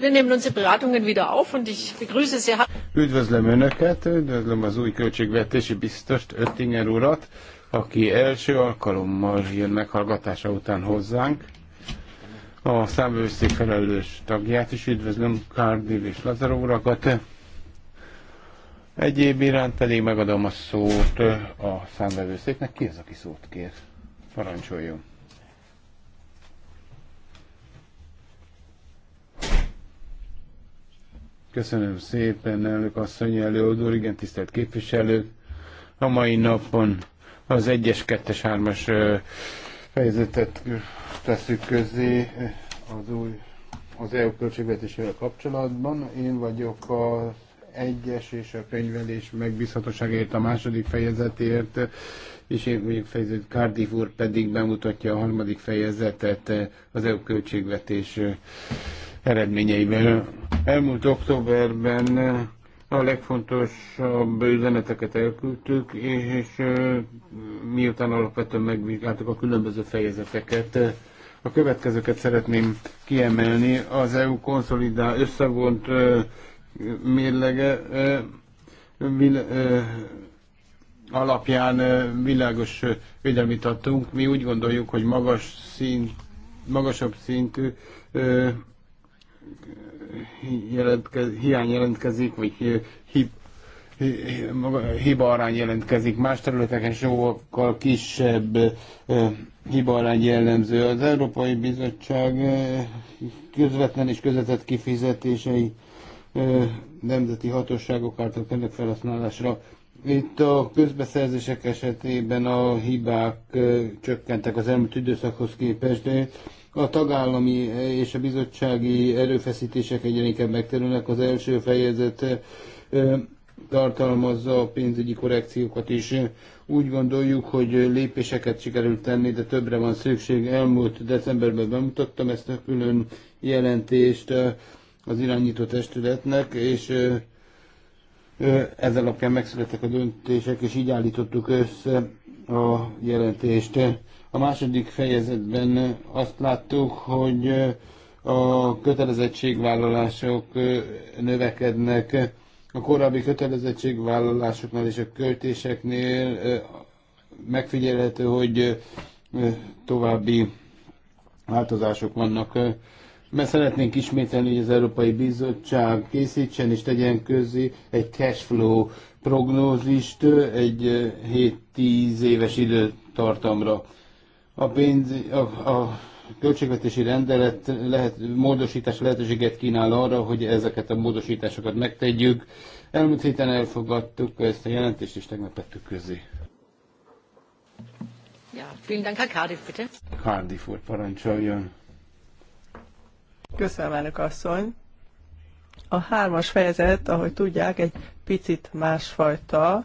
Wir nehmen unsere Beratungen wieder auf, und ich begrüße Sie. Üdvözlöm Önöket, üdvözlöm az új költségvetési biztost, Öttinger urat, aki első alkalommal jön meghallgatása után hozzánk. A számbevőszék felelős tagját is üdvözlöm, Kárdil és Lazaro urakat. Egyéb iránt pedig megadom a szót a számbevőszéknek. Ki az, aki szót kér? Parancsoljon! Köszönöm szépen, elnök asszony, előadó, igen, tisztelt képviselők. A mai napon az 1-es, 2-es, 3-as fejezetet teszük közé az új az EU költségvetésével kapcsolatban. Én vagyok az 1-es és a könyvelés megbízhatóságért a második fejezetért, és én vagyok fejezet, Cardiff úr pedig bemutatja a harmadik fejezetet az EU költségvetés eredményeivel. Elmúlt októberben a legfontosabb üzeneteket elküldtük, és, és miután alapvetően megvizsgáltuk a különböző fejezeteket, a következőket szeretném kiemelni. Az EU konszolidál összevont mérlege vil, alapján világos védelmit adtunk. Mi úgy gondoljuk, hogy magas szint, magasabb szintű jelentkez, hiány jelentkezik, vagy hiba arány jelentkezik. Más területeken sokkal kisebb hiba arány jellemző. Az Európai Bizottság közvetlen és közvetett kifizetései nemzeti hatóságok által kerülnek felhasználásra itt a közbeszerzések esetében a hibák csökkentek az elmúlt időszakhoz képest, de a tagállami és a bizottsági erőfeszítések egyre inkább megterülnek. Az első fejezet tartalmazza a pénzügyi korrekciókat is. Úgy gondoljuk, hogy lépéseket sikerült tenni, de többre van szükség. Elmúlt decemberben bemutattam ezt a külön jelentést az irányító testületnek, és ez alapján megszülettek a döntések, és így állítottuk össze a jelentést. A második fejezetben azt láttuk, hogy a kötelezettségvállalások növekednek. A korábbi kötelezettségvállalásoknál és a költéseknél megfigyelhető, hogy további változások vannak mert szeretnénk ismételni, hogy az Európai Bizottság készítsen és tegyen közé egy cash flow prognózist egy 7-10 éves időtartamra. A, pénz, a, a költségvetési rendelet lehet, módosítás lehetőséget kínál arra, hogy ezeket a módosításokat megtegyük. Elmúlt héten elfogadtuk ezt a jelentést, és tegnap tettük közé. Ja, vielen Dank, Herr Cardiff, bitte. Cardiff parancsoljon. Köszönöm, elnök asszony. A hármas fejezet, ahogy tudják, egy picit másfajta.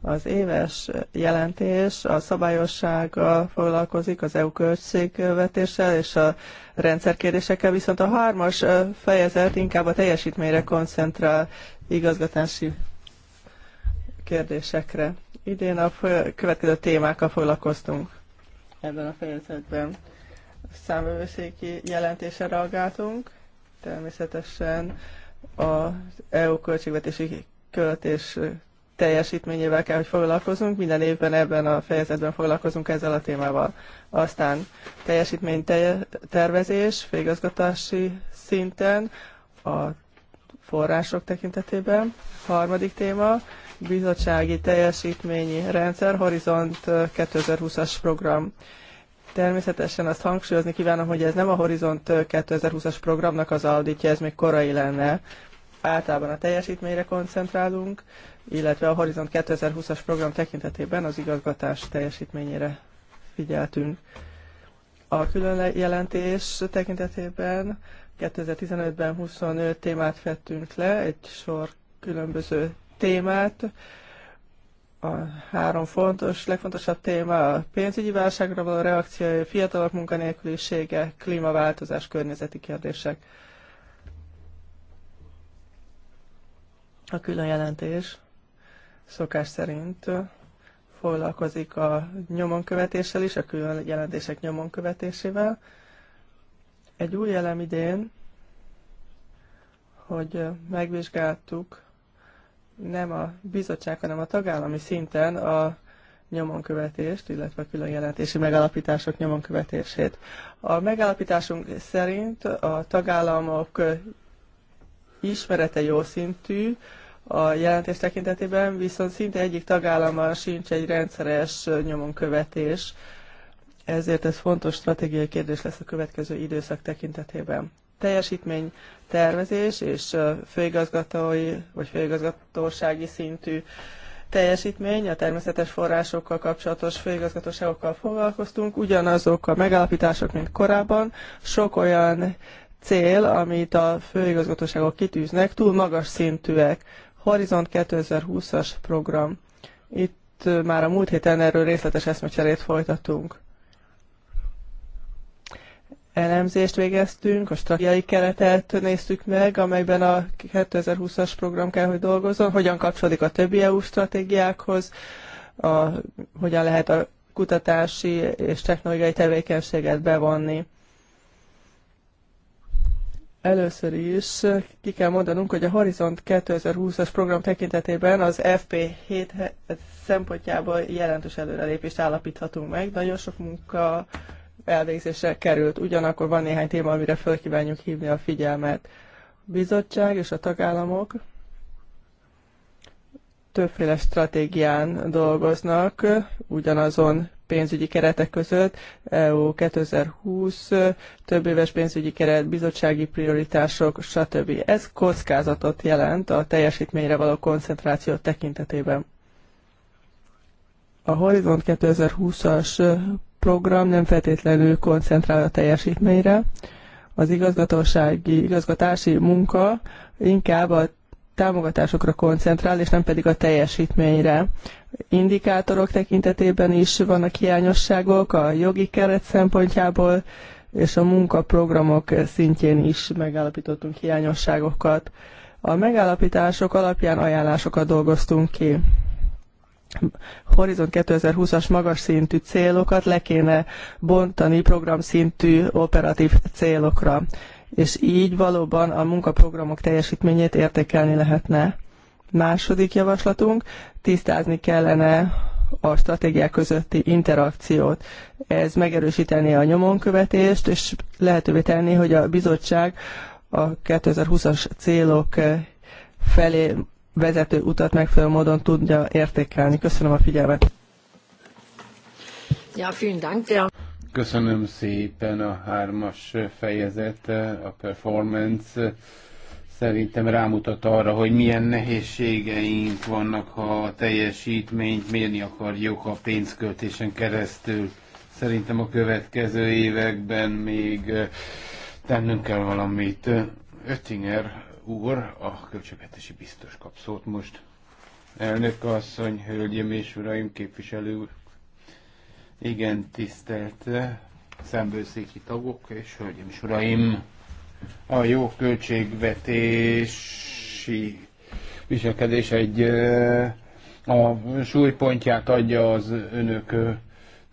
Az éves jelentés a szabályossággal foglalkozik, az EU költségvetéssel és a rendszerkérdésekkel, viszont a hármas fejezet inkább a teljesítményre koncentrál igazgatási kérdésekre. Idén a következő témákkal foglalkoztunk ebben a fejezetben számövőszéki jelentésre reagáltunk. Természetesen az EU költségvetési költés teljesítményével kell, hogy foglalkozunk. Minden évben ebben a fejezetben foglalkozunk ezzel a témával. Aztán teljesítmény tervezés, végazgatási szinten, a források tekintetében. Harmadik téma, bizottsági teljesítményi rendszer, Horizont 2020-as program. Természetesen azt hangsúlyozni kívánom, hogy ez nem a Horizont 2020-as programnak az auditja, ez még korai lenne. Általában a teljesítményre koncentrálunk, illetve a Horizont 2020-as program tekintetében az igazgatás teljesítményére figyeltünk. A külön jelentés tekintetében 2015-ben 25 témát vettünk le, egy sor különböző témát, a három fontos, legfontosabb téma a pénzügyi válságra való reakció, fiatalok munkanélkülisége, klímaváltozás, környezeti kérdések. A külön jelentés szokás szerint foglalkozik a nyomonkövetéssel is, a külön jelentések nyomonkövetésével. Egy új elem idén, hogy megvizsgáltuk nem a bizottság, hanem a tagállami szinten a nyomonkövetést, illetve a külön jelentési megállapítások nyomonkövetését. A megállapításunk szerint a tagállamok ismerete jó szintű, a jelentés tekintetében, viszont szinte egyik tagállammal sincs egy rendszeres nyomonkövetés, ezért ez fontos stratégiai kérdés lesz a következő időszak tekintetében teljesítmény tervezés és főigazgatói vagy főigazgatósági szintű teljesítmény, a természetes forrásokkal kapcsolatos főigazgatóságokkal foglalkoztunk, ugyanazok a megállapítások, mint korábban, sok olyan cél, amit a főigazgatóságok kitűznek, túl magas szintűek. Horizont 2020-as program. Itt már a múlt héten erről részletes eszmecserét folytatunk elemzést végeztünk, a stratégiai keretet néztük meg, amelyben a 2020-as program kell, hogy dolgozzon, hogyan kapcsolódik a többi EU stratégiákhoz, a, hogyan lehet a kutatási és technológiai tevékenységet bevonni. Először is ki kell mondanunk, hogy a Horizont 2020-as program tekintetében az FP7 szempontjából jelentős előrelépést állapíthatunk meg. Nagyon sok munka elvégzésre került. Ugyanakkor van néhány téma, amire föl kívánjuk hívni a figyelmet. A bizottság és a tagállamok többféle stratégián dolgoznak, ugyanazon pénzügyi keretek között, EU 2020, több éves pénzügyi keret, bizottsági prioritások, stb. Ez kockázatot jelent a teljesítményre való koncentráció tekintetében. A Horizont 2020-as program nem feltétlenül koncentrál a teljesítményre. Az igazgatósági, igazgatási munka inkább a támogatásokra koncentrál, és nem pedig a teljesítményre. Indikátorok tekintetében is vannak hiányosságok a jogi keret szempontjából, és a munkaprogramok szintjén is megállapítottunk hiányosságokat. A megállapítások alapján ajánlásokat dolgoztunk ki. Horizon 2020-as magas szintű célokat le kéne bontani programszintű operatív célokra, és így valóban a munkaprogramok teljesítményét értékelni lehetne. Második javaslatunk, tisztázni kellene a stratégiák közötti interakciót. Ez megerősíteni a nyomonkövetést, és lehetővé tenni, hogy a bizottság a 2020-as célok felé vezető utat megfelelő módon tudja értékelni. Köszönöm a figyelmet. Ja, vielen Dank. Ja. Köszönöm szépen a hármas fejezet, a performance szerintem rámutat arra, hogy milyen nehézségeink vannak, ha a teljesítményt mérni akarjuk a pénzköltésen keresztül. Szerintem a következő években még tennünk kell valamit. Öttinger úr, a költségvetési biztos kap szót most. Elnök asszony, hölgyeim és uraim, képviselő úr. Igen, tisztelt eh, szembőszéki tagok és hölgyeim és uraim. A jó költségvetési viselkedés egy eh, a súlypontját adja az önök eh,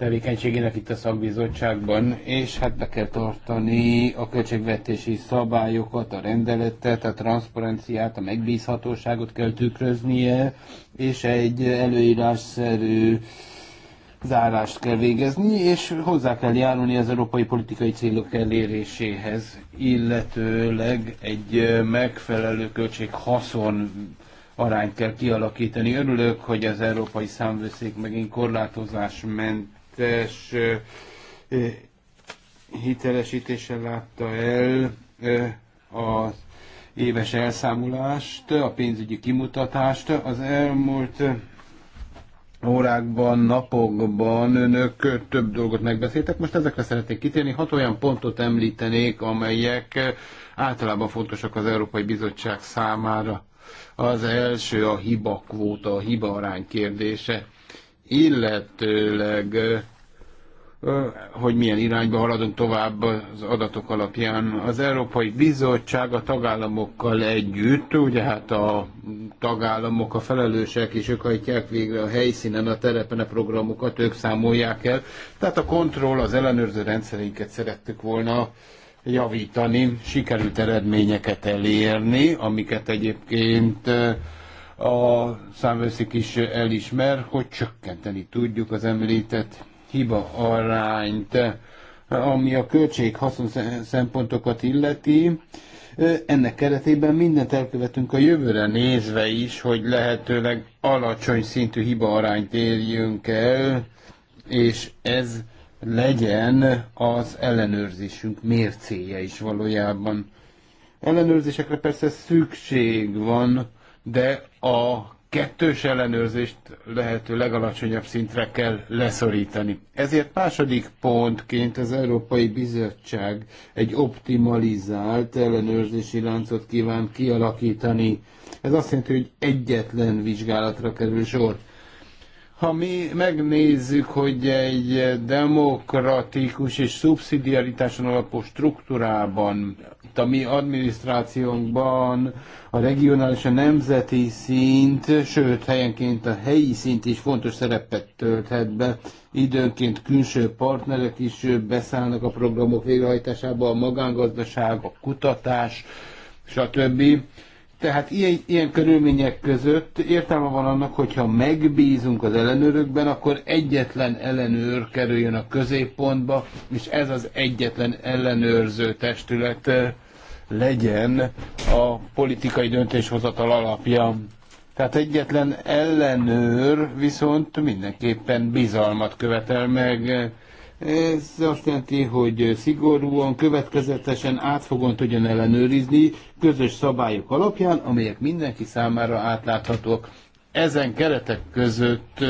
tevékenységének itt a szakbizottságban, és hát be kell tartani a költségvetési szabályokat, a rendeletet, a transzparenciát, a megbízhatóságot kell tükröznie, és egy előírásszerű zárást kell végezni, és hozzá kell járulni az európai politikai célok eléréséhez, illetőleg egy megfelelő költség-haszon arányt kell kialakítani. Örülök, hogy az Európai Számvőszék megint ment előzetes hitelesítéssel látta el az éves elszámolást, a pénzügyi kimutatást. Az elmúlt órákban, napokban önök több dolgot megbeszéltek. Most ezekre szeretnék kitérni. Hat olyan pontot említenék, amelyek általában fontosak az Európai Bizottság számára. Az első a hiba kvóta, a hiba arány kérdése, illetőleg hogy milyen irányba haladunk tovább az adatok alapján. Az Európai Bizottság a tagállamokkal együtt, ugye hát a tagállamok a felelősek, és ők hajtják végre a helyszínen, a terepen a programokat, ők számolják el. Tehát a kontroll, az ellenőrző rendszerünket szerettük volna javítani, sikerült eredményeket elérni, amiket egyébként a számvőszik is elismer, hogy csökkenteni tudjuk az említett hiba arányt, ami a költség haszon szempontokat illeti. Ennek keretében mindent elkövetünk a jövőre nézve is, hogy lehetőleg alacsony szintű hiba arányt érjünk el, és ez legyen az ellenőrzésünk mércéje is valójában. Ellenőrzésekre persze szükség van, de a kettős ellenőrzést lehető legalacsonyabb szintre kell leszorítani. Ezért második pontként az Európai Bizottság egy optimalizált ellenőrzési láncot kíván kialakítani. Ez azt jelenti, hogy egyetlen vizsgálatra kerül sor. Ha mi megnézzük, hogy egy demokratikus és szubszidiaritáson alapú struktúrában itt a mi adminisztrációnkban a regionális, a nemzeti szint, sőt helyenként a helyi szint is fontos szerepet tölthet be. Időnként külső partnerek is beszállnak a programok végrehajtásába, a magángazdaság, a kutatás, stb. Tehát ilyen, ilyen körülmények között értelme van annak, hogyha megbízunk az ellenőrökben, akkor egyetlen ellenőr kerüljön a középpontba, és ez az egyetlen ellenőrző testület eh, legyen a politikai döntéshozatal alapja. Tehát egyetlen ellenőr viszont mindenképpen bizalmat követel meg, ez azt jelenti, hogy szigorúan, következetesen, átfogóan tudjon ellenőrizni közös szabályok alapján, amelyek mindenki számára átláthatók. Ezen keretek között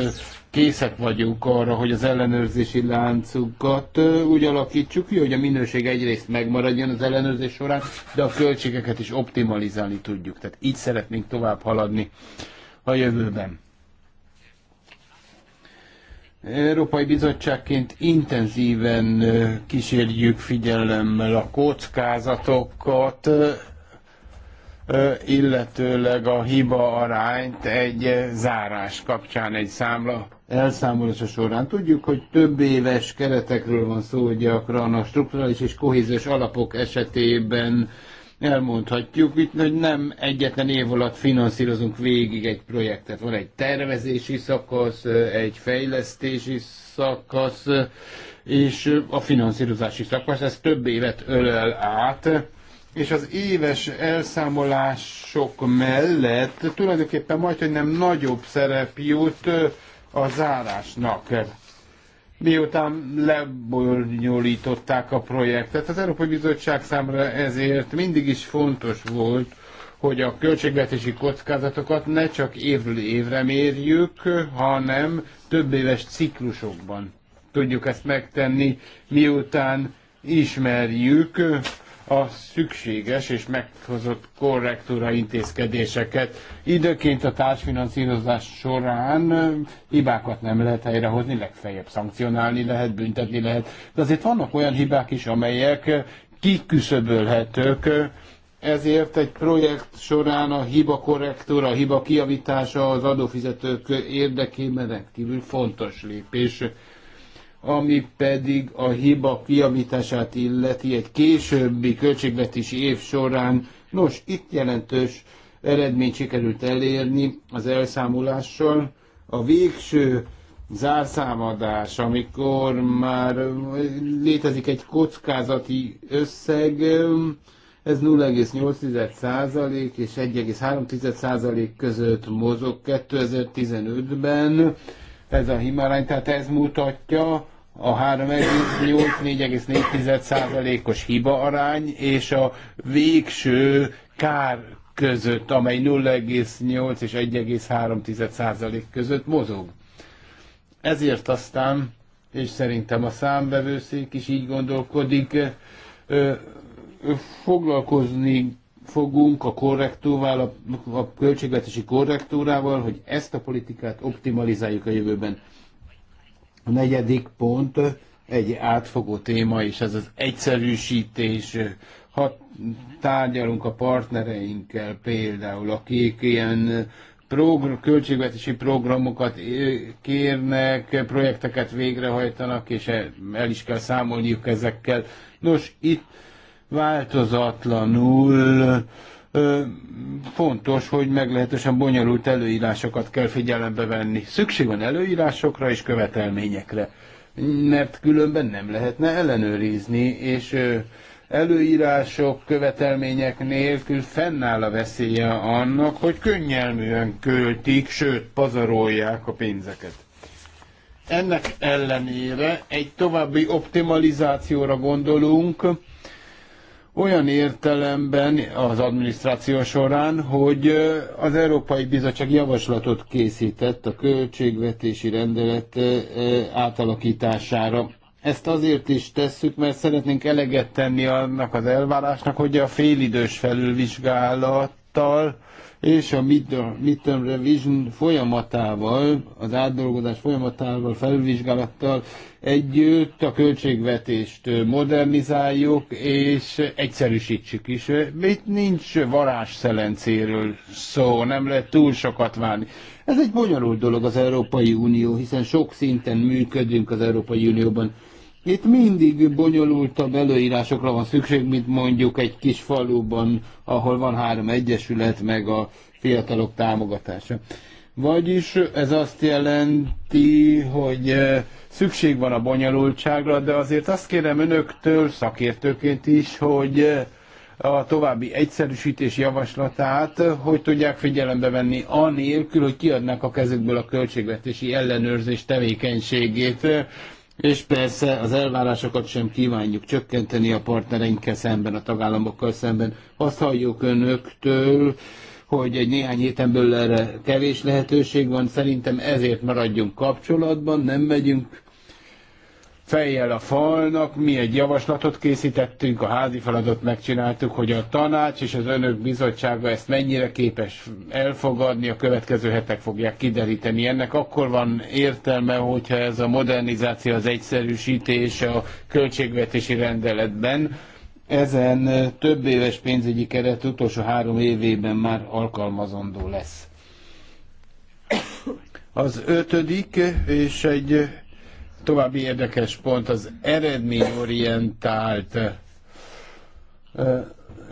készek vagyunk arra, hogy az ellenőrzési láncukat úgy alakítsuk ki, hogy a minőség egyrészt megmaradjon az ellenőrzés során, de a költségeket is optimalizálni tudjuk. Tehát így szeretnénk tovább haladni a jövőben. Európai Bizottságként intenzíven kísérjük figyelemmel a kockázatokat, illetőleg a hiba arányt egy zárás kapcsán, egy számla elszámolása során. Tudjuk, hogy több éves keretekről van szó gyakran, a strukturális és kohéziós alapok esetében elmondhatjuk itt, hogy nem egyetlen év alatt finanszírozunk végig egy projektet. Van egy tervezési szakasz, egy fejlesztési szakasz, és a finanszírozási szakasz, ez több évet ölel át, és az éves elszámolások mellett tulajdonképpen majd, hogy nem nagyobb szerep jut a zárásnak miután lebonyolították a projektet. Az Európai Bizottság számára ezért mindig is fontos volt, hogy a költségvetési kockázatokat ne csak évről évre mérjük, hanem több éves ciklusokban tudjuk ezt megtenni, miután ismerjük a szükséges és meghozott korrektúra intézkedéseket. Időként a társfinanszírozás során hibákat nem lehet helyrehozni, legfeljebb szankcionálni lehet, büntetni lehet. De azért vannak olyan hibák is, amelyek kiküszöbölhetők, ezért egy projekt során a hiba korrektúra, a hiba kiavítása az adófizetők érdekében rendkívül fontos lépés ami pedig a hiba kiamítását illeti egy későbbi költségvetési év során. Nos, itt jelentős eredményt sikerült elérni az elszámolással. A végső zárszámadás, amikor már létezik egy kockázati összeg, ez 0,8% és 1,3% között mozog 2015-ben ez a Himalány, tehát ez mutatja a 3,8-4,4%-os hiba arány és a végső kár között, amely 0,8 és 1,3% között mozog. Ezért aztán, és szerintem a számbevőszék is így gondolkodik, foglalkozni fogunk a korrektúrával, a, a költségvetési korrektúrával, hogy ezt a politikát optimalizáljuk a jövőben. A negyedik pont egy átfogó téma, és ez az egyszerűsítés. Ha tárgyalunk a partnereinkkel például, akik ilyen program, költségvetési programokat kérnek, projekteket végrehajtanak, és el is kell számolniuk ezekkel. Nos, itt változatlanul fontos, hogy meglehetősen bonyolult előírásokat kell figyelembe venni. Szükség van előírásokra és követelményekre, mert különben nem lehetne ellenőrizni, és előírások, követelmények nélkül fennáll a veszélye annak, hogy könnyelműen költik, sőt, pazarolják a pénzeket. Ennek ellenére egy további optimalizációra gondolunk, olyan értelemben az adminisztráció során, hogy az Európai Bizottság javaslatot készített a költségvetési rendelet átalakítására. Ezt azért is tesszük, mert szeretnénk eleget tenni annak az elvárásnak, hogy a félidős felülvizsgálattal és a midterm revision folyamatával, az átdolgozás folyamatával, felvizsgálattal együtt a költségvetést modernizáljuk, és egyszerűsítsük is. Itt nincs varázsszelencéről szó, nem lehet túl sokat várni. Ez egy bonyolult dolog az Európai Unió, hiszen sok szinten működünk az Európai Unióban itt mindig bonyolultabb előírásokra van szükség, mint mondjuk egy kis faluban, ahol van három egyesület, meg a fiatalok támogatása. Vagyis ez azt jelenti, hogy eh, szükség van a bonyolultságra, de azért azt kérem önöktől, szakértőként is, hogy eh, a további egyszerűsítés javaslatát, hogy tudják figyelembe venni anélkül, hogy kiadnák a kezükből a költségvetési ellenőrzés tevékenységét. És persze az elvárásokat sem kívánjuk csökkenteni a partnereinkkel szemben, a tagállamokkal szemben. Azt halljuk önöktől, hogy egy néhány héten belül erre kevés lehetőség van. Szerintem ezért maradjunk kapcsolatban, nem megyünk fejjel a falnak, mi egy javaslatot készítettünk, a házi feladatot megcsináltuk, hogy a tanács és az önök bizottsága ezt mennyire képes elfogadni, a következő hetek fogják kideríteni. Ennek akkor van értelme, hogyha ez a modernizáció, az egyszerűsítés a költségvetési rendeletben, ezen több éves pénzügyi keret utolsó három évében már alkalmazandó lesz. Az ötödik és egy További érdekes pont az eredményorientált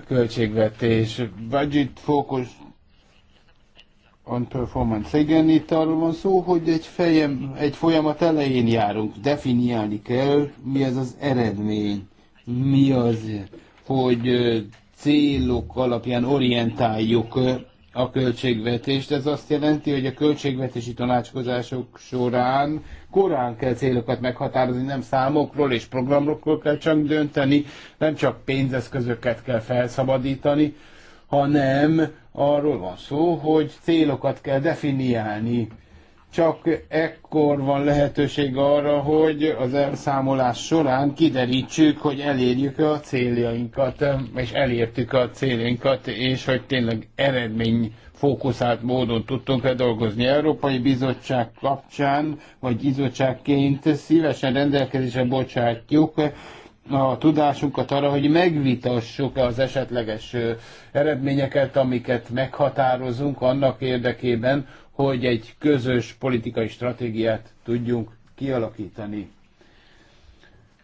költségvetés. Budget focus on performance. Igen, itt arról van szó, hogy egy, fejem, egy folyamat elején járunk. Definiálni kell, mi az az eredmény. Mi az, hogy célok alapján orientáljuk a költségvetést. Ez azt jelenti, hogy a költségvetési tanácskozások során korán kell célokat meghatározni, nem számokról és programokról kell csak dönteni, nem csak pénzeszközöket kell felszabadítani, hanem arról van szó, hogy célokat kell definiálni csak ekkor van lehetőség arra, hogy az elszámolás során kiderítsük, hogy elérjük e a céljainkat, és elértük a céljainkat, és hogy tényleg eredmény fókuszált módon tudtunk -e dolgozni. Európai Bizottság kapcsán, vagy bizottságként szívesen rendelkezésre bocsátjuk a tudásunkat arra, hogy megvitassuk e az esetleges eredményeket, amiket meghatározunk annak érdekében, hogy egy közös politikai stratégiát tudjunk kialakítani.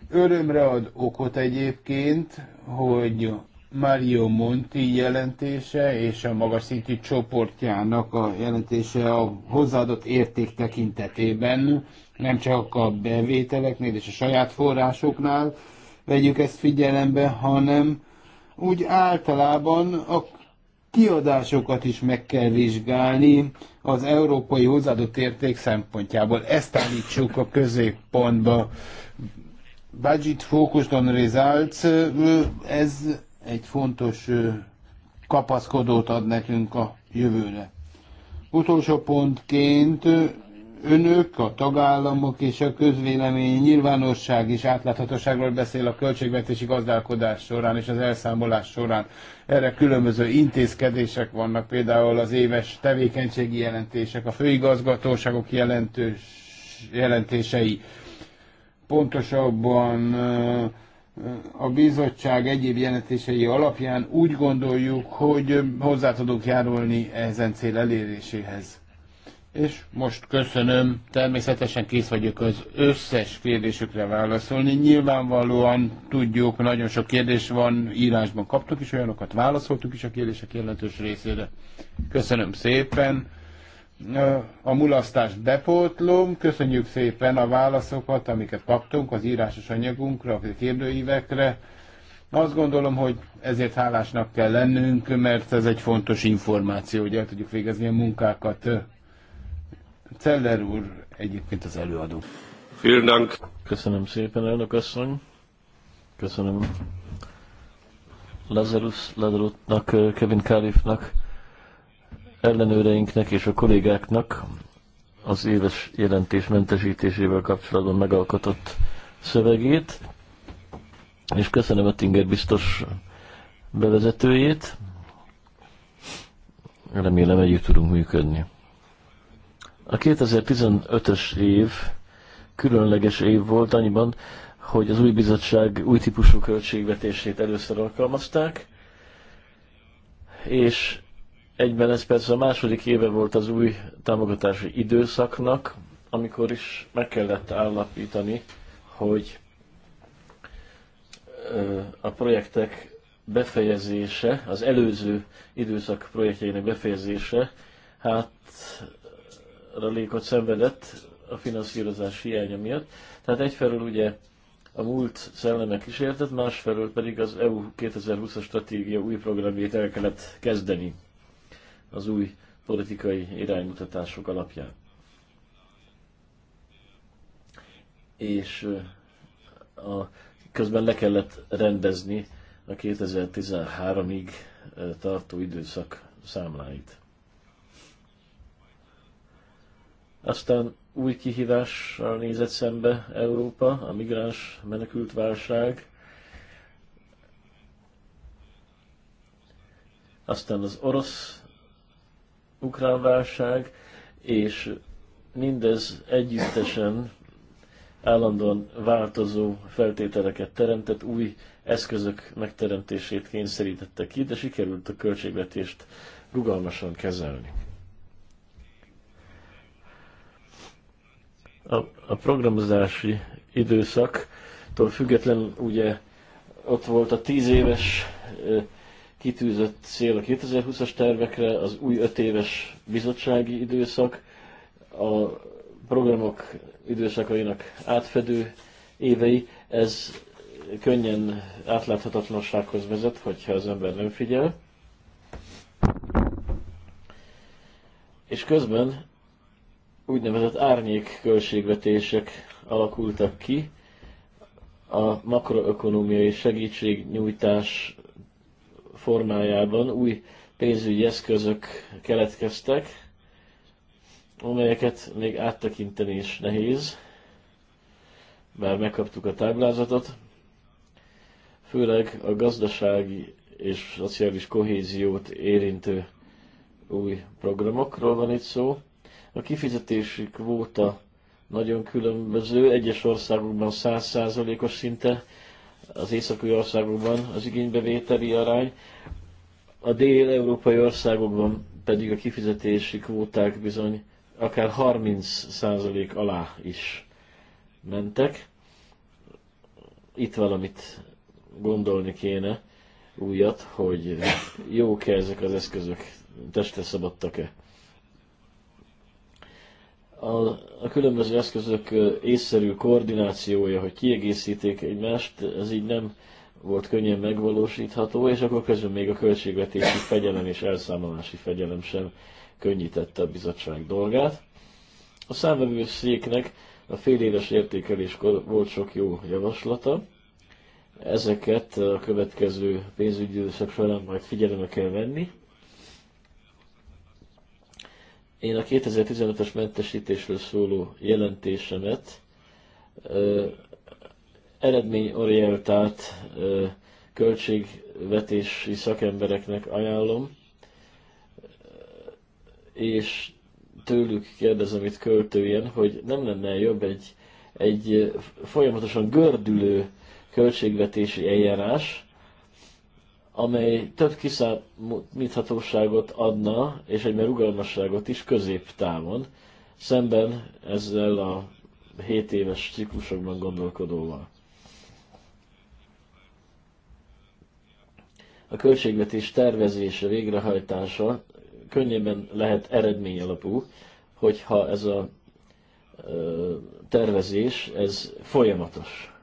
Örömre ad okot egyébként, hogy Mario Monti jelentése és a magas szintű csoportjának a jelentése a hozzáadott érték tekintetében, nem csak a bevételeknél és a saját forrásoknál vegyük ezt figyelembe, hanem úgy általában a kiadásokat is meg kell vizsgálni az európai hozzáadott érték szempontjából. Ezt állítsuk a középpontba. Budget focused on results, ez egy fontos kapaszkodót ad nekünk a jövőre. Utolsó pontként önök, a tagállamok és a közvélemény nyilvánosság is átláthatóságról beszél a költségvetési gazdálkodás során és az elszámolás során. Erre különböző intézkedések vannak, például az éves tevékenységi jelentések, a főigazgatóságok jelentős, jelentései. Pontosabban a bizottság egyéb jelentései alapján úgy gondoljuk, hogy hozzá tudunk járulni ezen cél eléréséhez és most köszönöm, természetesen kész vagyok az összes kérdésükre válaszolni. Nyilvánvalóan tudjuk, nagyon sok kérdés van, írásban kaptuk is olyanokat, válaszoltuk is a kérdések jelentős részére. Köszönöm szépen. A mulasztást bepótlom, köszönjük szépen a válaszokat, amiket kaptunk az írásos anyagunkra, a kérdőívekre. Azt gondolom, hogy ezért hálásnak kell lennünk, mert ez egy fontos információ, hogy el tudjuk végezni a munkákat Celler úr egyébként az előadó. Vielen Köszönöm szépen, elnök asszony. Köszönöm Lazarus Ladarutnak, Kevin Kálifnak, ellenőreinknek és a kollégáknak az éves jelentés mentesítésével kapcsolatban megalkotott szövegét, és köszönöm a Tinger biztos bevezetőjét. Remélem együtt tudunk működni. A 2015-ös év különleges év volt annyiban, hogy az új bizottság új típusú költségvetését először alkalmazták, és egyben ez persze a második éve volt az új támogatási időszaknak, amikor is meg kellett állapítani, hogy a projektek befejezése, az előző időszak projektjeinek befejezése, hát hátralékot szenvedett a finanszírozás hiánya miatt. Tehát egyfelől ugye a múlt szelleme kísértett, másfelől pedig az EU 2020-as stratégia új programjét el kellett kezdeni az új politikai iránymutatások alapján. És a, közben le kellett rendezni a 2013-ig tartó időszak számláit. Aztán új kihívással nézett szembe Európa, a migráns menekült válság, aztán az orosz-ukrán válság, és mindez együttesen állandóan változó feltételeket teremtett, új eszközök megteremtését kényszerítette ki, de sikerült a költségvetést rugalmasan kezelni. a, a programozási időszaktól független ugye ott volt a tíz éves kitűzött cél a 2020-as tervekre, az új öt éves bizottsági időszak, a programok időszakainak átfedő évei, ez könnyen átláthatatlansághoz vezet, hogyha az ember nem figyel. És közben úgynevezett árnyék költségvetések alakultak ki, a makroökonomiai segítségnyújtás formájában új pénzügyi eszközök keletkeztek, amelyeket még áttekinteni is nehéz, bár megkaptuk a táblázatot, főleg a gazdasági és szociális kohéziót érintő új programokról van itt szó, a kifizetési kvóta nagyon különböző, egyes országokban 100%-os szinte, az északi országokban az igénybevételi arány, a dél-európai országokban pedig a kifizetési kvóták bizony akár 30% alá is mentek. Itt valamit gondolni kéne újat, hogy jók-e ezek az eszközök, testre szabadtak-e a, a különböző eszközök észszerű koordinációja, hogy kiegészíték egymást, ez így nem volt könnyen megvalósítható, és akkor közben még a költségvetési fegyelem és elszámolási fegyelem sem könnyítette a bizottság dolgát. A számvevőszéknek a féléves értékeléskor volt sok jó javaslata. Ezeket a következő pénzügyi időszak során majd figyelembe kell venni, én a 2015-ös mentesítésről szóló jelentésemet ö, eredményorientált ö, költségvetési szakembereknek ajánlom, és tőlük kérdezem itt költőjen, hogy nem lenne jobb egy, egy folyamatosan gördülő költségvetési eljárás, amely több kiszámíthatóságot adna, és egy rugalmasságot is középtávon, szemben ezzel a 7 éves ciklusokban gondolkodóval. A költségvetés tervezése, végrehajtása könnyebben lehet eredmény alapú, hogyha ez a tervezés, ez folyamatos.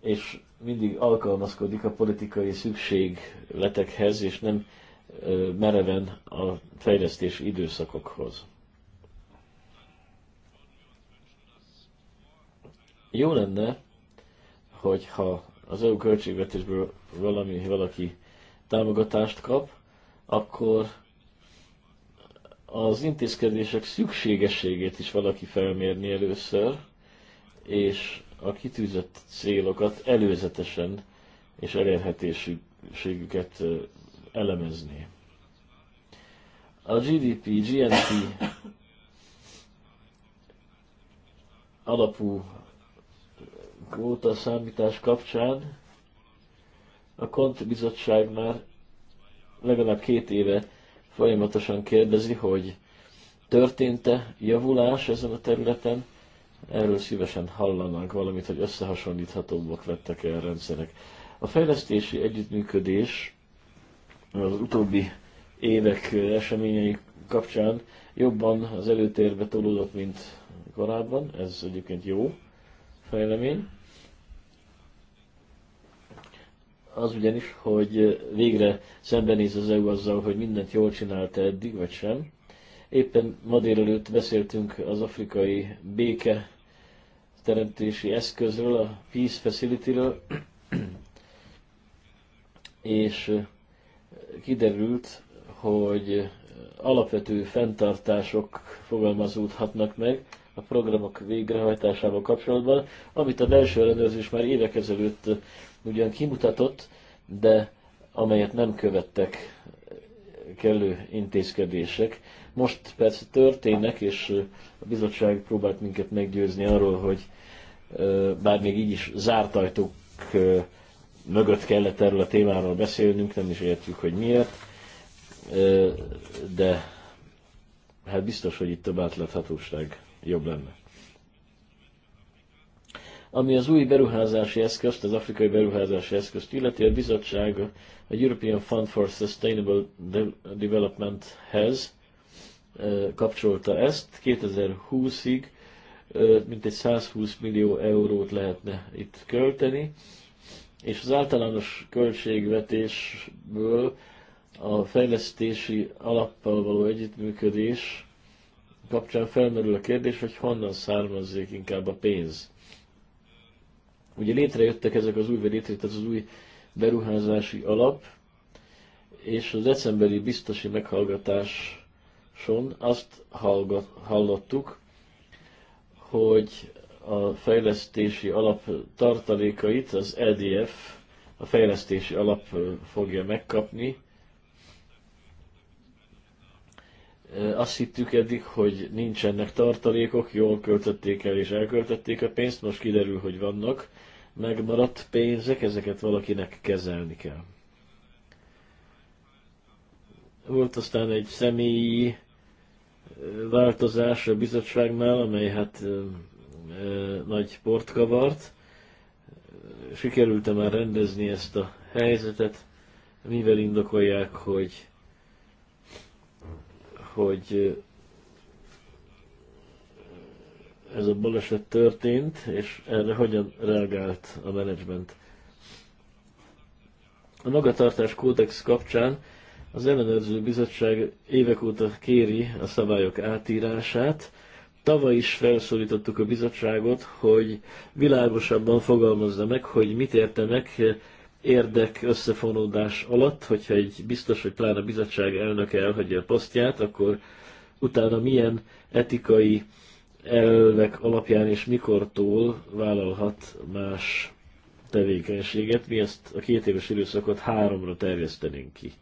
És mindig alkalmazkodik a politikai szükségletekhez, és nem mereven a fejlesztés időszakokhoz. Jó lenne, hogyha az EU költségvetésből valami, valaki támogatást kap, akkor az intézkedések szükségességét is valaki felmérni először, és a kitűzött célokat előzetesen és elérhetőségüket elemezni. A GDP, GNP alapú kvóta számítás kapcsán a Kont bizottság már legalább két éve folyamatosan kérdezi, hogy történt-e javulás ezen a területen, Erről szívesen hallanánk valamit, hogy összehasonlíthatóbbak lettek el rendszerek. A fejlesztési együttműködés az utóbbi évek eseményei kapcsán jobban az előtérbe tolódott, mint korábban. Ez egyébként jó fejlemény. Az ugyanis, hogy végre szembenéz az EU azzal, hogy mindent jól csinálta eddig, vagy sem, Éppen ma délelőtt beszéltünk az afrikai béke teremtési eszközről, a Peace Facility-ről, és kiderült, hogy alapvető fenntartások fogalmazódhatnak meg a programok végrehajtásával kapcsolatban, amit a belső ellenőrzés már évek ezelőtt ugyan kimutatott, de amelyet nem követtek kellő intézkedések most persze történnek, és a bizottság próbált minket meggyőzni arról, hogy bár még így is zárt ajtók mögött kellett erről a témáról beszélnünk, nem is értjük, hogy miért, de hát biztos, hogy itt több átláthatóság jobb lenne. Ami az új beruházási eszközt, az afrikai beruházási eszközt illeti, a bizottság a European Fund for Sustainable Developmenthez kapcsolta ezt. 2020-ig mintegy 120 millió eurót lehetne itt költeni, és az általános költségvetésből a fejlesztési alappal való együttműködés kapcsán felmerül a kérdés, hogy honnan származzék inkább a pénz. Ugye létrejöttek ezek az új, létrejött ez az új beruházási alap, és a decemberi biztosi meghallgatás son azt hallottuk, hogy a fejlesztési alap tartalékait az EDF, a fejlesztési alap fogja megkapni. Azt hittük eddig, hogy nincsenek tartalékok, jól költötték el és elköltötték a pénzt, most kiderül, hogy vannak megmaradt pénzek, ezeket valakinek kezelni kell. Volt aztán egy személyi változás a bizottságnál, amely hát nagy port kavart. Sikerült-e már rendezni ezt a helyzetet? Mivel indokolják, hogy hogy ez a baleset történt, és erre hogyan reagált a menedzsment. A magatartás kódex kapcsán az ellenőrző bizottság évek óta kéri a szabályok átírását. Tavaly is felszólítottuk a bizottságot, hogy világosabban fogalmazza meg, hogy mit értenek érdek összefonódás alatt, hogyha egy biztos, hogy pláne a bizottság elnöke elhagyja a posztját, akkor utána milyen etikai elvek alapján és mikortól vállalhat más tevékenységet. Mi ezt a két éves időszakot háromra terjesztenénk ki.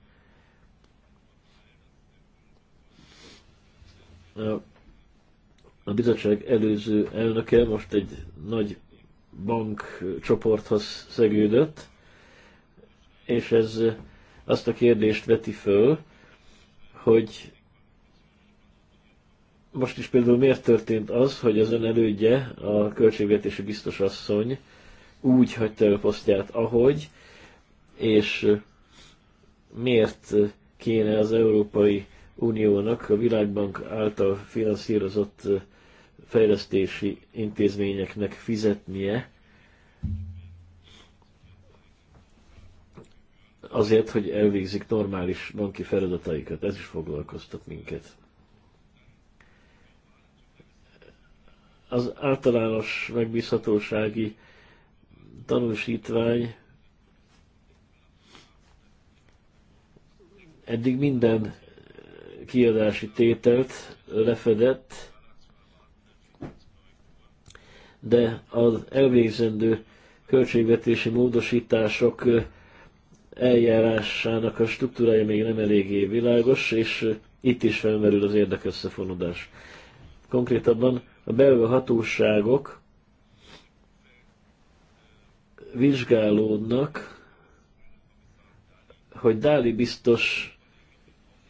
A bizottság előző elnöke most egy nagy bankcsoporthoz szegődött, és ez azt a kérdést veti föl, hogy most is például miért történt az, hogy az ön elődje, a költségvetési biztosasszony úgy hagyta el posztját, ahogy, és miért kéne az európai Uniónak a Világbank által finanszírozott fejlesztési intézményeknek fizetnie azért, hogy elvégzik normális banki feladataikat. Ez is foglalkoztat minket. Az általános megbízhatósági tanúsítvány eddig minden kiadási tételt lefedett, de az elvégzendő költségvetési módosítások eljárásának a struktúrája még nem eléggé világos, és itt is felmerül az érdekösszefonodás. Konkrétabban a belga hatóságok vizsgálódnak, hogy Dáli biztos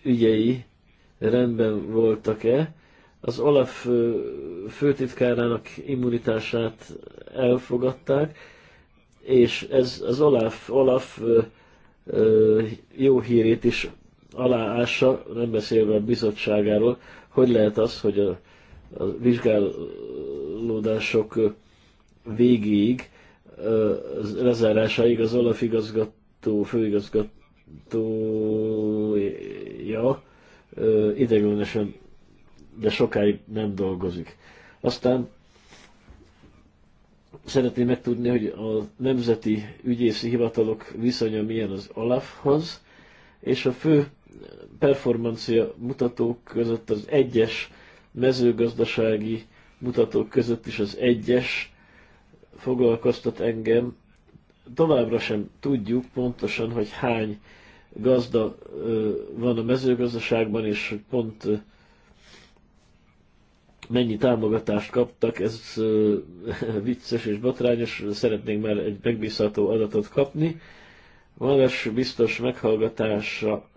ügyei rendben voltak-e. Az Olaf főtitkárának immunitását elfogadták, és ez az Olaf, Olaf jó hírét is aláássa, nem beszélve a bizottságáról, hogy lehet az, hogy a, a vizsgálódások végéig, az lezárásáig az igazgató, főigazgatója ideiglenesen, de sokáig nem dolgozik. Aztán szeretném megtudni, hogy a nemzeti ügyészi hivatalok viszonya milyen az Olafhoz, és a fő performancia mutatók között az egyes mezőgazdasági mutatók között is az egyes foglalkoztat engem. Továbbra sem tudjuk pontosan, hogy hány gazda van a mezőgazdaságban, és pont mennyi támogatást kaptak, ez vicces és botrányos, szeretnénk már egy megbízható adatot kapni. Magas biztos meghallgatása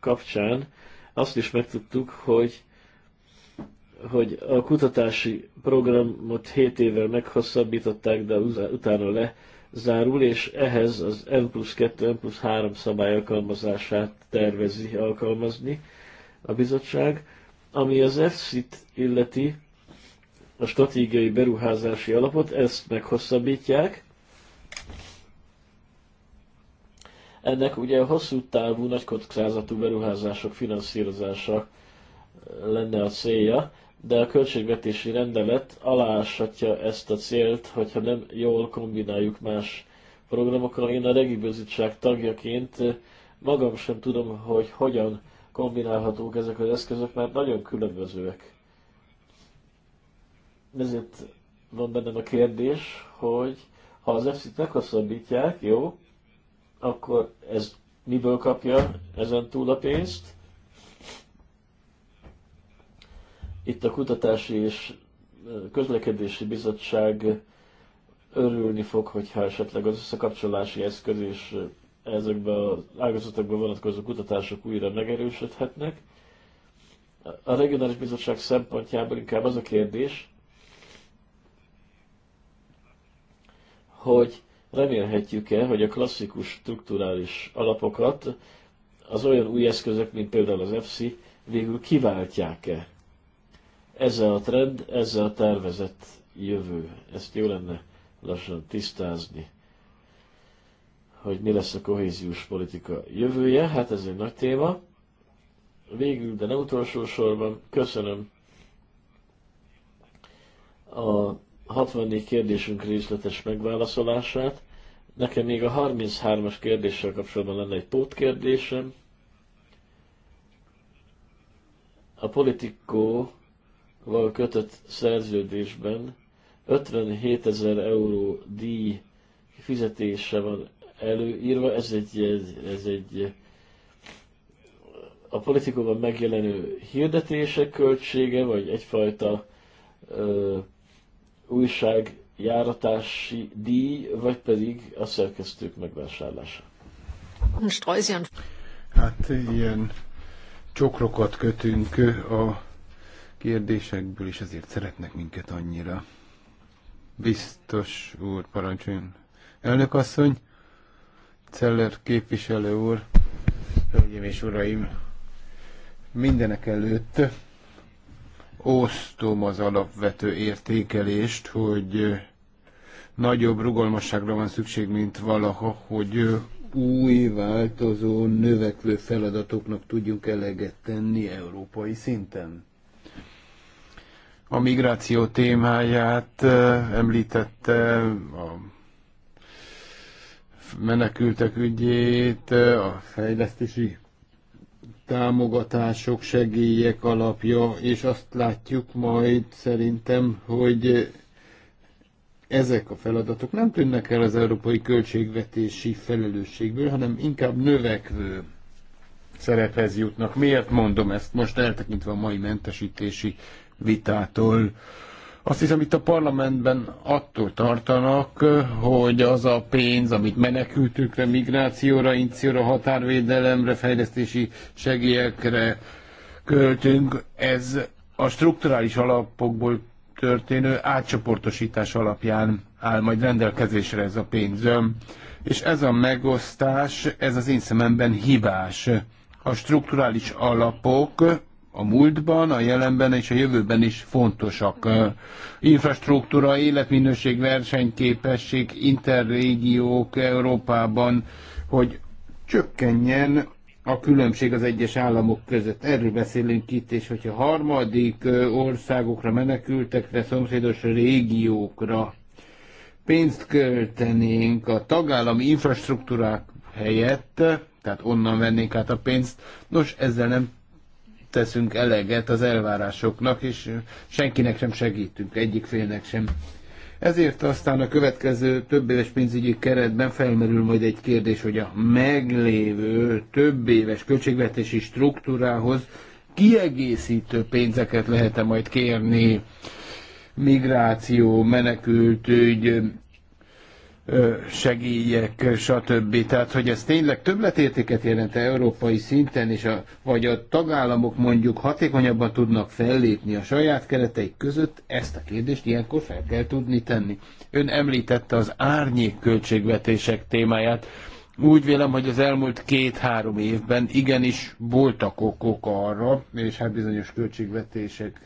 kapcsán azt is megtudtuk, hogy hogy a kutatási programot 7 évvel meghosszabbították, de utána le zárul, és ehhez az N plusz 2, N plusz 3 szabály alkalmazását tervezi alkalmazni a bizottság. Ami az EFSZ-t illeti, a stratégiai beruházási alapot, ezt meghosszabbítják. Ennek ugye a hosszú távú, nagy kockázatú beruházások finanszírozása lenne a célja, de a költségvetési rendelet alásatja ezt a célt, hogyha nem jól kombináljuk más programokkal. Én a regibőzítság tagjaként eh, magam sem tudom, hogy hogyan kombinálhatók ezek az eszközök, mert nagyon különbözőek. Ezért van bennem a kérdés, hogy ha az EFSZ-t meghosszabbítják, jó, akkor ez miből kapja ezen túl a pénzt, Itt a Kutatási és Közlekedési Bizottság örülni fog, hogyha esetleg az összekapcsolási eszköz és ezekbe az ágazatokban vonatkozó kutatások újra megerősödhetnek. A regionális bizottság szempontjából inkább az a kérdés, hogy remélhetjük-e, hogy a klasszikus strukturális alapokat az olyan új eszközök, mint például az EFSI, végül kiváltják-e ez a trend, ez a tervezett jövő. Ezt jó lenne lassan tisztázni, hogy mi lesz a kohéziós politika jövője. Hát ez egy nagy téma. Végül, de nem utolsó sorban, köszönöm a 64 kérdésünk részletes megválaszolását. Nekem még a 33-as kérdéssel kapcsolatban lenne egy pótkérdésem. A politikó val kötött szerződésben 57 ezer euró díj fizetése van előírva, ez egy, ez, ez egy a politikóban megjelenő hirdetések költsége, vagy egyfajta ö, újságjáratási díj, vagy pedig a szerkesztők megvásárlása. Hát ilyen csokrokat kötünk a kérdésekből, és ezért szeretnek minket annyira. Biztos úr, parancsoljon. Elnök asszony, Celler képviselő úr, hölgyeim és uraim, mindenek előtt osztom az alapvető értékelést, hogy nagyobb rugalmasságra van szükség, mint valaha, hogy új, változó, növekvő feladatoknak tudjunk eleget tenni európai szinten a migráció témáját említette, a menekültek ügyét, a fejlesztési támogatások, segélyek alapja, és azt látjuk majd szerintem, hogy ezek a feladatok nem tűnnek el az európai költségvetési felelősségből, hanem inkább növekvő szerephez jutnak. Miért mondom ezt most eltekintve a mai mentesítési vitától. Azt hiszem, itt a parlamentben attól tartanak, hogy az a pénz, amit menekültünkre, migrációra, incióra, határvédelemre, fejlesztési segélyekre költünk, ez a strukturális alapokból történő átcsoportosítás alapján áll majd rendelkezésre ez a pénz. És ez a megosztás, ez az én szememben hibás. A strukturális alapok a múltban, a jelenben és a jövőben is fontosak. Infrastruktúra, életminőség, versenyképesség, interrégiók Európában, hogy csökkenjen a különbség az egyes államok között. Erről beszélünk itt, és hogyha harmadik országokra, menekültekre, szomszédos régiókra pénzt költenénk a tagállami infrastruktúrák helyett, tehát onnan vennénk át a pénzt, nos, ezzel nem teszünk eleget az elvárásoknak, és senkinek sem segítünk, egyik félnek sem. Ezért aztán a következő több éves pénzügyi keretben felmerül majd egy kérdés, hogy a meglévő több éves költségvetési struktúrához kiegészítő pénzeket lehet-e majd kérni, migráció, menekültügy, segélyek, stb. Tehát, hogy ez tényleg többletértéket jelent európai szinten, és a, vagy a tagállamok mondjuk hatékonyabban tudnak fellépni a saját kereteik között, ezt a kérdést ilyenkor fel kell tudni tenni. Ön említette az árnyék költségvetések témáját. Úgy vélem, hogy az elmúlt két-három évben igenis voltak okok arra, és hát bizonyos költségvetések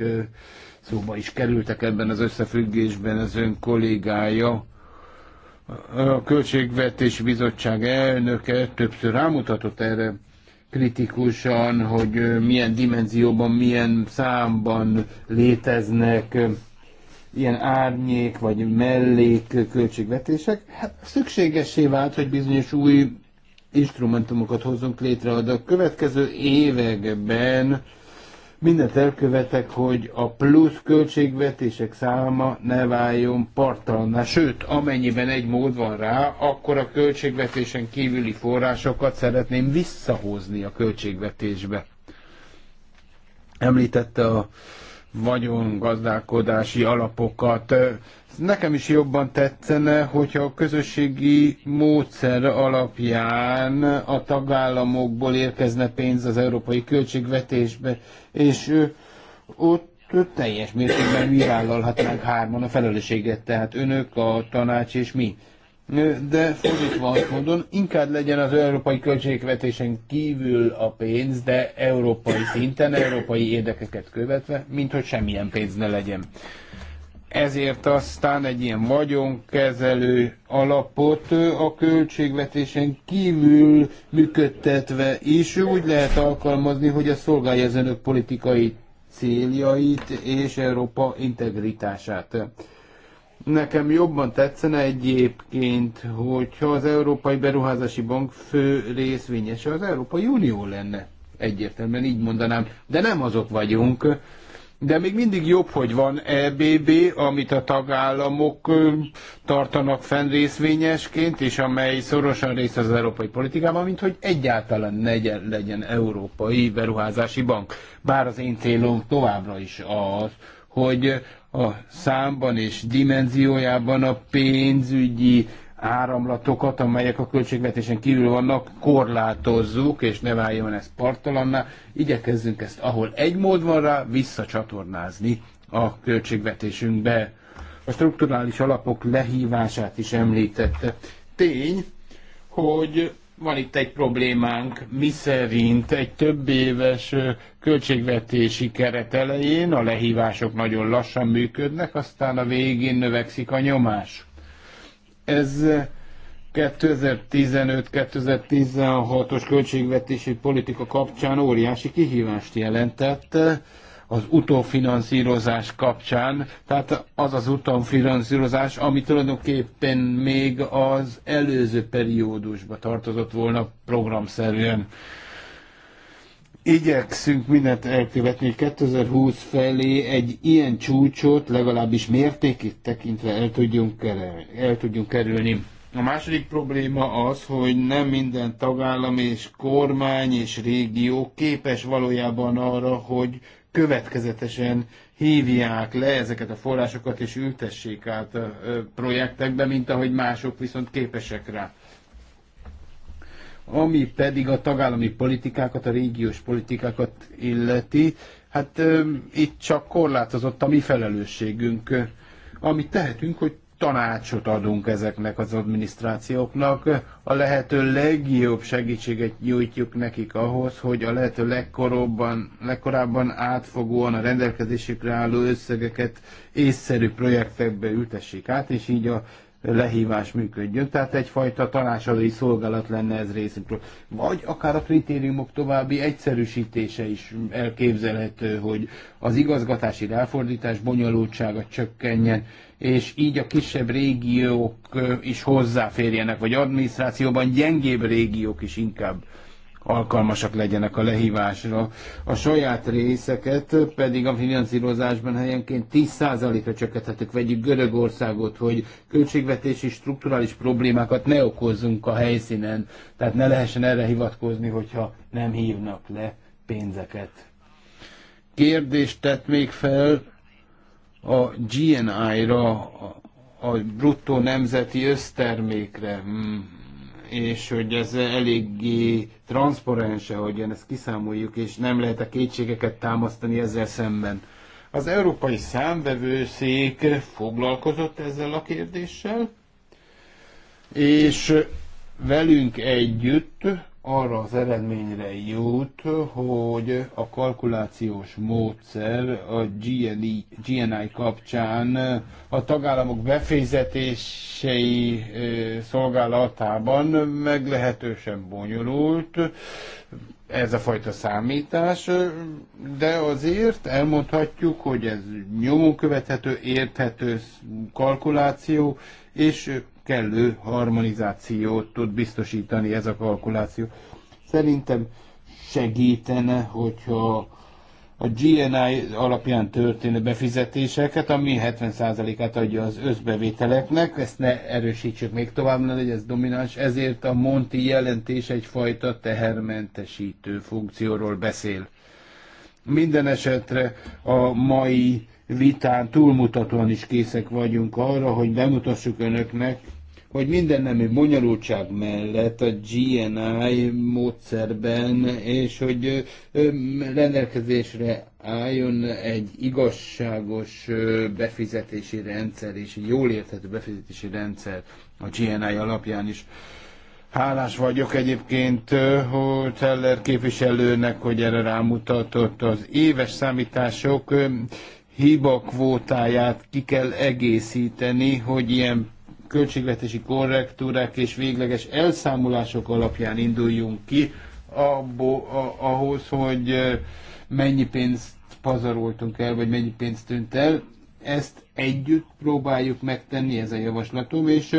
szóba is kerültek ebben az összefüggésben az ön kollégája, a Költségvetési Bizottság elnöke többször rámutatott erre kritikusan, hogy milyen dimenzióban, milyen számban léteznek ilyen árnyék vagy mellék költségvetések. Hát szükségessé vált, hogy bizonyos új instrumentumokat hozzunk létre, de a következő években mindent elkövetek, hogy a plusz költségvetések száma ne váljon partalanná. Sőt, amennyiben egy mód van rá, akkor a költségvetésen kívüli forrásokat szeretném visszahozni a költségvetésbe. Említette a vagyongazdálkodási alapokat. Nekem is jobban tetszene, hogyha a közösségi módszer alapján a tagállamokból érkezne pénz az európai költségvetésbe, és ott teljes mértékben mi vállalhatnánk hárman a felelősséget, tehát önök, a tanács és mi de fordítva mondom, inkább legyen az európai költségvetésen kívül a pénz, de európai szinten, európai érdekeket követve, mint hogy semmilyen pénz ne legyen. Ezért aztán egy ilyen vagyonkezelő alapot a költségvetésen kívül működtetve is úgy lehet alkalmazni, hogy a szolgálja az önök politikai céljait és Európa integritását. Nekem jobban tetszene egyébként, hogyha az Európai Beruházási Bank fő részvényese az Európai Unió lenne. Egyértelműen így mondanám, de nem azok vagyunk. De még mindig jobb, hogy van EBB, amit a tagállamok tartanak fenn részvényesként, és amely szorosan részt az európai politikában, mint hogy egyáltalán ne legyen Európai Beruházási Bank. Bár az én célom továbbra is az, hogy a számban és dimenziójában a pénzügyi áramlatokat, amelyek a költségvetésen kívül vannak, korlátozzuk, és ne váljon ez partalanná. Igyekezzünk ezt, ahol egy mód van rá, visszacsatornázni a költségvetésünkbe. A strukturális alapok lehívását is említette. Tény, hogy van itt egy problémánk, mi szerint egy több éves költségvetési keret elején a lehívások nagyon lassan működnek, aztán a végén növekszik a nyomás. Ez 2015-2016-os költségvetési politika kapcsán óriási kihívást jelentette az utófinanszírozás kapcsán, tehát az az utófinanszírozás, ami tulajdonképpen még az előző periódusba tartozott volna programszerűen. Igyekszünk mindent elkövetni, 2020 felé egy ilyen csúcsot legalábbis mértékét tekintve el tudjunk, el tudjunk kerülni. A második probléma az, hogy nem minden tagállam és kormány és régió képes valójában arra, hogy következetesen hívják le ezeket a forrásokat, és ültessék át a projektekbe, mint ahogy mások viszont képesek rá. Ami pedig a tagállami politikákat, a régiós politikákat illeti, hát itt csak korlátozott a mi felelősségünk. Amit tehetünk, hogy tanácsot adunk ezeknek az adminisztrációknak, a lehető legjobb segítséget nyújtjuk nekik ahhoz, hogy a lehető legkorobban, legkorábban átfogóan a rendelkezésükre álló összegeket észszerű projektekbe ültessék át, és így a lehívás működjön. Tehát egyfajta tanácsadói szolgálat lenne ez részünkről. Vagy akár a kritériumok további egyszerűsítése is elképzelhető, hogy az igazgatási ráfordítás bonyolultsága csökkenjen, és így a kisebb régiók is hozzáférjenek, vagy adminisztrációban gyengébb régiók is inkább alkalmasak legyenek a lehívásra. A saját részeket pedig a finanszírozásban helyenként 10%-ra csökkenthetik. Vegyük Görögországot, hogy költségvetési strukturális problémákat ne okozzunk a helyszínen. Tehát ne lehessen erre hivatkozni, hogyha nem hívnak le pénzeket. Kérdést tett még fel a GNI-ra, a bruttó nemzeti össztermékre, mm, és hogy ez eléggé transzparense, hogy ezt kiszámoljuk, és nem lehet a kétségeket támasztani ezzel szemben. Az Európai Számvevőszék foglalkozott ezzel a kérdéssel, és velünk együtt arra az eredményre jut, hogy a kalkulációs módszer a GNI, GNI kapcsán a tagállamok befizetései szolgálatában meglehetősen bonyolult ez a fajta számítás, de azért elmondhatjuk, hogy ez nyomon követhető, érthető kalkuláció, és kellő harmonizációt tud biztosítani ez a kalkuláció. Szerintem segítene, hogyha a GNI alapján történő befizetéseket, ami 70%-át adja az összbevételeknek, ezt ne erősítsük még tovább, ne legyen ez domináns, ezért a Monti jelentés egyfajta tehermentesítő funkcióról beszél. Minden esetre a mai vitán túlmutatóan is készek vagyunk arra, hogy bemutassuk önöknek, hogy minden nemű bonyolultság mellett a GNI módszerben, és hogy rendelkezésre álljon egy igazságos befizetési rendszer, és egy jól érthető befizetési rendszer a GNI alapján is. Hálás vagyok egyébként hogy Teller képviselőnek, hogy erre rámutatott az éves számítások hiba kvótáját ki kell egészíteni, hogy ilyen költségvetési korrektúrák és végleges elszámolások alapján induljunk ki, abból, a, ahhoz, hogy mennyi pénzt pazaroltunk el, vagy mennyi pénzt tűnt el. Ezt együtt próbáljuk megtenni, ez a javaslatom, és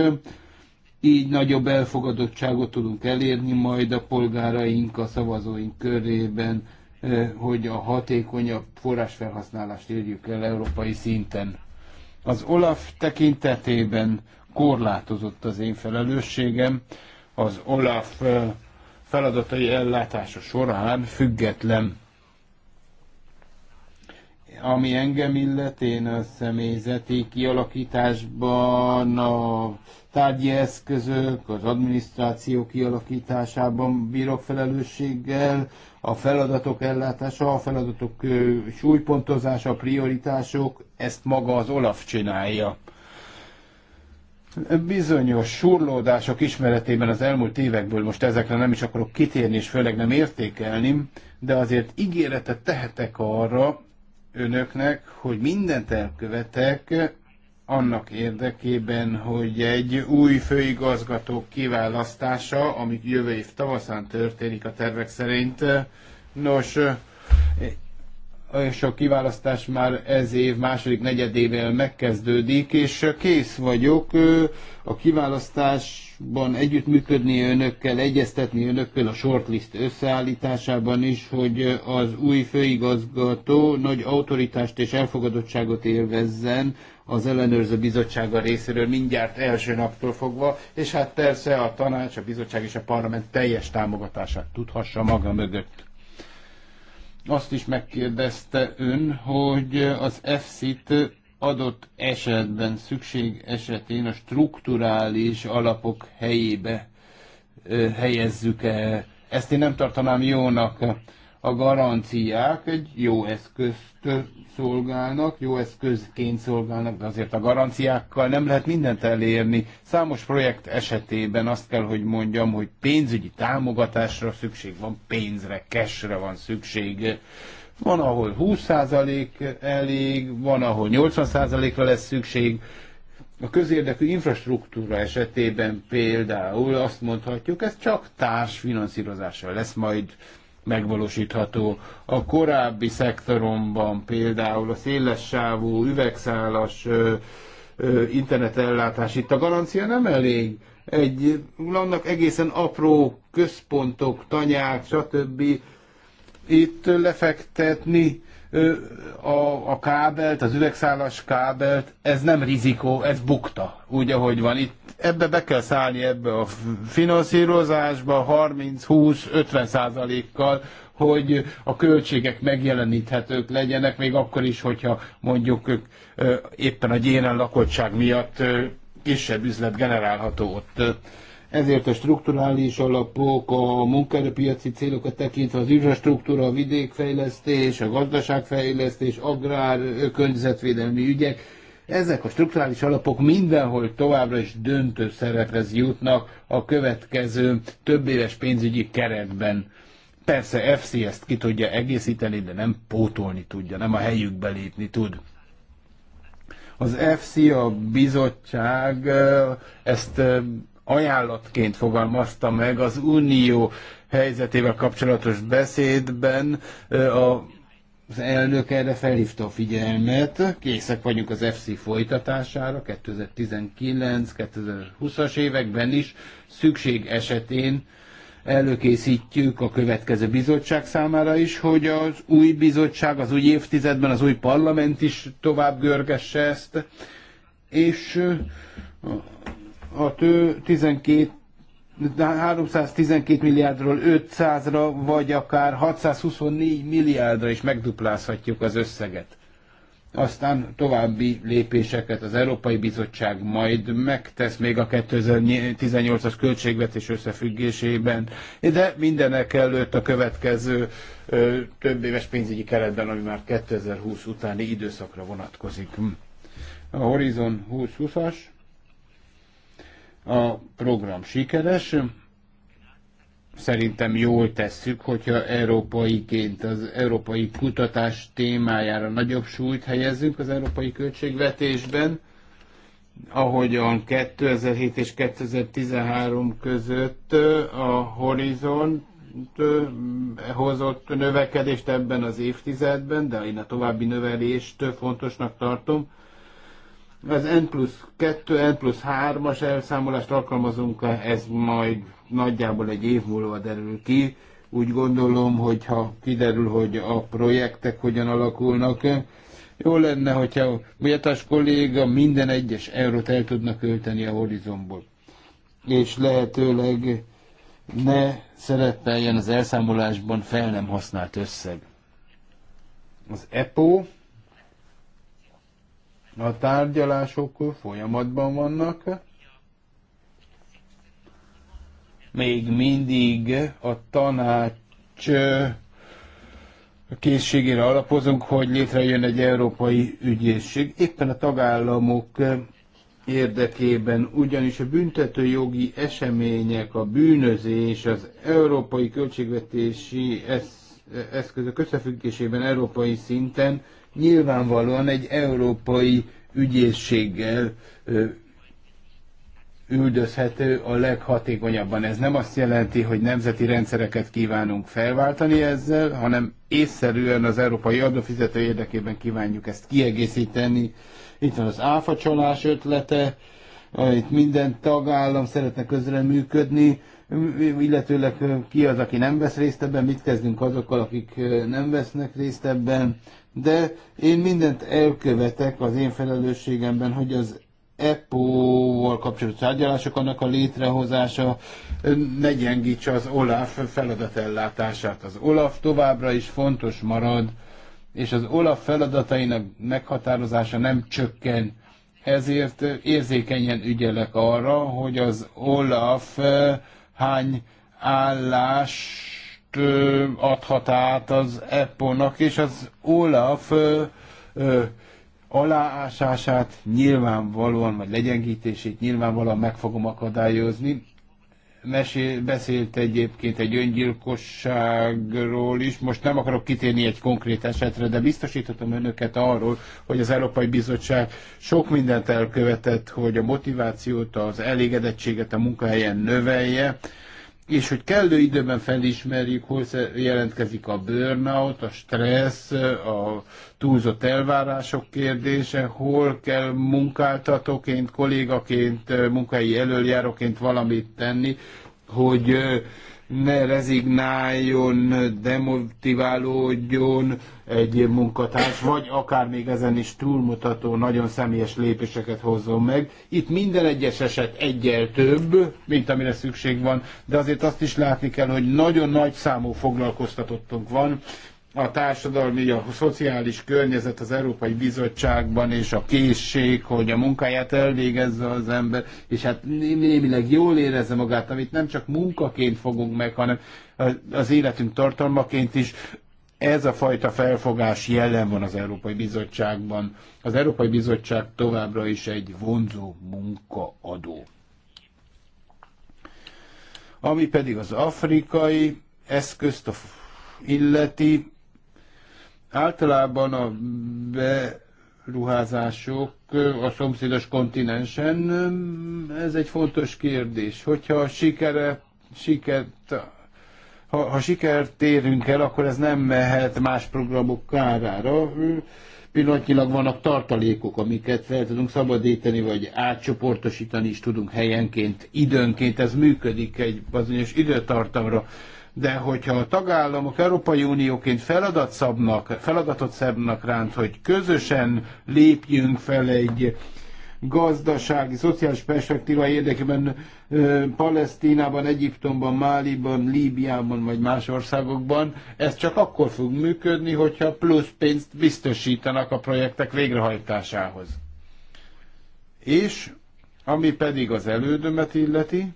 így nagyobb elfogadottságot tudunk elérni majd a polgáraink, a szavazóink körében. Eh, hogy a hatékonyabb forrásfelhasználást érjük el európai szinten. Az OLAF tekintetében korlátozott az én felelősségem. Az OLAF eh, feladatai ellátása során független ami engem illet, én a személyzeti kialakításban, a tárgyi eszközök, az adminisztráció kialakításában bírok felelősséggel, a feladatok ellátása, a feladatok súlypontozása, a prioritások, ezt maga az Olaf csinálja. Bizonyos surlódások ismeretében az elmúlt évekből most ezekre nem is akarok kitérni, és főleg nem értékelni, de azért ígéretet tehetek arra, önöknek, hogy mindent elkövetek annak érdekében, hogy egy új főigazgató kiválasztása, amit jövő év tavaszán történik a tervek szerint, nos, és a kiválasztás már ez év második negyedével megkezdődik, és kész vagyok a kiválasztásban együttműködni önökkel, egyeztetni önökkel a shortlist összeállításában is, hogy az új főigazgató nagy autoritást és elfogadottságot élvezzen az ellenőrző bizottsága részéről mindjárt első naptól fogva, és hát persze a tanács, a bizottság és a parlament teljes támogatását tudhassa maga mögött. Azt is megkérdezte ön, hogy az EFSZ-t adott esetben, szükség esetén a strukturális alapok helyébe helyezzük-e. Ezt én nem tartanám jónak a garanciák egy jó eszközt szolgálnak, jó eszközként szolgálnak, de azért a garanciákkal nem lehet mindent elérni. Számos projekt esetében azt kell, hogy mondjam, hogy pénzügyi támogatásra szükség van, pénzre, cashre van szükség. Van, ahol 20% elég, van, ahol 80%-ra lesz szükség. A közérdekű infrastruktúra esetében például azt mondhatjuk, ez csak társfinanszírozással lesz majd megvalósítható. A korábbi szektoromban például a szélessávú, üvegszálas internetellátás, itt a garancia nem elég. Egy, vannak egészen apró központok, tanyák, stb. Itt lefektetni a, a kábelt, az üvegszálas kábelt, ez nem rizikó, ez bukta, úgy ahogy van. Itt ebbe be kell szállni ebbe a finanszírozásba 30-20-50 százalékkal, hogy a költségek megjeleníthetők legyenek, még akkor is, hogyha mondjuk ők, éppen a gyéren lakottság miatt kisebb üzlet generálható ott ezért a strukturális alapok, a munkaerőpiaci célokat tekintve az infrastruktúra, a vidékfejlesztés, a gazdaságfejlesztés, agrár, környezetvédelmi ügyek, ezek a strukturális alapok mindenhol továbbra is döntő szerephez jutnak a következő több éves pénzügyi keretben. Persze FC ezt ki tudja egészíteni, de nem pótolni tudja, nem a helyükbe lépni tud. Az FC, a bizottság ezt ajánlatként fogalmazta meg az unió helyzetével kapcsolatos beszédben a az elnök erre felhívta a figyelmet, készek vagyunk az FC folytatására 2019-2020-as években is, szükség esetén előkészítjük a következő bizottság számára is, hogy az új bizottság az új évtizedben az új parlament is tovább görgesse ezt, és a tő 12 312 milliárdról 500-ra, vagy akár 624 milliárdra is megduplázhatjuk az összeget. Aztán további lépéseket az Európai Bizottság majd megtesz még a 2018-as költségvetés összefüggésében, de mindenek előtt a következő ö, több éves pénzügyi keretben, ami már 2020 utáni időszakra vonatkozik. A Horizon 2020-as a program sikeres, szerintem jól tesszük, hogyha európaiként az európai kutatás témájára nagyobb súlyt helyezünk az európai költségvetésben, ahogyan 2007 és 2013 között a Horizont hozott növekedést ebben az évtizedben, de én a további növelést fontosnak tartom. Az N plusz 2, N plusz 3-as elszámolást alkalmazunk, ez majd nagyjából egy év múlva derül ki. Úgy gondolom, hogyha kiderül, hogy a projektek hogyan alakulnak, jó lenne, hogyha Bujatás kolléga minden egyes eurót el tudna költeni a horizontból, És lehetőleg ne szerepeljen az elszámolásban fel nem használt összeg. Az EPO a tárgyalások folyamatban vannak. Még mindig a tanács készségére alapozunk, hogy létrejön egy európai ügyészség. Éppen a tagállamok érdekében, ugyanis a büntetőjogi események, a bűnözés, az európai költségvetési eszközök összefüggésében európai szinten nyilvánvalóan egy európai ügyészséggel üldözhető a leghatékonyabban. Ez nem azt jelenti, hogy nemzeti rendszereket kívánunk felváltani ezzel, hanem észszerűen az európai adófizető érdekében kívánjuk ezt kiegészíteni. Itt van az áfa csalás ötlete, itt minden tagállam szeretne közre működni, illetőleg ki az, aki nem vesz részt ebben, mit kezdünk azokkal, akik nem vesznek részt ebben, de én mindent elkövetek az én felelősségemben, hogy az EPO-val kapcsolatos tárgyalások, annak a létrehozása ne gyengítse az OLAF feladatellátását. Az OLAF továbbra is fontos marad, és az OLAF feladatainak meghatározása nem csökken. Ezért érzékenyen ügyelek arra, hogy az OLAF hány állás adhat át az EPO-nak, és az Olaf ö, ö, aláásását nyilvánvalóan, vagy legyengítését nyilvánvalóan meg fogom akadályozni. Mesél, beszélt egyébként egy öngyilkosságról is, most nem akarok kitérni egy konkrét esetre, de biztosítottam önöket arról, hogy az Európai Bizottság sok mindent elkövetett, hogy a motivációt, az elégedettséget a munkahelyen növelje, és hogy kellő időben felismerjük, hol jelentkezik a burnout, a stressz, a túlzott elvárások kérdése, hol kell munkáltatóként, kollégaként, munkai elöljáróként valamit tenni, hogy ne rezignáljon, demotiválódjon egy munkatárs, vagy akár még ezen is túlmutató, nagyon személyes lépéseket hozzon meg. Itt minden egyes eset egyel több, mint amire szükség van, de azért azt is látni kell, hogy nagyon nagy számú foglalkoztatottunk van, a társadalmi, a szociális környezet az Európai Bizottságban, és a készség, hogy a munkáját elvégezze az ember, és hát némileg jól érezze magát, amit nem csak munkaként fogunk meg, hanem az életünk tartalmaként is. Ez a fajta felfogás jelen van az Európai Bizottságban. Az Európai Bizottság továbbra is egy vonzó munkaadó. Ami pedig az afrikai eszközt, a illeti, Általában a beruházások a szomszédos kontinensen, ez egy fontos kérdés. Hogyha a sikere, sikert, ha, ha sikert érünk el, akkor ez nem mehet más programok kárára pillanatnyilag vannak tartalékok, amiket fel tudunk szabadítani, vagy átcsoportosítani is tudunk helyenként, időnként, ez működik egy bizonyos időtartamra de hogyha a tagállamok Európai Unióként feladat szabnak, feladatot szabnak ránt, hogy közösen lépjünk fel egy gazdasági, szociális perspektíva érdekében ö, Palesztinában, Egyiptomban, Máliban, Líbiában vagy más országokban, ez csak akkor fog működni, hogyha plusz pénzt biztosítanak a projektek végrehajtásához. És ami pedig az elődömet illeti,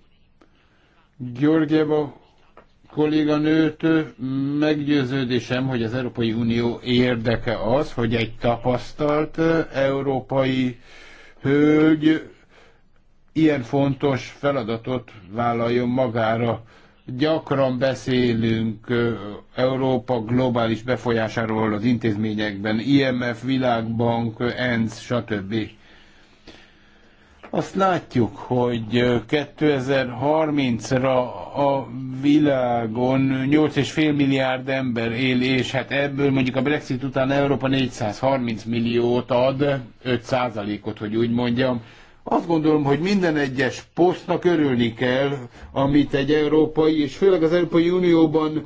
Györgyeva kolléganőt, meggyőződésem, hogy az Európai Unió érdeke az, hogy egy tapasztalt európai hölgy ilyen fontos feladatot vállaljon magára. Gyakran beszélünk Európa globális befolyásáról az intézményekben, IMF, Világbank, ENSZ, stb. Azt látjuk, hogy 2030-ra a világon 8,5 milliárd ember él, és hát ebből mondjuk a Brexit után Európa 430 milliót ad, 5 százalékot, hogy úgy mondjam. Azt gondolom, hogy minden egyes posztnak örülni kell, amit egy európai, és főleg az Európai Unióban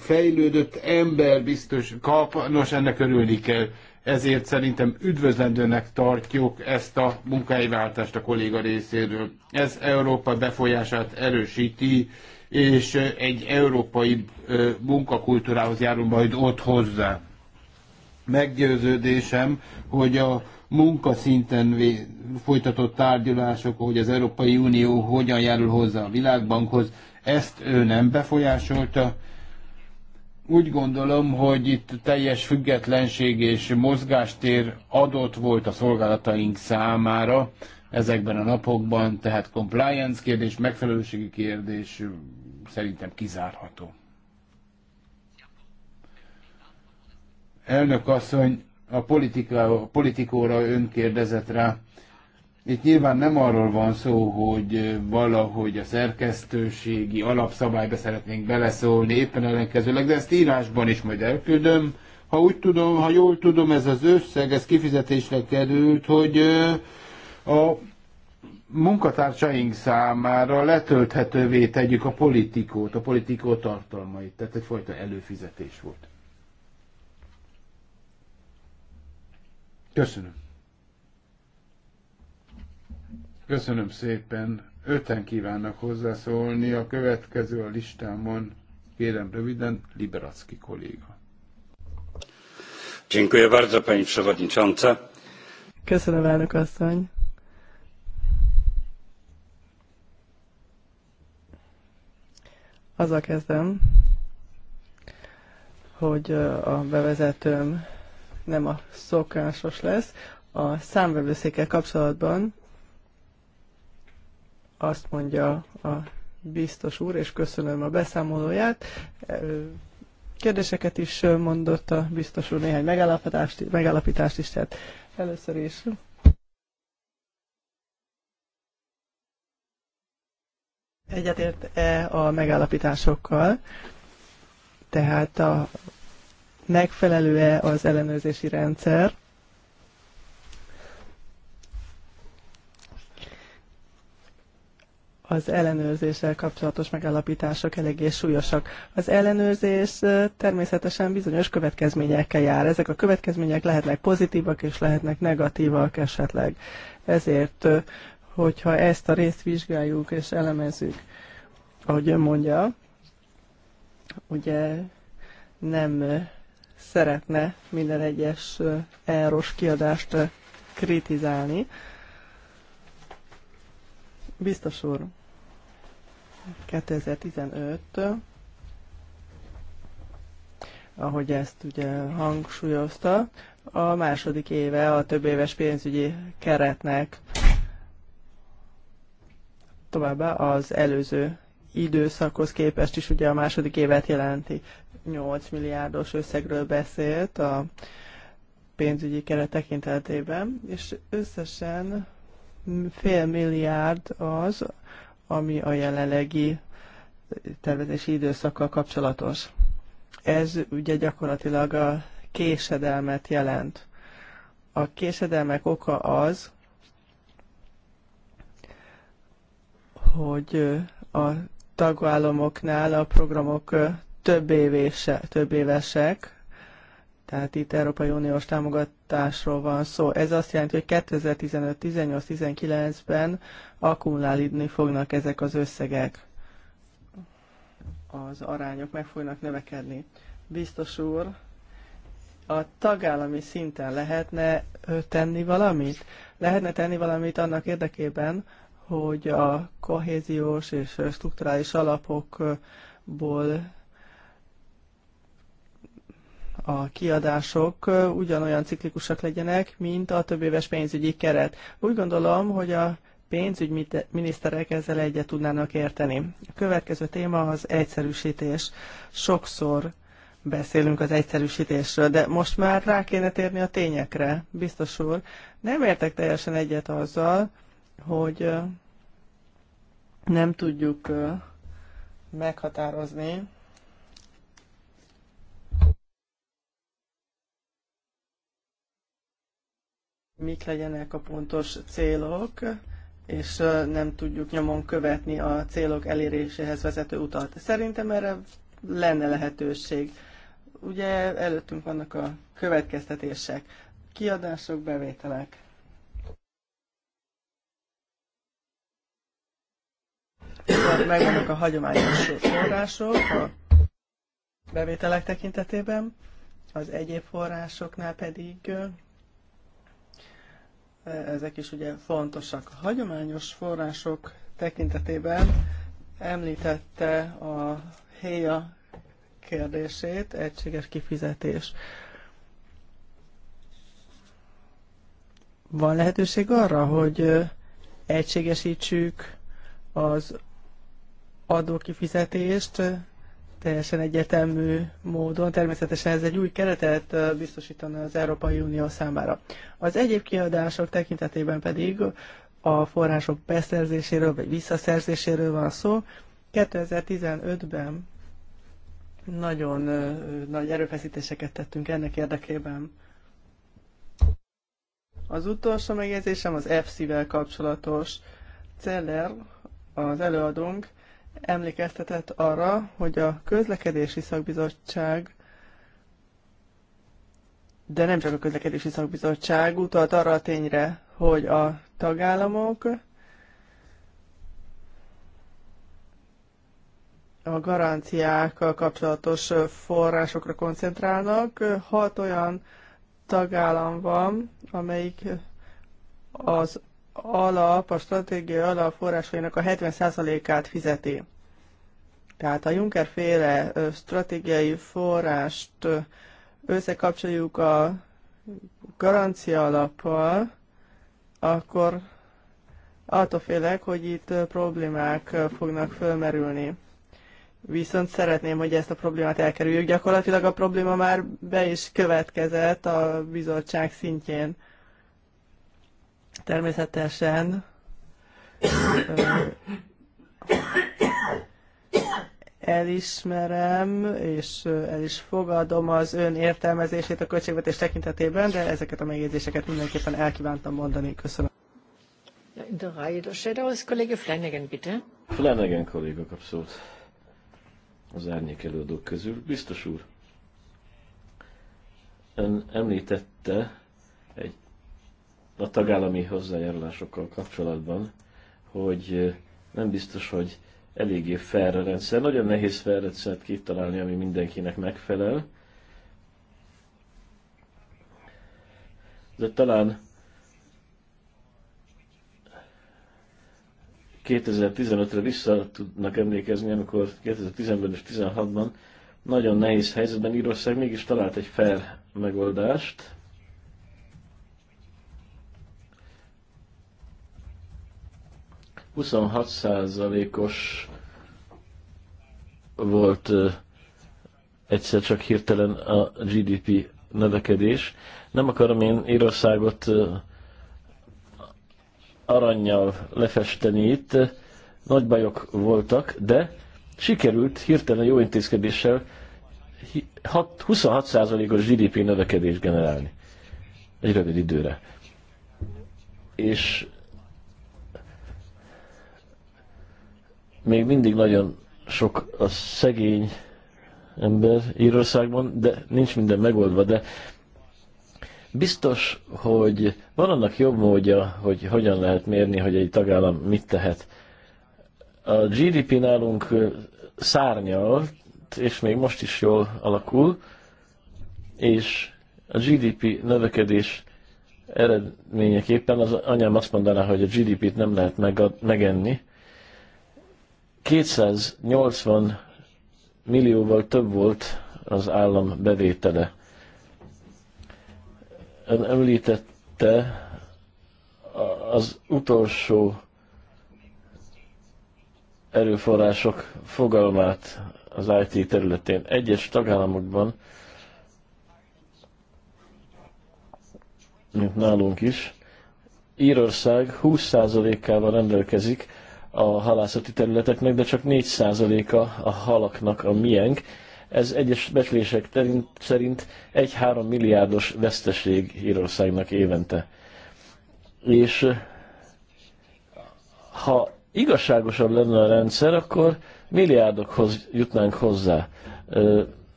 fejlődött ember biztos kap, nos ennek örülni kell ezért szerintem üdvözlendőnek tartjuk ezt a munkáiváltást a kolléga részéről. Ez Európa befolyását erősíti, és egy európai munkakultúrához járul majd ott hozzá. Meggyőződésem, hogy a munkaszinten folytatott tárgyalások, hogy az Európai Unió hogyan járul hozzá a világbankhoz, ezt ő nem befolyásolta, úgy gondolom, hogy itt teljes függetlenség és mozgástér adott volt a szolgálataink számára ezekben a napokban, tehát compliance kérdés, megfelelőségi kérdés szerintem kizárható. Elnök asszony, a, politika, a politikóra ön kérdezett rá. Itt nyilván nem arról van szó, hogy valahogy a szerkesztőségi alapszabályba szeretnénk beleszólni, éppen ellenkezőleg, de ezt írásban is majd elküldöm. Ha úgy tudom, ha jól tudom, ez az összeg, ez kifizetésre került, hogy a munkatársaink számára letölthetővé tegyük a politikót, a politikó tartalmait. Tehát egyfajta előfizetés volt. Köszönöm. Köszönöm szépen. Öten kívánnak hozzászólni. A következő a listámon, kérem röviden, Liberacki kolléga. Dziękuję bardzo, pani przewodnicząca. Köszönöm, elnök asszony. Azzal kezdem, hogy a bevezetőm nem a szokásos lesz. A számvevőszékkel kapcsolatban azt mondja a biztos úr, és köszönöm a beszámolóját. Kérdéseket is mondott a biztos úr, néhány megállapítást, megállapítást is tett. Először is egyetért-e a megállapításokkal, tehát a megfelelő-e az ellenőrzési rendszer, az ellenőrzéssel kapcsolatos megállapítások eléggé súlyosak. Az ellenőrzés természetesen bizonyos következményekkel jár. Ezek a következmények lehetnek pozitívak és lehetnek negatívak esetleg. Ezért, hogyha ezt a részt vizsgáljuk és elemezzük, ahogy ön mondja, ugye nem szeretne minden egyes eurós kiadást kritizálni. Biztos úr, 2015, ahogy ezt ugye hangsúlyozta, a második éve a több éves pénzügyi keretnek. Továbbá az előző időszakhoz képest is ugye a második évet jelenti. 8 milliárdos összegről beszélt a pénzügyi keret tekintetében, és összesen fél milliárd az, ami a jelenlegi tervezési időszakkal kapcsolatos. Ez ugye gyakorlatilag a késedelmet jelent. A késedelmek oka az, hogy a tagállamoknál a programok több, évése, több évesek, tehát itt Európai Uniós támogatásról van szó. Ez azt jelenti, hogy 2015, 18, 19-ben akkumulálni fognak ezek az összegek. Az arányok meg fognak növekedni. Biztos úr, a tagállami szinten lehetne tenni valamit? Lehetne tenni valamit annak érdekében, hogy a kohéziós és strukturális alapokból a kiadások ugyanolyan ciklikusak legyenek, mint a több éves pénzügyi keret. Úgy gondolom, hogy a pénzügyminiszterek ezzel egyet tudnának érteni. A következő téma az egyszerűsítés. Sokszor beszélünk az egyszerűsítésről, de most már rá kéne térni a tényekre, biztos úr. Nem értek teljesen egyet azzal, hogy nem tudjuk meghatározni mik legyenek a pontos célok, és nem tudjuk nyomon követni a célok eléréséhez vezető utat. Szerintem erre lenne lehetőség. Ugye előttünk vannak a következtetések, kiadások, bevételek. Tehát megvannak a hagyományos források a bevételek tekintetében, az egyéb forrásoknál pedig ezek is ugye fontosak. A hagyományos források tekintetében említette a héja kérdését, egységes kifizetés. Van lehetőség arra, hogy egységesítsük az adókifizetést, teljesen egyetemű módon. Természetesen ez egy új keretet biztosítana az Európai Unió számára. Az egyéb kiadások tekintetében pedig a források beszerzéséről vagy visszaszerzéséről van szó. 2015-ben nagyon nagy erőfeszítéseket tettünk ennek érdekében. Az utolsó megjegyzésem az FC-vel kapcsolatos. Celler, az előadónk, emlékeztetett arra, hogy a közlekedési szakbizottság de nem csak a közlekedési szakbizottság utalt arra a tényre, hogy a tagállamok a garanciákkal kapcsolatos forrásokra koncentrálnak. Hat olyan tagállam van, amelyik az alap, a stratégiai alap forrásainak a 70%-át fizeti. Tehát a Juncker féle stratégiai forrást összekapcsoljuk a garancia alappal, akkor attól félek, hogy itt problémák fognak fölmerülni. Viszont szeretném, hogy ezt a problémát elkerüljük. Gyakorlatilag a probléma már be is következett a bizottság szintjén. Természetesen elismerem és el is fogadom az ön értelmezését a költségvetés tekintetében, de ezeket a megjegyzéseket mindenképpen elkívántam mondani. Köszönöm. Flanagan, bitte. Flanagan kolléga kap szót az árnyék előadók közül. Biztos úr, ön említette egy a tagállami hozzájárulásokkal kapcsolatban, hogy nem biztos, hogy eléggé fair a rendszer. Nagyon nehéz fair rendszert kitalálni, ami mindenkinek megfelel. De talán 2015-re vissza tudnak emlékezni, amikor 2010-ben és 2016-ban nagyon nehéz helyzetben Írország mégis talált egy fair megoldást, 26%-os volt egyszer csak hirtelen a GDP növekedés. Nem akarom én Írországot arannyal lefesteni itt, nagy bajok voltak, de sikerült hirtelen jó intézkedéssel 26%-os GDP növekedés generálni egy rövid időre. És még mindig nagyon sok a szegény ember Írországban, de nincs minden megoldva, de biztos, hogy van annak jobb módja, hogy hogyan lehet mérni, hogy egy tagállam mit tehet. A GDP nálunk szárnyalt, és még most is jól alakul, és a GDP növekedés eredményeképpen az anyám azt mondaná, hogy a GDP-t nem lehet megenni, 280 millióval több volt az állam bevétele. Ön említette az utolsó erőforrások fogalmát az IT területén. Egyes tagállamokban, mint nálunk is, Írország 20%-ával rendelkezik a halászati területeknek, de csak 4%-a a halaknak a miénk. Ez egyes becslések szerint 1-3 milliárdos veszteség Írországnak évente. És ha igazságosabb lenne a rendszer, akkor milliárdokhoz jutnánk hozzá.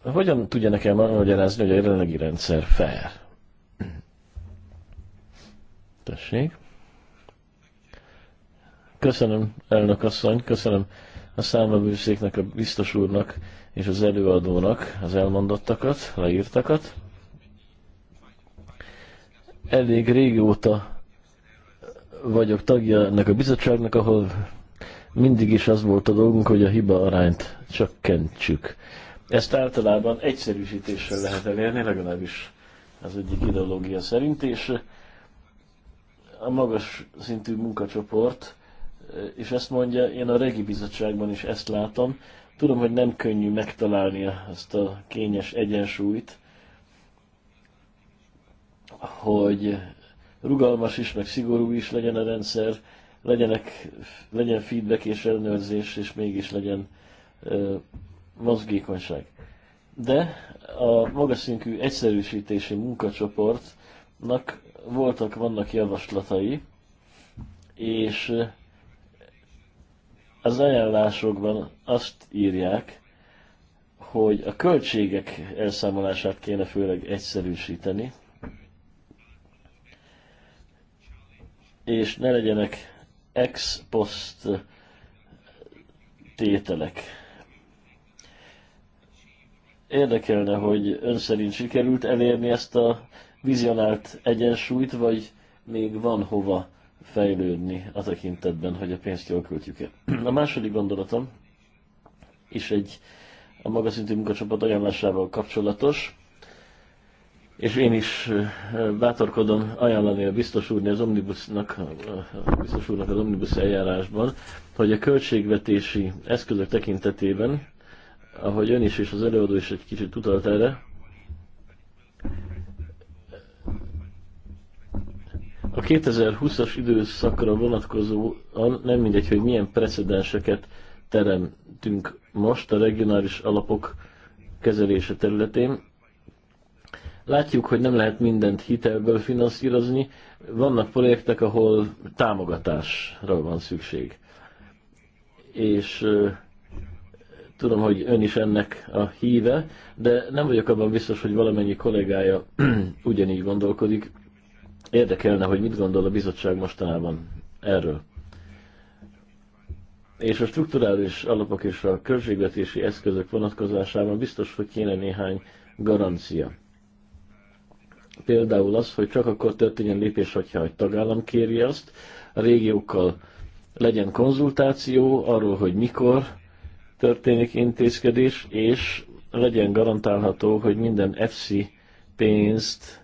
Hogyan tudja nekem magyarázni, hogy a jelenlegi rendszer fair? Tessék. Köszönöm, elnök asszony, köszönöm a számlavőszéknek, a biztos úrnak és az előadónak az elmondottakat, leírtakat. Elég régóta vagyok tagja ennek a bizottságnak, ahol mindig is az volt a dolgunk, hogy a hiba arányt csökkentsük. Ezt általában egyszerűsítéssel lehet elérni, legalábbis az egyik ideológia szerint, és a magas szintű munkacsoport és ezt mondja, én a Regi Bizottságban is ezt látom. Tudom, hogy nem könnyű megtalálni ezt a kényes egyensúlyt, hogy rugalmas is, meg szigorú is legyen a rendszer, legyenek, legyen feedback és ellenőrzés, és mégis legyen ö, mozgékonyság. De a magas szintű egyszerűsítési munkacsoportnak voltak, vannak javaslatai, és az ajánlásokban azt írják, hogy a költségek elszámolását kéne főleg egyszerűsíteni, és ne legyenek ex post tételek. Érdekelne, hogy ön szerint sikerült elérni ezt a vizionált egyensúlyt, vagy még van hova fejlődni a tekintetben, hogy a pénzt jól költjük-e. A második gondolatom is egy a magas szintű munkacsapat ajánlásával kapcsolatos, és én is bátorkodom ajánlani a biztos úrnak, az omnibusnak, a biztos úrnak az omnibus eljárásban, hogy a költségvetési eszközök tekintetében, ahogy ön is és az előadó is egy kicsit utalt erre, 2020-as időszakra vonatkozóan nem mindegy, hogy milyen precedenseket teremtünk most a regionális alapok kezelése területén. Látjuk, hogy nem lehet mindent hitelből finanszírozni, vannak projektek, ahol támogatásra van szükség. És tudom, hogy ön is ennek a híve, de nem vagyok abban biztos, hogy valamennyi kollégája ugyanígy gondolkodik Érdekelne, hogy mit gondol a bizottság mostanában erről. És a strukturális alapok és a költségvetési eszközök vonatkozásában biztos, hogy kéne néhány garancia. Például az, hogy csak akkor történjen lépés, hogyha egy tagállam kéri azt, a régiókkal legyen konzultáció arról, hogy mikor történik intézkedés, és legyen garantálható, hogy minden EFSI pénzt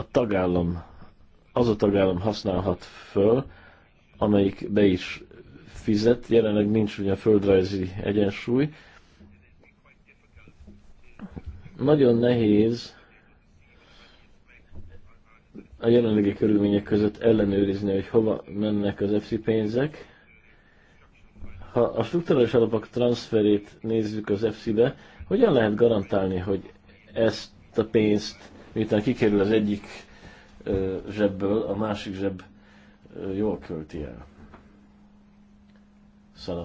a tagállam, az a tagállam használhat föl, amelyik be is fizet, jelenleg nincs ugyan földrajzi egyensúly. Nagyon nehéz a jelenlegi körülmények között ellenőrizni, hogy hova mennek az EFSI pénzek. Ha a struktúrális alapok transferét nézzük az EFSI-be, hogyan lehet garantálni, hogy ezt a pénzt miután kikerül az egyik zsebből, a másik zseb jól költi el.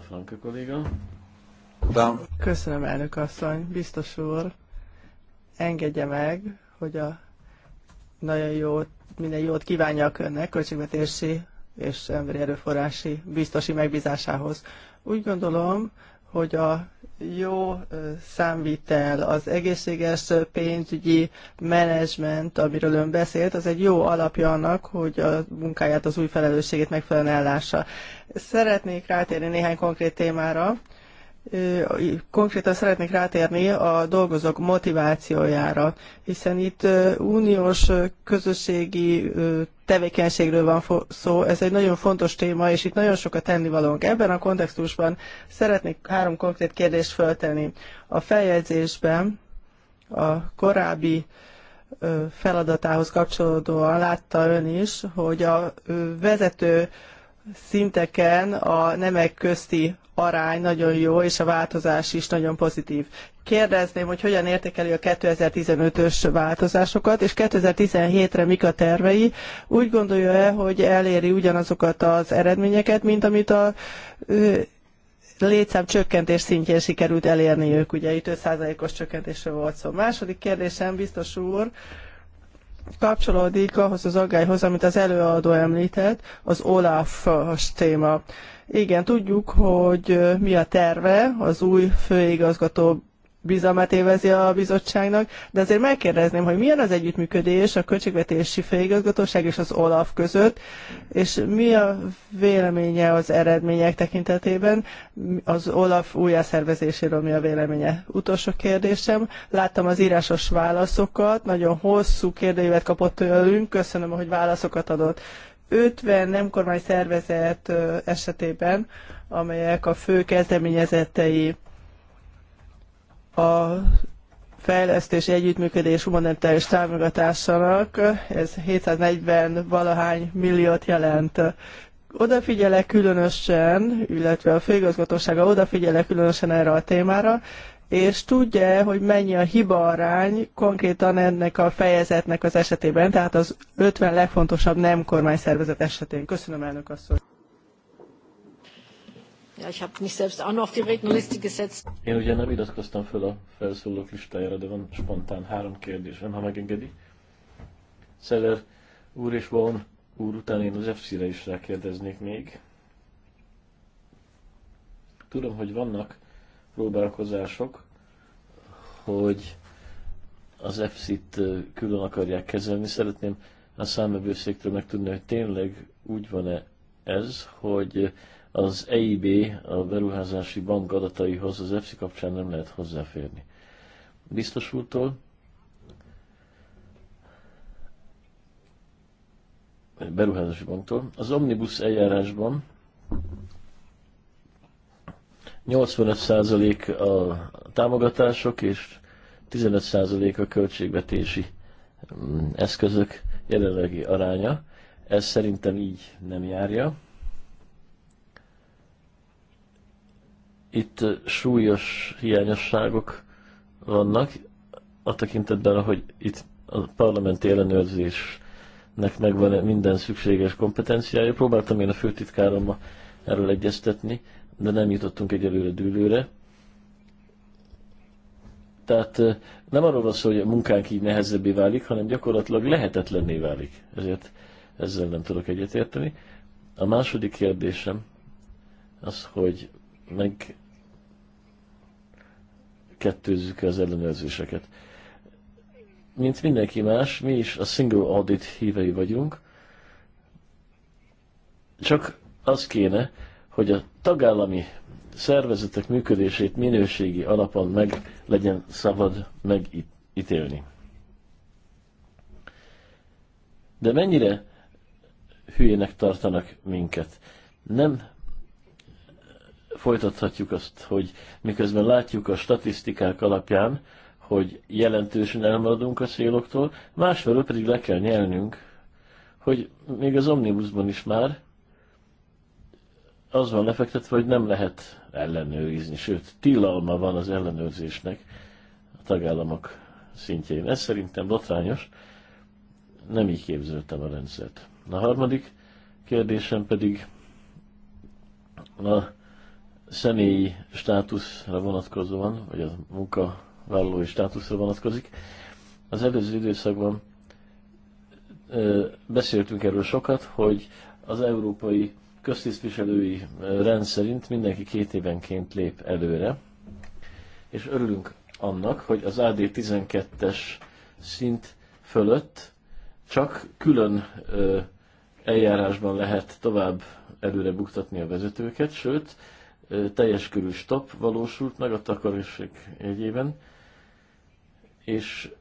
Franka kolléga. Köszönöm, elnök asszony. Biztos úr, engedje meg, hogy a nagyon jó, minden jót kívánjak önnek költségvetési és emberi erőforrási biztosi megbízásához. Úgy gondolom, hogy a jó számvitel, az egészséges pénzügyi menedzsment, amiről ön beszélt, az egy jó alapja annak, hogy a munkáját, az új felelősségét megfelelően ellássa. Szeretnék rátérni néhány konkrét témára. Konkrétan szeretnék rátérni a dolgozók motivációjára, hiszen itt uniós közösségi tevékenységről van szó. Ez egy nagyon fontos téma, és itt nagyon sokat tennivalónk. Ebben a kontextusban szeretnék három konkrét kérdést föltenni. A feljegyzésben a korábbi feladatához kapcsolódóan látta ön is, hogy a vezető szinteken a nemek közti arány nagyon jó, és a változás is nagyon pozitív. Kérdezném, hogy hogyan értékeli a 2015-ös változásokat, és 2017-re mik a tervei. Úgy gondolja-e, hogy eléri ugyanazokat az eredményeket, mint amit a létszám csökkentés szintjén sikerült elérni ők, ugye itt 5%-os csökkentésről volt szó. Második kérdésem, biztos úr, kapcsolódik ahhoz az aggályhoz, amit az előadó említett, az Olaf-os téma. Igen, tudjuk, hogy mi a terve az új főigazgató bizalmát évezi a bizottságnak, de azért megkérdezném, hogy milyen az együttműködés a Költségvetési Főigazgatóság és az OLAF között, és mi a véleménye az eredmények tekintetében, az OLAF újjászervezéséről mi a véleménye. Utolsó kérdésem, láttam az írásos válaszokat, nagyon hosszú kérdőívet kapott tőlünk, köszönöm, hogy válaszokat adott. 50 nem kormány szervezet esetében, amelyek a fő kezdeményezetei a fejlesztési együttműködés humanitárius támogatásának, ez 740 valahány milliót jelent. Odafigyelek különösen, illetve a főigazgatósága odafigyelek különösen erre a témára, és tudja, hogy mennyi a hiba arány konkrétan ennek a fejezetnek az esetében, tehát az 50 legfontosabb nem kormányszervezet esetén. Köszönöm, elnök asszony! Ja, ich habe mich selbst auch noch auf die Rednerliste gesetzt. Én ugye nem iratkoztam föl a felszólók listájára, de van spontán három kérdésem, ha megengedi. Szeller úr és Vaughan úr után én az FC-re is rákérdeznék még. Tudom, hogy vannak próbálkozások, hogy az fc t külön akarják kezelni. Szeretném a számövőszéktől megtudni, hogy tényleg úgy van-e ez, hogy az EIB, a beruházási bank adataihoz az EFSI kapcsán nem lehet hozzáférni. Biztos úrtól beruházási banktól. Az Omnibus eljárásban 85% a támogatások és 15% a költségvetési mm, eszközök jelenlegi aránya. Ez szerintem így nem járja. Itt súlyos hiányosságok vannak, a tekintetben, hogy itt a parlamenti ellenőrzésnek megvan -e minden szükséges kompetenciája. Próbáltam én a főtitkárommal erről egyeztetni, de nem jutottunk egyelőre dűlőre. Tehát nem arról van szó, hogy a munkánk így nehezebbé válik, hanem gyakorlatilag lehetetlenné válik. Ezért ezzel nem tudok egyetérteni. A második kérdésem az, hogy meg kettőzzük az ellenőrzéseket. Mint mindenki más, mi is a single audit hívei vagyunk, csak az kéne, hogy a tagállami szervezetek működését minőségi alapon meg legyen szabad megítélni. De mennyire hülyének tartanak minket? Nem folytathatjuk azt, hogy miközben látjuk a statisztikák alapján, hogy jelentősen elmaradunk a széloktól, másfelől pedig le kell nyelnünk, hogy még az omnibusban is már az van lefektetve, hogy nem lehet ellenőrizni, sőt, tilalma van az ellenőrzésnek a tagállamok szintjén. Ez szerintem botrányos, nem így képzeltem a rendszert. A harmadik kérdésem pedig a személyi státuszra vonatkozóan, vagy a munkavállalói státuszra vonatkozik. Az előző időszakban beszéltünk erről sokat, hogy az európai köztisztviselői rend szerint mindenki két évenként lép előre, és örülünk annak, hogy az AD12-es szint fölött csak külön eljárásban lehet tovább előre buktatni a vezetőket, sőt, teljes körű stop valósult meg a takarésség egyében, és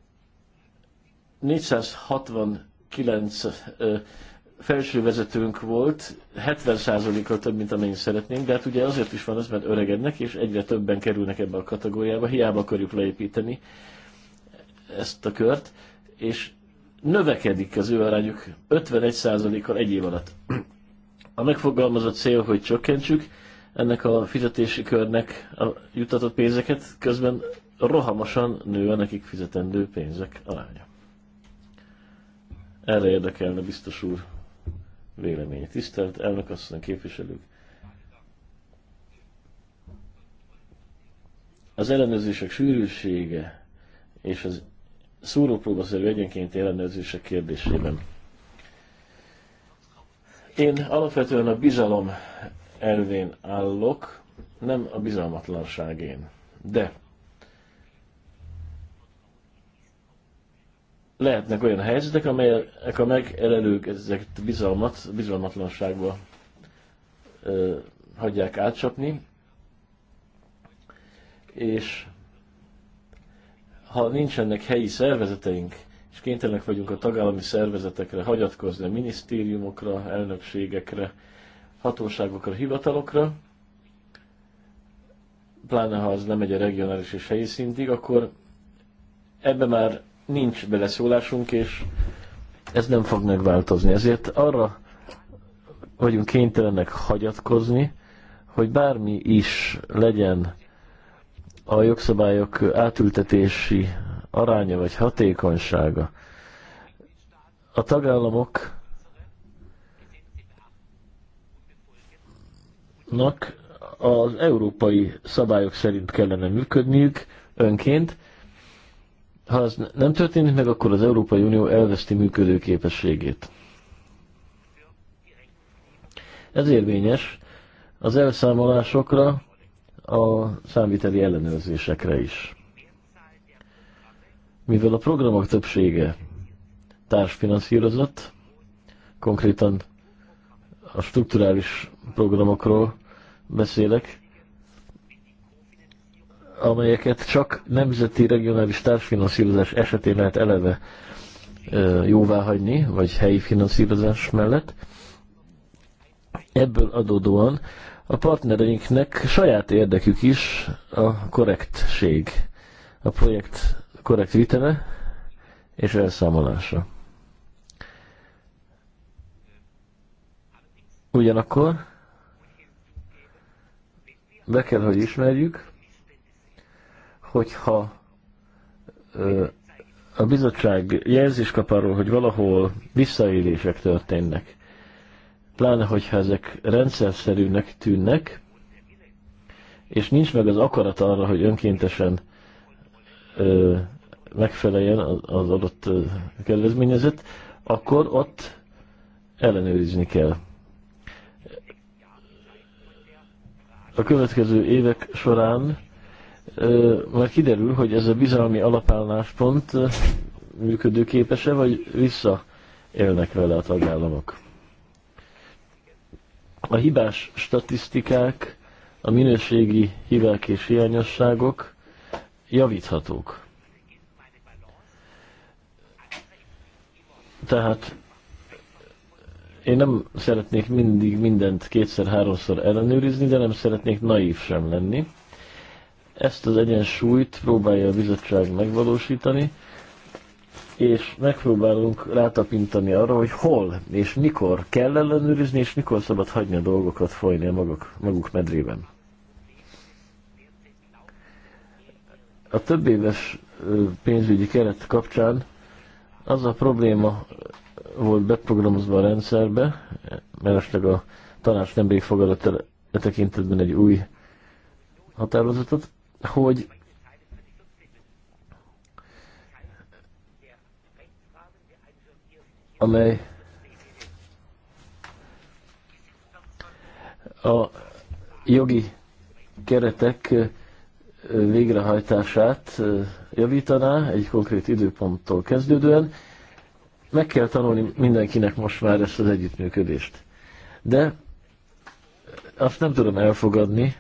469 vezetőnk volt, 70%-kal több, mint amennyit szeretnénk, de hát ugye azért is van ez, mert öregednek, és egyre többen kerülnek ebbe a kategóriába, hiába akarjuk leépíteni ezt a kört, és növekedik az ő arányuk 51%-kal egy év alatt. A megfogalmazott cél, hogy csökkentsük, ennek a fizetési körnek a jutatott pénzeket, közben rohamosan nő a nekik fizetendő pénzek aránya. Erre érdekelne biztos úr véleménye. Tisztelt asszony képviselők! Az ellenőrzések sűrűsége és az szúrópróbaszerű egyenként ellenőrzések kérdésében. Én alapvetően a bizalom elvén állok, nem a bizalmatlanságén. De lehetnek olyan helyzetek, amelyek a megelelők ezeket bizalmat, bizalmatlanságba ö, hagyják átcsapni, és ha nincsenek helyi szervezeteink, és kénytelenek vagyunk a tagállami szervezetekre hagyatkozni, a minisztériumokra, elnökségekre, hatóságokra, hivatalokra, pláne ha az nem megy a regionális és helyi szintig, akkor ebbe már nincs beleszólásunk, és ez nem fog megváltozni. Ezért arra vagyunk kénytelenek hagyatkozni, hogy bármi is legyen a jogszabályok átültetési aránya vagy hatékonysága. A tagállamok nak az európai szabályok szerint kellene működniük önként. Ha ez nem történik meg, akkor az Európai Unió elveszti működő képességét. Ez érvényes az elszámolásokra, a számviteli ellenőrzésekre is. Mivel a programok többsége társfinanszírozott, konkrétan a strukturális programokról beszélek, amelyeket csak nemzeti regionális társfinanszírozás esetén lehet eleve jóvá hagyni, vagy helyi finanszírozás mellett. Ebből adódóan a partnereinknek saját érdekük is a korrektség, a projekt korrekt vitele és elszámolása. Ugyanakkor be kell, hogy ismerjük, hogyha a bizottság jelzés kap arról, hogy valahol visszaélések történnek, pláne hogyha ezek rendszerszerűnek tűnnek, és nincs meg az akarat arra, hogy önkéntesen ö, megfeleljen az adott kedvezményezet, akkor ott ellenőrizni kell. a következő évek során majd kiderül, hogy ez a bizalmi alapálláspont működőképes-e, vagy visszaélnek vele a tagállamok. A hibás statisztikák, a minőségi hibák és hiányosságok javíthatók. Tehát én nem szeretnék mindig mindent kétszer-háromszor ellenőrizni, de nem szeretnék naív sem lenni. Ezt az egyensúlyt próbálja a bizottság megvalósítani, és megpróbálunk rátapintani arra, hogy hol és mikor kell ellenőrizni, és mikor szabad hagyni a dolgokat folyni a maguk, maguk medrében. A több éves pénzügyi keret kapcsán az a probléma volt beprogramozva a rendszerbe, mellesleg a tanács nemrég fogadott el e tekintetben egy új határozatot, hogy amely a jogi keretek végrehajtását javítaná egy konkrét időponttól kezdődően, meg kell tanulni mindenkinek most már ezt az együttműködést. De azt nem tudom elfogadni,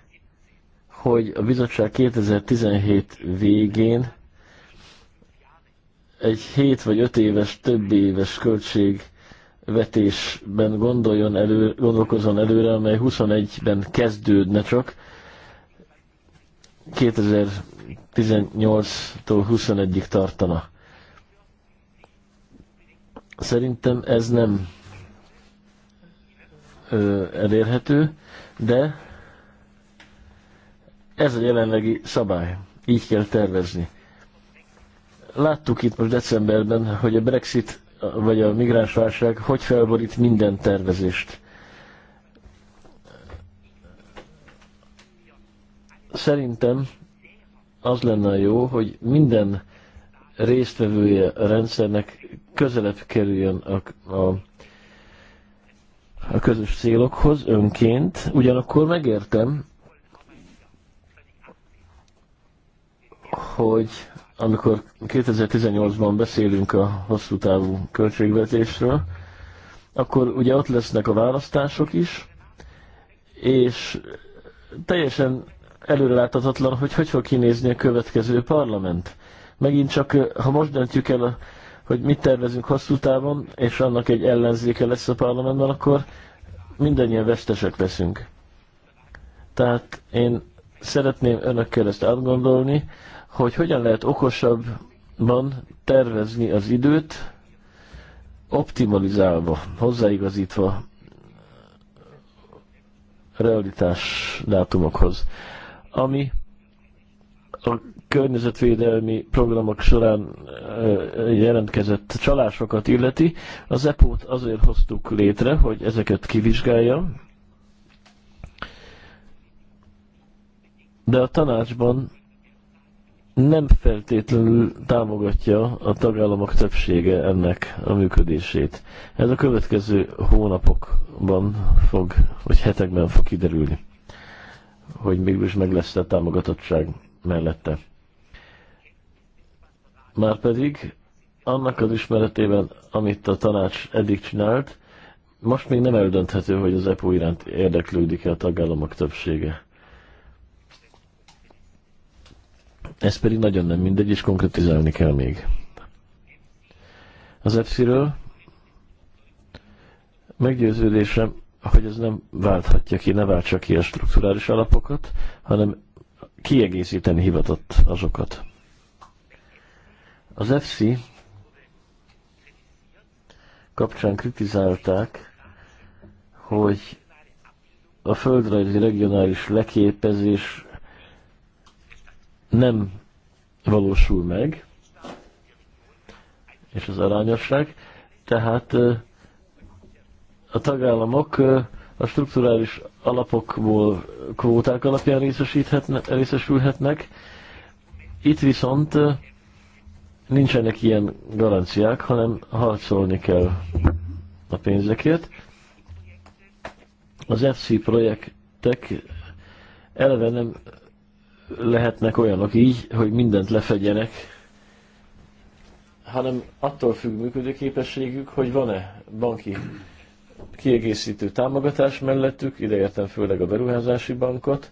hogy a bizottság 2017 végén egy 7 vagy 5 éves, több éves költségvetésben gondoljon elő, gondolkozzon előre, amely 21-ben kezdődne csak, 2018-tól 21-ig tartana. Szerintem ez nem elérhető, de ez a jelenlegi szabály. Így kell tervezni. Láttuk itt most decemberben, hogy a Brexit vagy a migránsválság hogy felborít minden tervezést. Szerintem az lenne jó, hogy minden résztvevője a rendszernek közelebb kerüljön a, a, a közös célokhoz önként. Ugyanakkor megértem, hogy amikor 2018-ban beszélünk a hosszú távú költségvetésről, akkor ugye ott lesznek a választások is, és teljesen előreláthatatlan, hogy hogy fog kinézni a következő parlament. Megint csak, ha most döntjük el a hogy mit tervezünk hosszú távon, és annak egy ellenzéke lesz a parlamentben, akkor mindannyian vesztesek leszünk. Tehát én szeretném önökkel ezt átgondolni, hogy hogyan lehet okosabban tervezni az időt, optimalizálva, hozzáigazítva realitás dátumokhoz. Ami a környezetvédelmi programok során jelentkezett csalásokat illeti. Az EPO-t azért hoztuk létre, hogy ezeket kivizsgálja, de a tanácsban nem feltétlenül támogatja a tagállamok többsége ennek a működését. Ez a következő hónapokban fog, vagy hetekben fog kiderülni, hogy mégis meg lesz a támogatottság mellette. Már pedig annak az ismeretében, amit a tanács eddig csinált, most még nem eldönthető, hogy az EPO iránt érdeklődik-e a tagállamok többsége. Ez pedig nagyon nem mindegy, és konkretizálni kell még. Az EPSZ-ről meggyőződésem, hogy ez nem válthatja ki, ne váltsa ki a strukturális alapokat, hanem kiegészíteni hivatott azokat. Az FC kapcsán kritizálták, hogy a földrajzi regionális leképezés nem valósul meg, és az arányosság, tehát a tagállamok a strukturális alapokból kvóták alapján részesülhetnek, itt viszont nincsenek ilyen garanciák, hanem harcolni kell a pénzekért. Az FC projektek eleve nem lehetnek olyanok így, hogy mindent lefegyenek, hanem attól függ működőképességük, hogy van-e banki kiegészítő támogatás mellettük, ideértem főleg a beruházási bankot,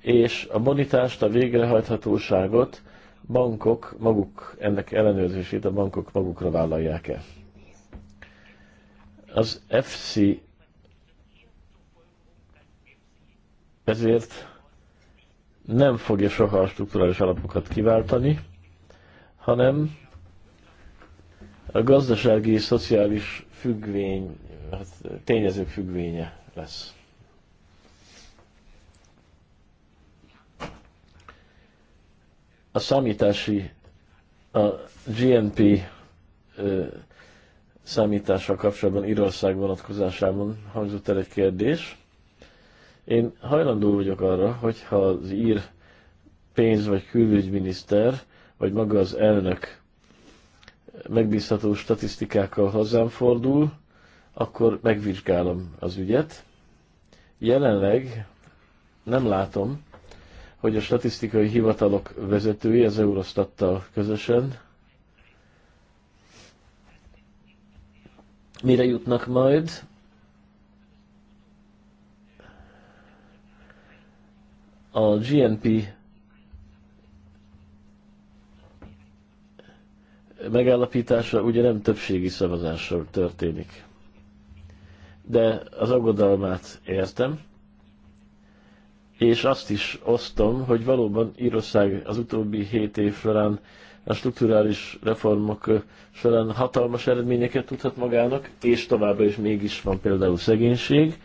és a bonitást, a végrehajthatóságot bankok maguk, ennek ellenőrzését a bankok magukra vállalják-e. Az FC ezért nem fogja soha a strukturális alapokat kiváltani, hanem a gazdasági és szociális függvény, hát tényezők függvénye lesz. a számítási, a GNP ö, számítással kapcsolatban Írország vonatkozásában hangzott el egy kérdés. Én hajlandó vagyok arra, hogyha az ír pénz vagy külügyminiszter, vagy maga az elnök megbízható statisztikákkal hozzám fordul, akkor megvizsgálom az ügyet. Jelenleg nem látom, hogy a statisztikai hivatalok vezetői az Eurostattal közösen mire jutnak majd. A GNP megállapítása ugye nem többségi szavazással történik. De az aggodalmát értem és azt is osztom, hogy valóban Írország az utóbbi hét év során a strukturális reformok során hatalmas eredményeket tudhat magának, és továbbra is mégis van például szegénység.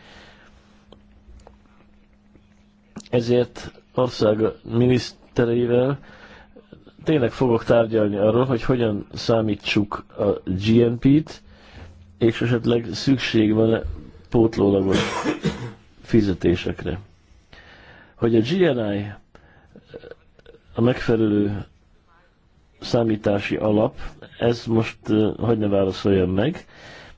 Ezért ország minisztereivel tényleg fogok tárgyalni arról, hogy hogyan számítsuk a GNP-t, és esetleg szükség van-e pótlólagos fizetésekre hogy a GNI a megfelelő számítási alap, ez most hogy ne válaszoljam meg,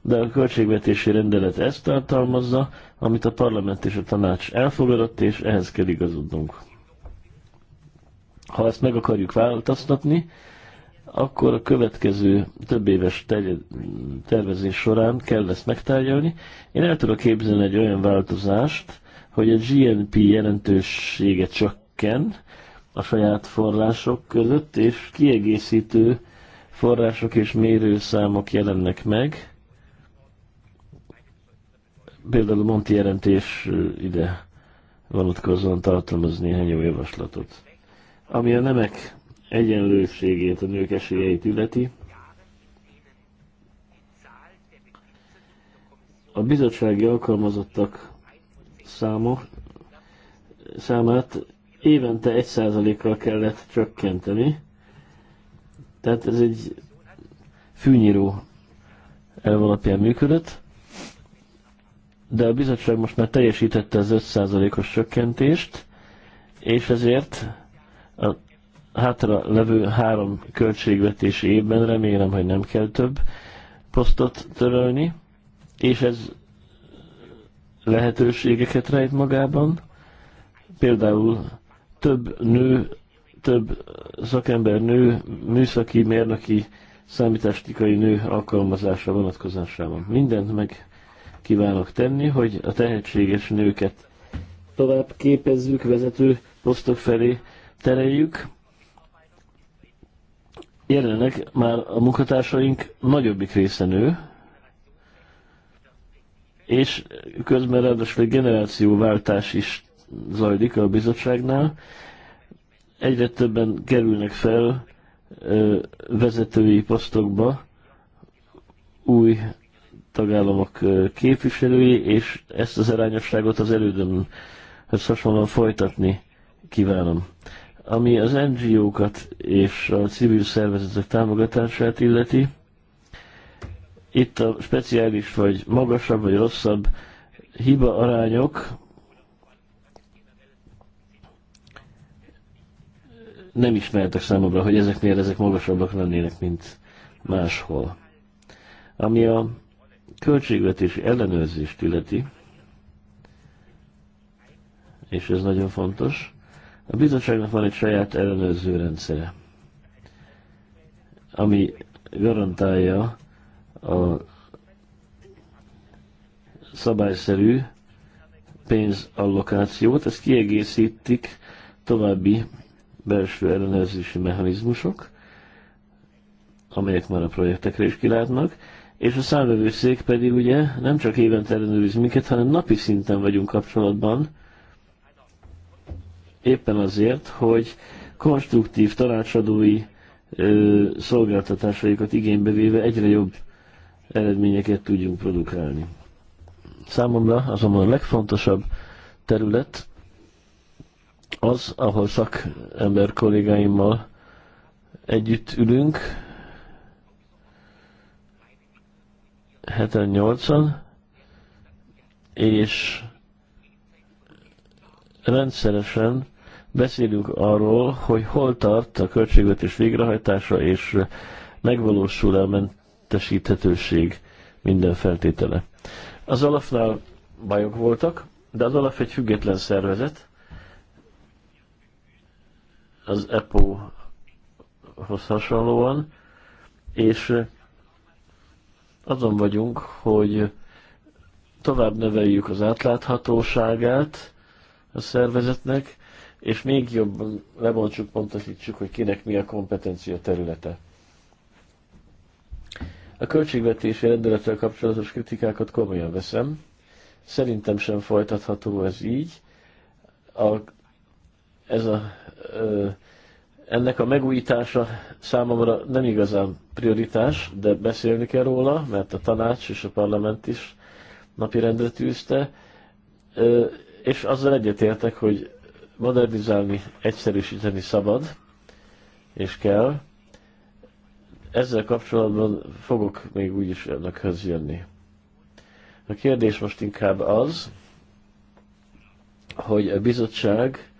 de a költségvetési rendelet ezt tartalmazza, amit a parlament és a tanács elfogadott, és ehhez kell igazodnunk. Ha ezt meg akarjuk változtatni, akkor a következő több éves tervezés során kell ezt megtárgyalni. Én el tudok képzelni egy olyan változást, hogy a GNP jelentősége csökken a saját források között, és kiegészítő források és mérőszámok jelennek meg. Például a Monti jelentés ide vonatkozóan tartalmaz néhány jó javaslatot. Ami a nemek egyenlőségét, a nők esélyeit illeti, a bizottsági alkalmazottak számok, számát évente egy kal kellett csökkenteni. Tehát ez egy fűnyíró elv alapján működött, de a bizottság most már teljesítette az 5%-os csökkentést, és ezért a hátra levő három költségvetési évben remélem, hogy nem kell több posztot törölni, és ez lehetőségeket rejt magában. Például több nő, több szakember nő, műszaki, mérnöki, számítástikai nő alkalmazása vonatkozásában. Mindent meg kívánok tenni, hogy a tehetséges nőket tovább képezzük, vezető posztok felé tereljük. Jelenleg már a munkatársaink nagyobbik része nő, és közben ráadásul egy generációváltás is zajlik a bizottságnál. Egyre többen kerülnek fel ö, vezetői posztokba új tagállamok képviselői, és ezt az arányosságot az elődömhöz hasonlóan folytatni kívánom. Ami az NGO-kat és a civil szervezetek támogatását illeti, itt a speciális vagy magasabb vagy rosszabb hiba arányok nem ismertek számomra, hogy ezek miért ezek magasabbak lennének, mint máshol. Ami a költségvetési ellenőrzést illeti, és ez nagyon fontos, a bizottságnak van egy saját ellenőrző rendszere, ami garantálja a szabályszerű pénzallokációt, ezt kiegészítik további belső ellenőrzési mechanizmusok, amelyek már a projektekre is kilátnak, és a számvevőszék pedig ugye nem csak évente ellenőriz minket, hanem napi szinten vagyunk kapcsolatban, éppen azért, hogy konstruktív tanácsadói ö, szolgáltatásaikat igénybe véve egyre jobb eredményeket tudjunk produkálni. Számomra azonban a legfontosabb terület az, ahol szakember kollégáimmal együtt ülünk, heten 8 an és rendszeresen beszélünk arról, hogy hol tart a költségvetés végrehajtása, és megvalósul-e a helyettesíthetőség minden feltétele. Az alapnál bajok voltak, de az alap egy független szervezet, az EPO-hoz hasonlóan, és azon vagyunk, hogy tovább növeljük az átláthatóságát a szervezetnek, és még jobban lebontsuk, pontosítsuk, hogy kinek mi a kompetencia területe. A költségvetési rendelettel kapcsolatos kritikákat komolyan veszem. Szerintem sem folytatható ez így. A, ez a, ö, ennek a megújítása számomra nem igazán prioritás, de beszélni kell róla, mert a tanács és a parlament is napirendre tűzte, ö, és azzal egyetértek, hogy modernizálni, egyszerűsíteni szabad, és kell, ezzel kapcsolatban fogok még úgyis önökhöz jönni. A kérdés most inkább az, hogy a bizottság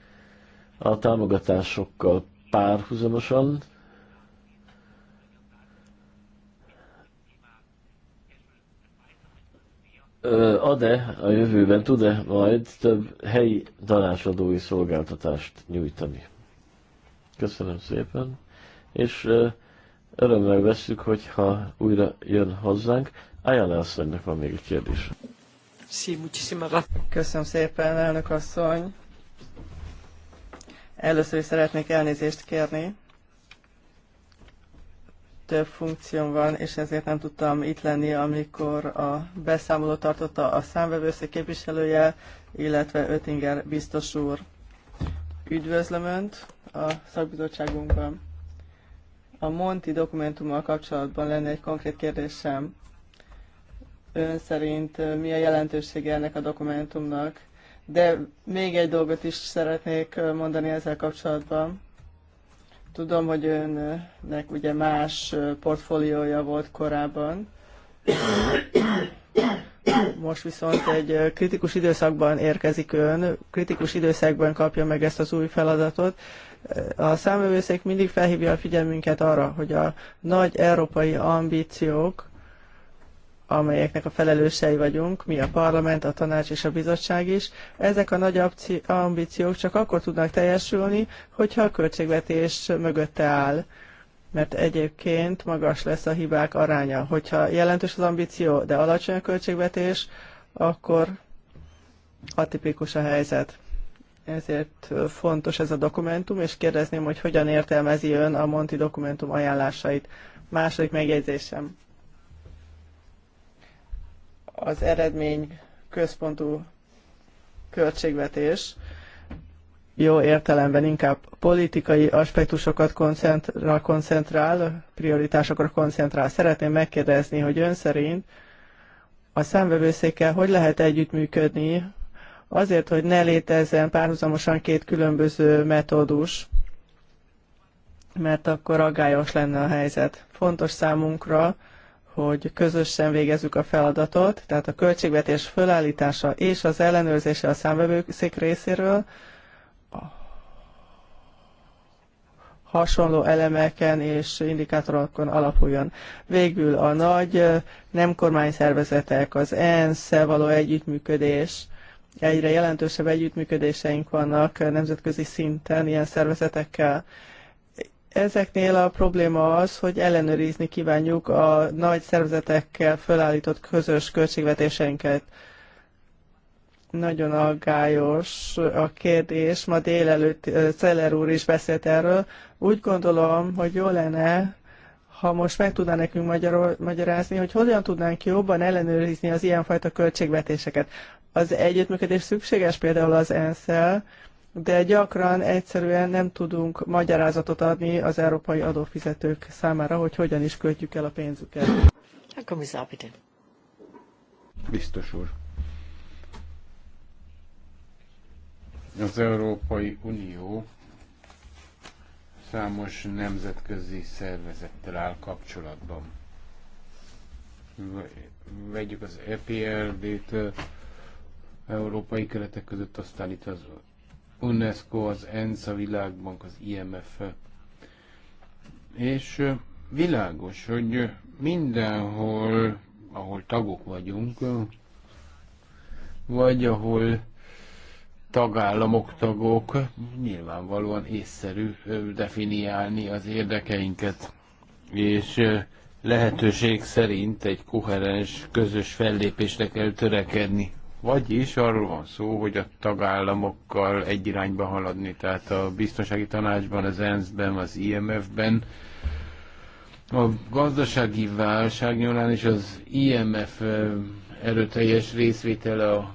a támogatásokkal párhuzamosan ad-e a jövőben, tud-e majd több helyi tanácsadói szolgáltatást nyújtani? Köszönöm szépen, és örömmel veszük, hogyha újra jön hozzánk. Ajánlá asszonynak van még egy kérdés. Köszönöm szépen, elnök asszony. Először is szeretnék elnézést kérni. Több funkcióm van, és ezért nem tudtam itt lenni, amikor a beszámolót tartotta a számvevőszék képviselője, illetve Ötinger biztos úr. Üdvözlöm Önt a szakbizottságunkban. A Monti dokumentummal kapcsolatban lenne egy konkrét kérdésem. Ön szerint mi a jelentősége ennek a dokumentumnak? De még egy dolgot is szeretnék mondani ezzel kapcsolatban. Tudom, hogy önnek ugye más portfóliója volt korábban. Most viszont egy kritikus időszakban érkezik ön, kritikus időszakban kapja meg ezt az új feladatot. A számövőszék mindig felhívja a figyelmünket arra, hogy a nagy európai ambíciók, amelyeknek a felelősei vagyunk, mi a parlament, a tanács és a bizottság is. Ezek a nagy ambíciók csak akkor tudnak teljesülni, hogyha a költségvetés mögötte áll mert egyébként magas lesz a hibák aránya. Hogyha jelentős az ambíció, de alacsony a költségvetés, akkor atipikus a helyzet ezért fontos ez a dokumentum, és kérdezném, hogy hogyan értelmezi ön a Monti dokumentum ajánlásait. Második megjegyzésem. Az eredmény központú költségvetés jó értelemben inkább politikai aspektusokat koncentrál, koncentrál, prioritásokra koncentrál. Szeretném megkérdezni, hogy ön szerint a számvevőszékkel hogy lehet együttműködni azért, hogy ne létezzen párhuzamosan két különböző metódus, mert akkor aggályos lenne a helyzet. Fontos számunkra, hogy közösen végezzük a feladatot, tehát a költségvetés fölállítása és az ellenőrzése a számvevőszék részéről hasonló elemeken és indikátorokon alapuljon. Végül a nagy eh, nem kormányszervezetek, az ENSZ-szel való együttműködés, egyre jelentősebb együttműködéseink vannak nemzetközi szinten ilyen szervezetekkel. Ezeknél a probléma az, hogy ellenőrizni kívánjuk a nagy szervezetekkel fölállított közös költségvetéseinket. Nagyon aggályos a kérdés. Ma délelőtt Celler úr is beszélt erről. Úgy gondolom, hogy jó lenne, ha most meg tudná nekünk magyarázni, hogy hogyan tudnánk jobban ellenőrizni az ilyenfajta költségvetéseket. Az együttműködés szükséges például az ensz de gyakran egyszerűen nem tudunk magyarázatot adni az európai adófizetők számára, hogy hogyan is költjük el a pénzüket. Akkor mi Biztos úr. Az Európai Unió számos nemzetközi szervezettel áll kapcsolatban. Vegyük az EPRD-t, európai keretek között, aztán itt az UNESCO, az ENSZ, a Világbank, az IMF. És világos, hogy mindenhol, ahol tagok vagyunk, vagy ahol tagállamok, tagok, nyilvánvalóan észszerű definiálni az érdekeinket, és lehetőség szerint egy koherens, közös fellépésre kell törekedni vagyis arról van szó, hogy a tagállamokkal egy irányba haladni, tehát a biztonsági tanácsban, az ENSZ-ben, az IMF-ben, a gazdasági válság nyolán és az IMF erőteljes részvétele a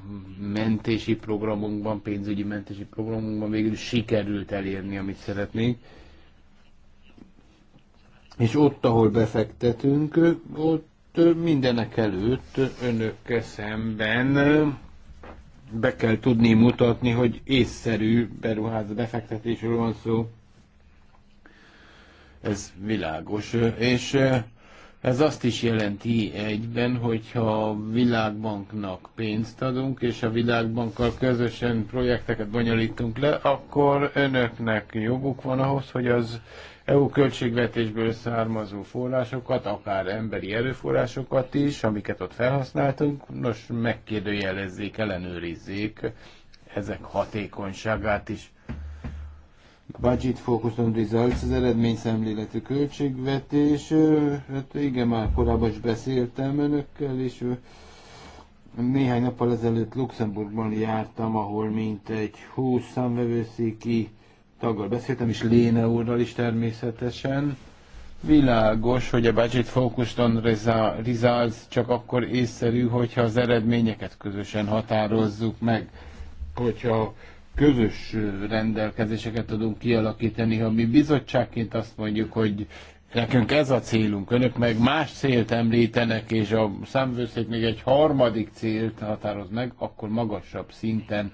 mentési programunkban, pénzügyi mentési programunkban végül sikerült elérni, amit szeretnénk. És ott, ahol befektetünk, ott mindenek előtt önök szemben be kell tudni mutatni, hogy észszerű beruház befektetésről van szó. Ez világos. És ez azt is jelenti egyben, hogyha a világbanknak pénzt adunk, és a világbankkal közösen projekteket bonyolítunk le, akkor önöknek joguk van ahhoz, hogy az EU költségvetésből származó forrásokat, akár emberi erőforrásokat is, amiket ott felhasználtunk, nos, megkérdőjelezzék, ellenőrizzék ezek hatékonyságát is. Budget Focus on Results, az eredményszemléletű költségvetés. Hát igen, már korábban is beszéltem önökkel, és néhány nappal ezelőtt Luxemburgban jártam, ahol mint egy 20 számvevőszéki taggal beszéltem, és Léne úrral is természetesen. Világos, hogy a budget focused on results csak akkor észszerű, hogyha az eredményeket közösen határozzuk meg, hogyha közös rendelkezéseket tudunk kialakítani. Ha mi bizottságként azt mondjuk, hogy nekünk ez a célunk, önök meg más célt említenek, és a számvőszék még egy harmadik célt határoz meg, akkor magasabb szinten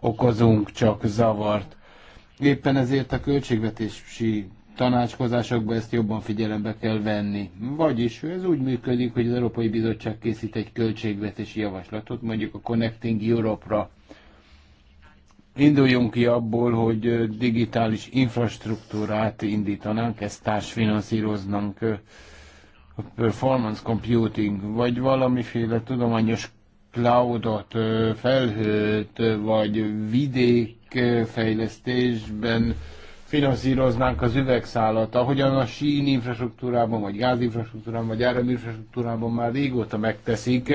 okozunk csak zavart. Éppen ezért a költségvetési tanácskozásokban ezt jobban figyelembe kell venni. Vagyis ez úgy működik, hogy az Európai Bizottság készít egy költségvetési javaslatot, mondjuk a Connecting Europe-ra. Induljunk ki abból, hogy digitális infrastruktúrát indítanánk, ezt társfinanszíroznánk, performance computing, vagy valamiféle tudományos cloudot, felhőt, vagy vidék fejlesztésben finanszíroznánk az üvegszállat, ahogyan a sín infrastruktúrában, vagy gázinfrastruktúrában, vagy áraminfrastruktúrában már régóta megteszik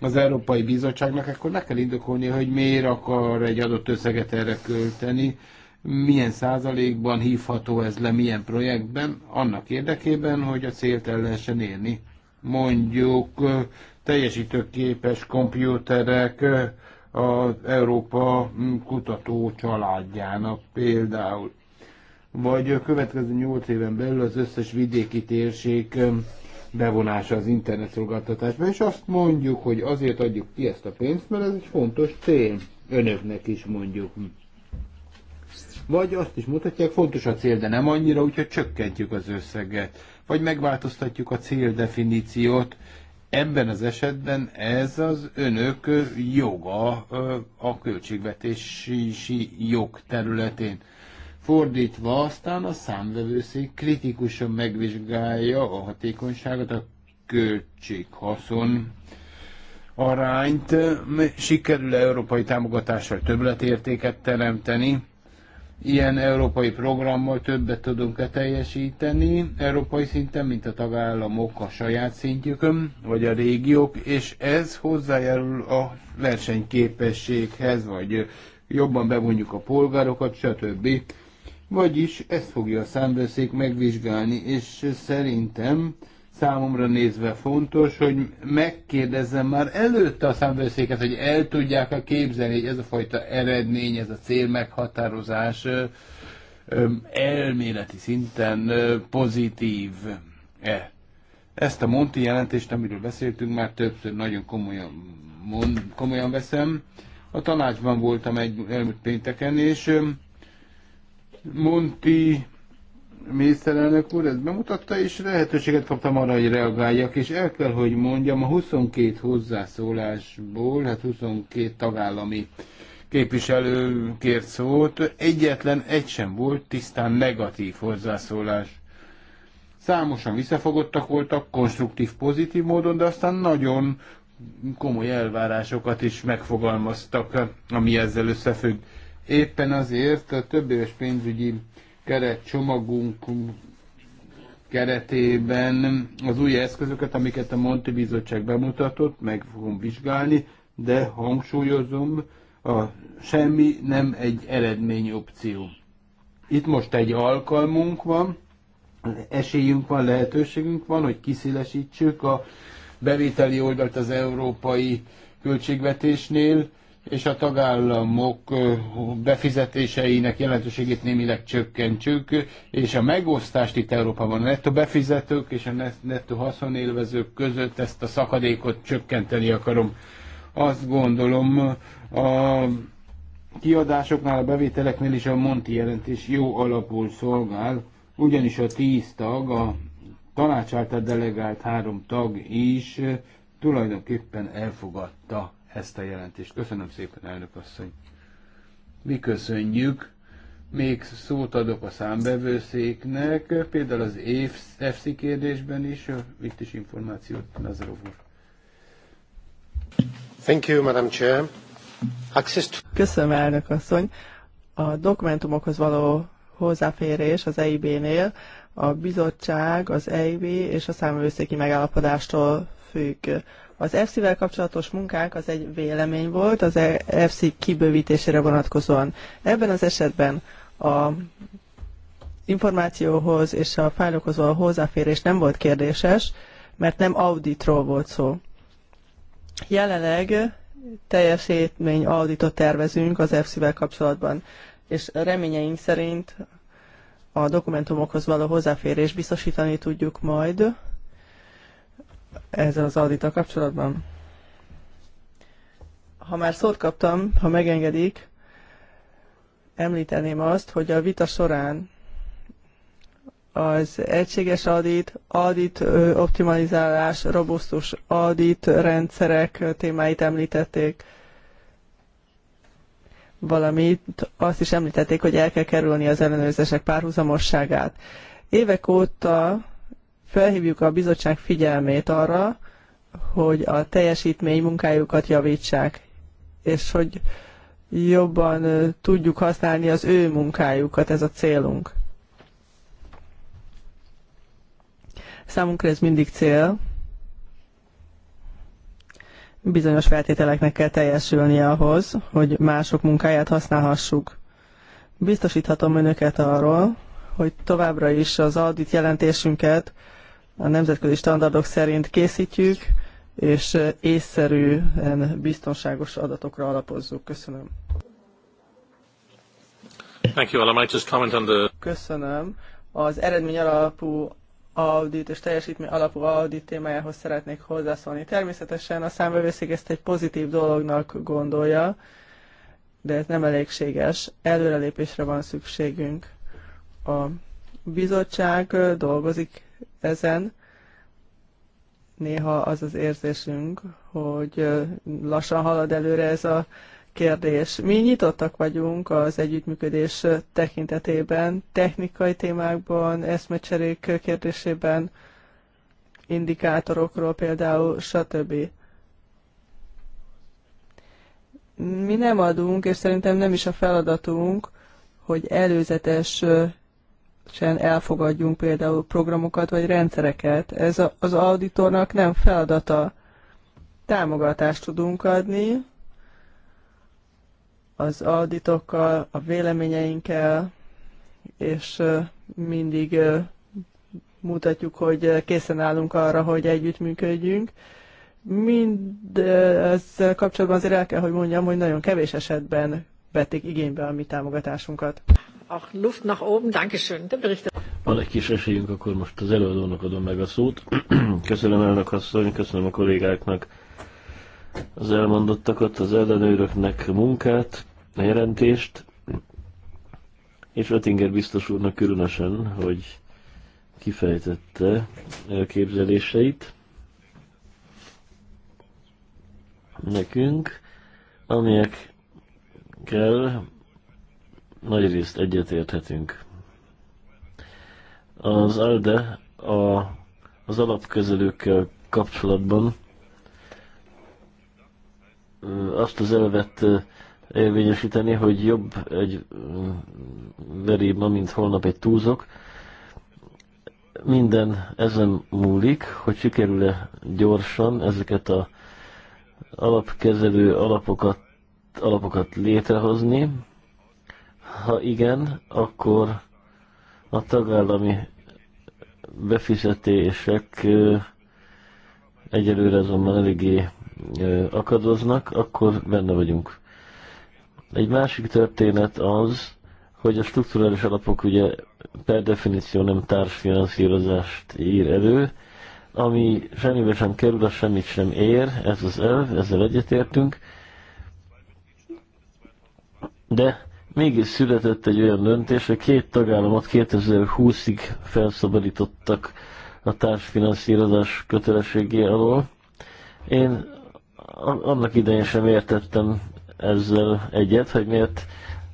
az Európai Bizottságnak, akkor meg kell indokolni, hogy miért akar egy adott összeget erre költeni, milyen százalékban hívható ez le, milyen projektben, annak érdekében, hogy a célt el lehessen érni. Mondjuk teljesítőképes kompjúterek, az Európa kutató családjának például. Vagy a következő nyolc éven belül az összes vidéki térség bevonása az internet szolgáltatásba, és azt mondjuk, hogy azért adjuk ki ezt a pénzt, mert ez egy fontos cél. Önöknek is mondjuk. Vagy azt is mutatják, fontos a cél, de nem annyira, úgyhogy csökkentjük az összeget. Vagy megváltoztatjuk a céldefiníciót, Ebben az esetben ez az önök joga a költségvetési jog területén. Fordítva aztán a számvevőszék kritikusan megvizsgálja a hatékonyságot, a költséghaszon arányt, sikerül -e európai támogatással többletértéket teremteni, ilyen európai programmal többet tudunk-e teljesíteni európai szinten, mint a tagállamok a saját szintjükön, vagy a régiók, és ez hozzájárul a versenyképességhez, vagy jobban bevonjuk a polgárokat, stb. Vagyis ezt fogja a számveszék megvizsgálni, és szerintem számomra nézve fontos, hogy megkérdezzem már előtte a számvőszéket, hogy el tudják-e képzelni, hogy ez a fajta eredmény, ez a cél meghatározás elméleti szinten pozitív-e. Ezt a Monti jelentést, amiről beszéltünk, már többször nagyon komolyan, mond, komolyan veszem. A tanácsban voltam egy elmúlt pénteken, és Monti miniszterelnök úr ezt bemutatta, és lehetőséget kaptam arra, hogy reagáljak, és el kell, hogy mondjam, a 22 hozzászólásból, hát 22 tagállami képviselő kért szót, egyetlen egy sem volt tisztán negatív hozzászólás. Számosan visszafogottak voltak, konstruktív, pozitív módon, de aztán nagyon komoly elvárásokat is megfogalmaztak, ami ezzel összefügg. Éppen azért a több éves pénzügyi keret csomagunk keretében az új eszközöket, amiket a Monti Bizottság bemutatott, meg fogom vizsgálni, de hangsúlyozom, a semmi nem egy eredmény opció Itt most egy alkalmunk van, esélyünk van, lehetőségünk van, hogy kiszélesítsük a bevételi oldalt az európai költségvetésnél, és a tagállamok befizetéseinek jelentőségét némileg csökkentsük, és a megosztást itt Európában a nettó befizetők és a nettó haszonélvezők között ezt a szakadékot csökkenteni akarom. Azt gondolom, a kiadásoknál, a bevételeknél is a Monti jelentés jó alapul szolgál, ugyanis a tíz tag, a tanács által delegált három tag is tulajdonképpen elfogadta ezt a jelentést. Köszönöm szépen, elnök asszony. Mi köszönjük. Még szót adok a számbevőszéknek, például az EFSZI kérdésben is, itt is információt, Nazarov úr. Thank you, Madam Chair. Access to... Köszönöm, elnök asszony. A dokumentumokhoz való hozzáférés az EIB-nél a bizottság, az EIB és a számbevőszéki megállapodástól függ. Az FC-vel kapcsolatos munkánk az egy vélemény volt az FC kibővítésére vonatkozóan. Ebben az esetben a információhoz és a fájlokhoz való hozzáférés nem volt kérdéses, mert nem auditról volt szó. Jelenleg teljesítmény auditot tervezünk az fc vel kapcsolatban, és reményeink szerint a dokumentumokhoz való hozzáférés biztosítani tudjuk majd ezzel az audita kapcsolatban? Ha már szót kaptam, ha megengedik, említeném azt, hogy a vita során az egységes audit, audit optimalizálás, robusztus audit rendszerek témáit említették, valamint azt is említették, hogy el kell kerülni az ellenőrzések párhuzamosságát. Évek óta felhívjuk a bizottság figyelmét arra, hogy a teljesítmény munkájukat javítsák, és hogy jobban tudjuk használni az ő munkájukat, ez a célunk. Számunkra ez mindig cél. Bizonyos feltételeknek kell teljesülni ahhoz, hogy mások munkáját használhassuk. Biztosíthatom önöket arról, hogy továbbra is az audit jelentésünket a nemzetközi standardok szerint készítjük, és észszerűen biztonságos adatokra alapozzuk. Köszönöm. Thank you, Alan. I just comment on the... Köszönöm. Az eredmény alapú audit és teljesítmény alapú audit témájához szeretnék hozzászólni. Természetesen a számvevőszék ezt egy pozitív dolognak gondolja, de ez nem elégséges. Előrelépésre van szükségünk. A bizottság dolgozik ezen. Néha az az érzésünk, hogy lassan halad előre ez a kérdés. Mi nyitottak vagyunk az együttműködés tekintetében, technikai témákban, eszmecserék kérdésében, indikátorokról például, stb. Mi nem adunk, és szerintem nem is a feladatunk, hogy előzetes sen elfogadjunk például programokat vagy rendszereket. Ez a, az auditornak nem feladata. Támogatást tudunk adni az auditokkal, a véleményeinkkel, és mindig mutatjuk, hogy készen állunk arra, hogy együttműködjünk. Mind ezzel kapcsolatban azért el kell, hogy mondjam, hogy nagyon kevés esetben vették igénybe a mi támogatásunkat auch Luft nach oben. Dankeschön. Der Van egy kis esélyünk, akkor most az előadónak adom meg a szót. köszönöm elnök asszony, köszönöm a kollégáknak az elmondottakat, az ellenőröknek munkát, a jelentést, és Ötinger biztos úrnak különösen, hogy kifejtette elképzeléseit nekünk, amelyekkel kell nagyrészt egyetérthetünk. Az ALDE a, az alapkezelőkkel kapcsolatban azt az elvet érvényesíteni, hogy jobb egy veri ma, mint holnap egy túzok. Minden ezen múlik, hogy sikerül-e gyorsan ezeket a alapkezelő alapokat, alapokat létrehozni, ha igen, akkor a tagállami befizetések egyelőre azonban eléggé akadoznak, akkor benne vagyunk. Egy másik történet az, hogy a strukturális alapok ugye per definíció nem társfinanszírozást ír elő, ami semmibe sem kerül, az semmit sem ér, ez az elv, ezzel egyetértünk, de mégis született egy olyan döntés, hogy két tagállamot 2020-ig felszabadítottak a társfinanszírozás kötelességé alól. Én annak idején sem értettem ezzel egyet, hogy miért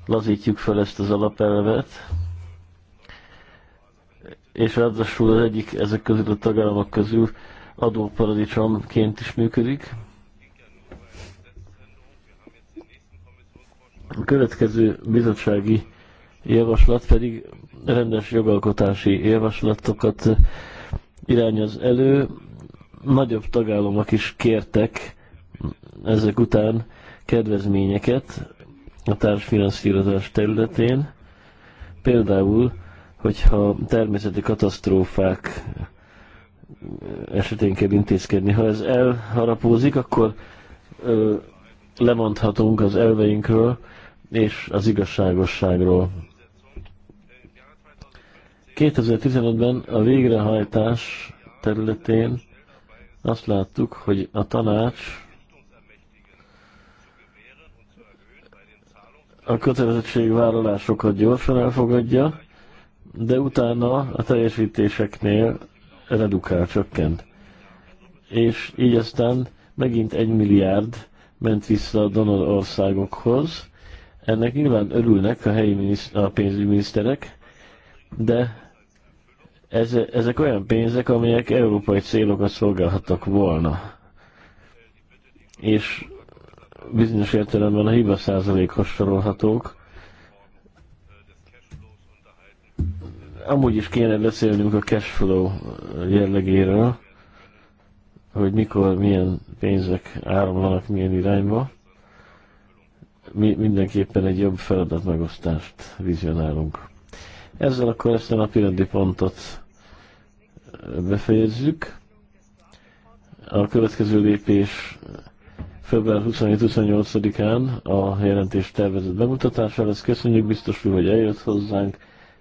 lazítjuk fel ezt az alapelvet, és ráadásul az egyik ezek közül a tagállamok közül adóparadicsomként is működik. A következő bizottsági javaslat pedig rendes jogalkotási javaslatokat irányoz elő. Nagyobb tagállamok is kértek ezek után kedvezményeket a társfinanszírozás területén. Például, hogyha természeti katasztrófák esetén kell intézkedni. Ha ez elharapózik, akkor ö, lemondhatunk az elveinkről, és az igazságosságról. 2015-ben a végrehajtás területén azt láttuk, hogy a tanács a kötelezettségvállalásokat gyorsan elfogadja, de utána a teljesítéseknél redukál, csökkent. És így aztán megint egy milliárd ment vissza a donor országokhoz, ennek nyilván örülnek a helyi miniszter, a pénzügyminiszterek, de ez, ezek olyan pénzek, amelyek európai célokat szolgálhattak volna. És bizonyos értelemben a hiba százalékhoz sorolhatók. Amúgy is kéne beszélnünk a cashflow jellegéről, hogy mikor milyen pénzek áramlanak milyen irányba mi mindenképpen egy jobb feladatmegosztást vizionálunk. Ezzel akkor ezt a napirendi pontot befejezzük. A következő lépés február 27-28-án a jelentés tervezett bemutatására. Ezt köszönjük biztos, hogy eljött hozzánk,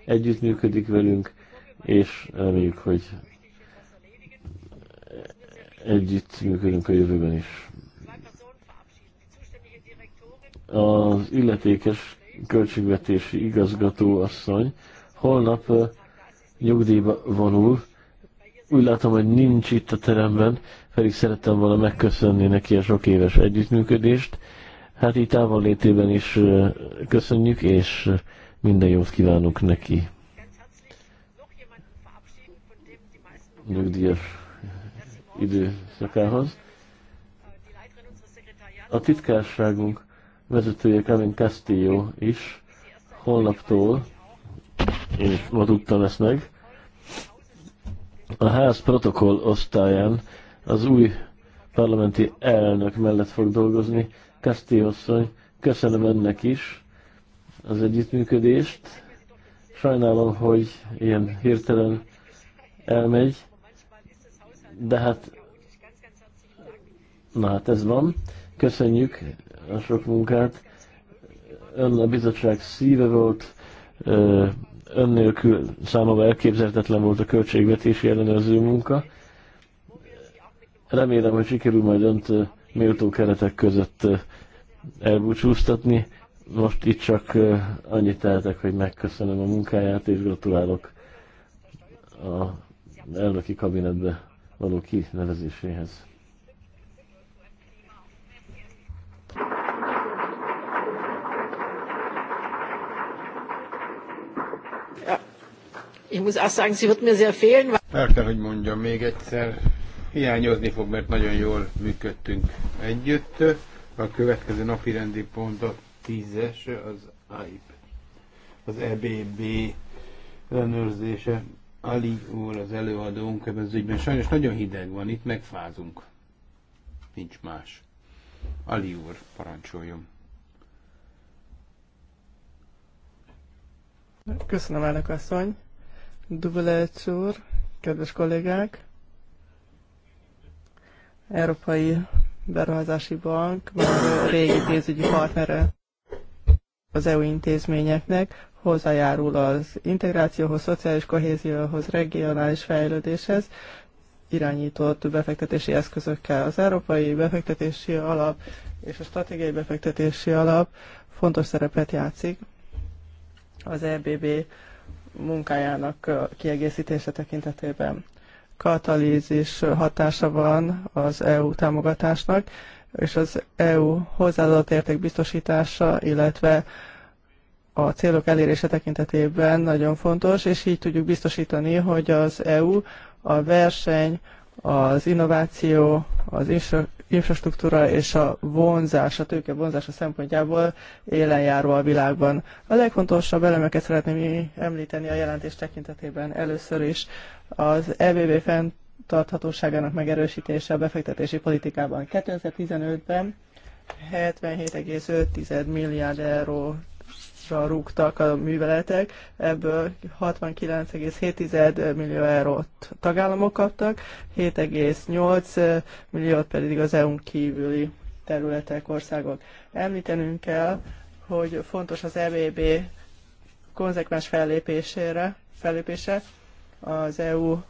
együttműködik velünk, és reméljük, hogy együttműködünk a jövőben is az illetékes költségvetési igazgató asszony holnap nyugdíjba vonul. Úgy látom, hogy nincs itt a teremben, pedig szerettem volna megköszönni neki a sok éves együttműködést. Hát így létében is köszönjük, és minden jót kívánunk neki. Nyugdíjas időszakához. A titkárságunk vezetője Kevin Castillo is holnaptól, én is ma tudtam ezt meg, a ház protokoll osztályán az új parlamenti elnök mellett fog dolgozni. Castillo asszony, köszönöm önnek is az együttműködést. Sajnálom, hogy ilyen hirtelen elmegy, de hát, na hát ez van. Köszönjük a sok munkát. Ön a bizottság szíve volt, ön nélkül számomra elképzelhetetlen volt a költségvetési ellenőrző munka. Remélem, hogy sikerül majd önt méltó keretek között elbúcsúztatni. Most itt csak annyit tehetek, hogy megköszönöm a munkáját, és gratulálok a elnöki kabinetbe való kinevezéséhez. Ich muss auch sagen, sie wird mir sehr fehlen. El kell, hogy mondjam még egyszer, hiányozni fog, mert nagyon jól működtünk együtt. A következő napi rendi pont a tízes, az AIP, az EBB ellenőrzése. Ali úr, az előadónk ebben az ügyben. Sajnos nagyon hideg van itt, megfázunk. Nincs más. Ali úr, parancsoljon. Köszönöm, elnök asszony. Dubelec úr, kedves kollégák! Európai Beruházási Bank már régi pénzügyi partnere az EU intézményeknek, hozzájárul az integrációhoz, szociális kohézióhoz, regionális fejlődéshez, irányított befektetési eszközökkel. Az Európai Befektetési Alap és a Stratégiai Befektetési Alap fontos szerepet játszik az EBB munkájának kiegészítése tekintetében. Katalízis hatása van az EU támogatásnak, és az EU hozzáadott érték biztosítása, illetve a célok elérése tekintetében nagyon fontos, és így tudjuk biztosítani, hogy az EU a verseny, az innováció, az infra, infrastruktúra és a vonzás, a tőke vonzása szempontjából élenjáró a világban. A legfontosabb elemeket szeretném említeni a jelentés tekintetében először is. Az EBB fenntarthatóságának megerősítése a befektetési politikában 2015-ben 77,5 milliárd euró piacra rúgtak a műveletek, ebből 69,7 millió eurót tagállamok kaptak, 7,8 milliót pedig az EU-n kívüli területek, országok. Említenünk kell, hogy fontos az EBB konzekvens fellépésére, fellépése az EU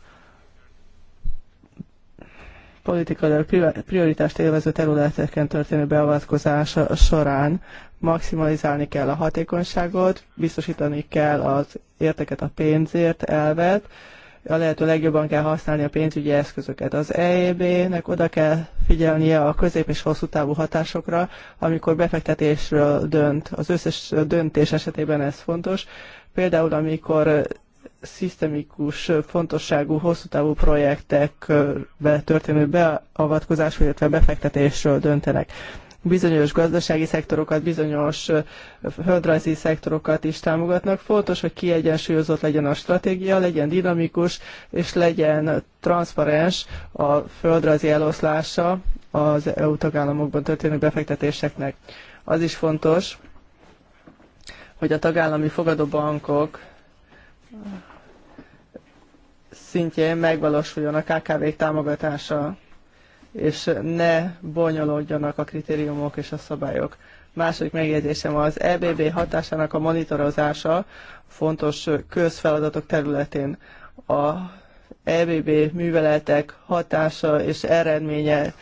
politikai prioritást élvező területeken történő beavatkozása során maximalizálni kell a hatékonyságot, biztosítani kell az érteket a pénzért elvet, a lehető legjobban kell használni a pénzügyi eszközöket. Az EEB-nek oda kell figyelnie a közép- és hosszú távú hatásokra, amikor befektetésről dönt. Az összes döntés esetében ez fontos. Például, amikor szisztemikus, fontosságú, hosszú távú projektekbe történő beavatkozás, illetve befektetésről döntenek bizonyos gazdasági szektorokat, bizonyos földrajzi szektorokat is támogatnak. Fontos, hogy kiegyensúlyozott legyen a stratégia, legyen dinamikus, és legyen transzparens a földrajzi eloszlása az EU tagállamokban történő befektetéseknek. Az is fontos, hogy a tagállami fogadóbankok szintjén megvalósuljon a KKV-k támogatása és ne bonyolódjanak a kritériumok és a szabályok. Második megjegyzésem az EBB hatásának a monitorozása fontos közfeladatok területén. A EBB műveletek hatása és eredménye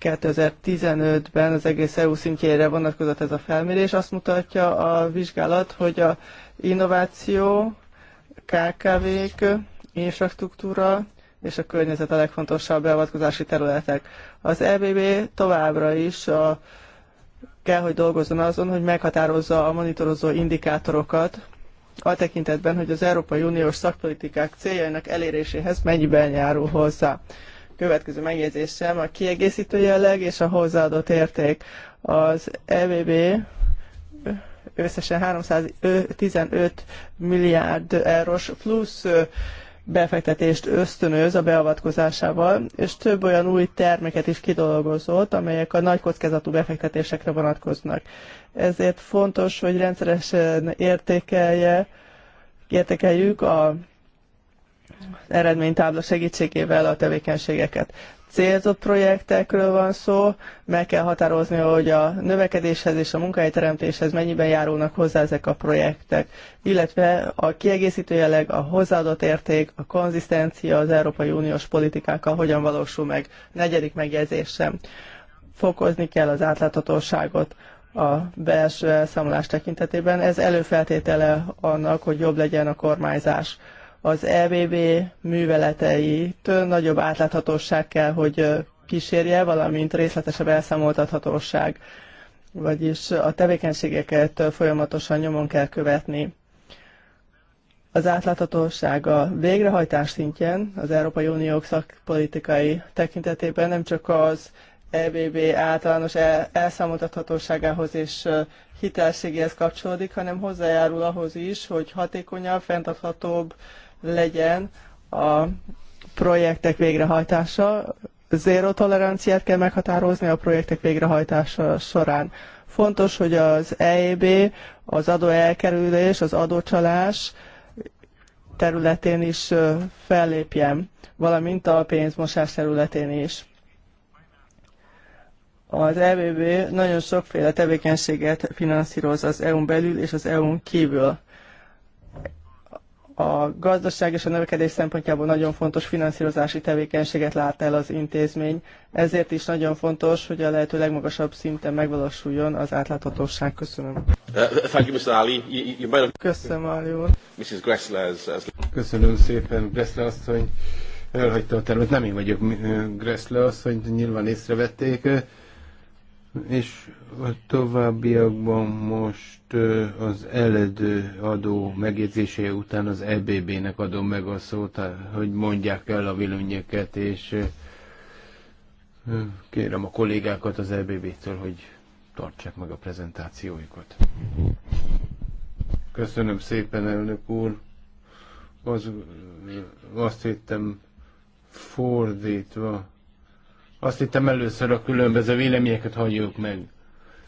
2015-ben az egész EU szintjére vonatkozott ez a felmérés. Azt mutatja a vizsgálat, hogy a innováció, KKV-k, infrastruktúra, és a környezet a legfontosabb beavatkozási területek. Az EBB továbbra is a, kell, hogy dolgozzon azon, hogy meghatározza a monitorozó indikátorokat, a tekintetben, hogy az Európai Uniós szakpolitikák céljainak eléréséhez mennyiben járul hozzá. Következő megjegyzésem a kiegészítő jelleg és a hozzáadott érték. Az EBB összesen 315 milliárd eurós plusz befektetést ösztönöz a beavatkozásával, és több olyan új terméket is kidolgozott, amelyek a nagy kockázatú befektetésekre vonatkoznak. Ezért fontos, hogy rendszeresen értékelje, értékeljük a eredménytábla segítségével a tevékenységeket célzott projektekről van szó, meg kell határozni, hogy a növekedéshez és a munkahelyteremtéshez mennyiben járulnak hozzá ezek a projektek, illetve a kiegészítő jelleg, a hozzáadott érték, a konzisztencia az Európai Uniós politikákkal hogyan valósul meg. Negyedik megjegyzésem. Fokozni kell az átláthatóságot a belső elszámolás tekintetében. Ez előfeltétele annak, hogy jobb legyen a kormányzás az EBB több nagyobb átláthatóság kell, hogy kísérje, valamint részletesebb elszámoltathatóság, vagyis a tevékenységeket folyamatosan nyomon kell követni. Az átláthatóság a végrehajtás szintjén az Európai Unió szakpolitikai tekintetében nem csak az EBB általános elszámoltathatóságához és hitelségéhez kapcsolódik, hanem hozzájárul ahhoz is, hogy hatékonyabb, fenntarthatóbb legyen a projektek végrehajtása. Zéró toleranciát kell meghatározni a projektek végrehajtása során. Fontos, hogy az EIB, e az adóelkerülés, az adócsalás területén is fellépjen, valamint a pénzmosás területén is. Az EBB e nagyon sokféle tevékenységet finanszíroz az EU-n belül és az EU-n kívül a gazdaság és a növekedés szempontjából nagyon fontos finanszírozási tevékenységet lát el az intézmény, ezért is nagyon fontos, hogy a lehető legmagasabb szinten megvalósuljon az átláthatóság. Köszönöm. Uh, Köszönöm, Ali úr. Mrs. Gressler, Köszönöm szépen, Gressler asszony. Elhagyta a termet, nem én vagyok Gressler asszony, nyilván észrevették és a továbbiakban most az eledő adó megjegyzése után az EBB-nek adom meg a szót, hogy mondják el a vilőnyeket, és kérem a kollégákat az EBB-től, hogy tartsák meg a prezentációikat. Köszönöm szépen, elnök úr. Az, azt hittem fordítva azt hittem először a különböző véleményeket halljuk meg.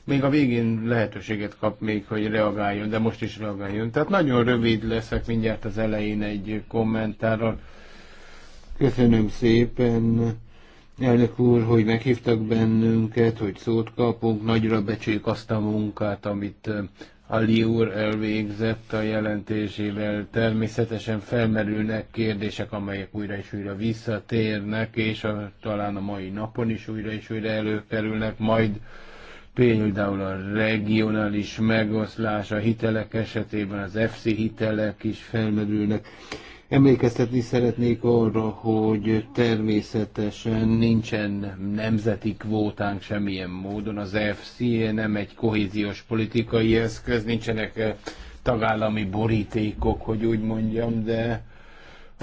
Még a végén lehetőséget kap még, hogy reagáljon, de most is reagáljon. Tehát nagyon rövid leszek mindjárt az elején egy kommentárral. Köszönöm szépen, elnök úr, hogy meghívtak bennünket, hogy szót kapunk. Nagyra becsüljük azt a munkát, amit Ali úr elvégzett a jelentésével, természetesen felmerülnek kérdések, amelyek újra és újra visszatérnek, és a, talán a mai napon is újra és újra előkerülnek, majd például a regionális megoszlás, a hitelek esetében az FC hitelek is felmerülnek. Emlékeztetni szeretnék arra, hogy természetesen nincsen nemzeti kvótánk semmilyen módon. Az FC nem egy kohéziós politikai eszköz, nincsenek eh, tagállami borítékok, hogy úgy mondjam, de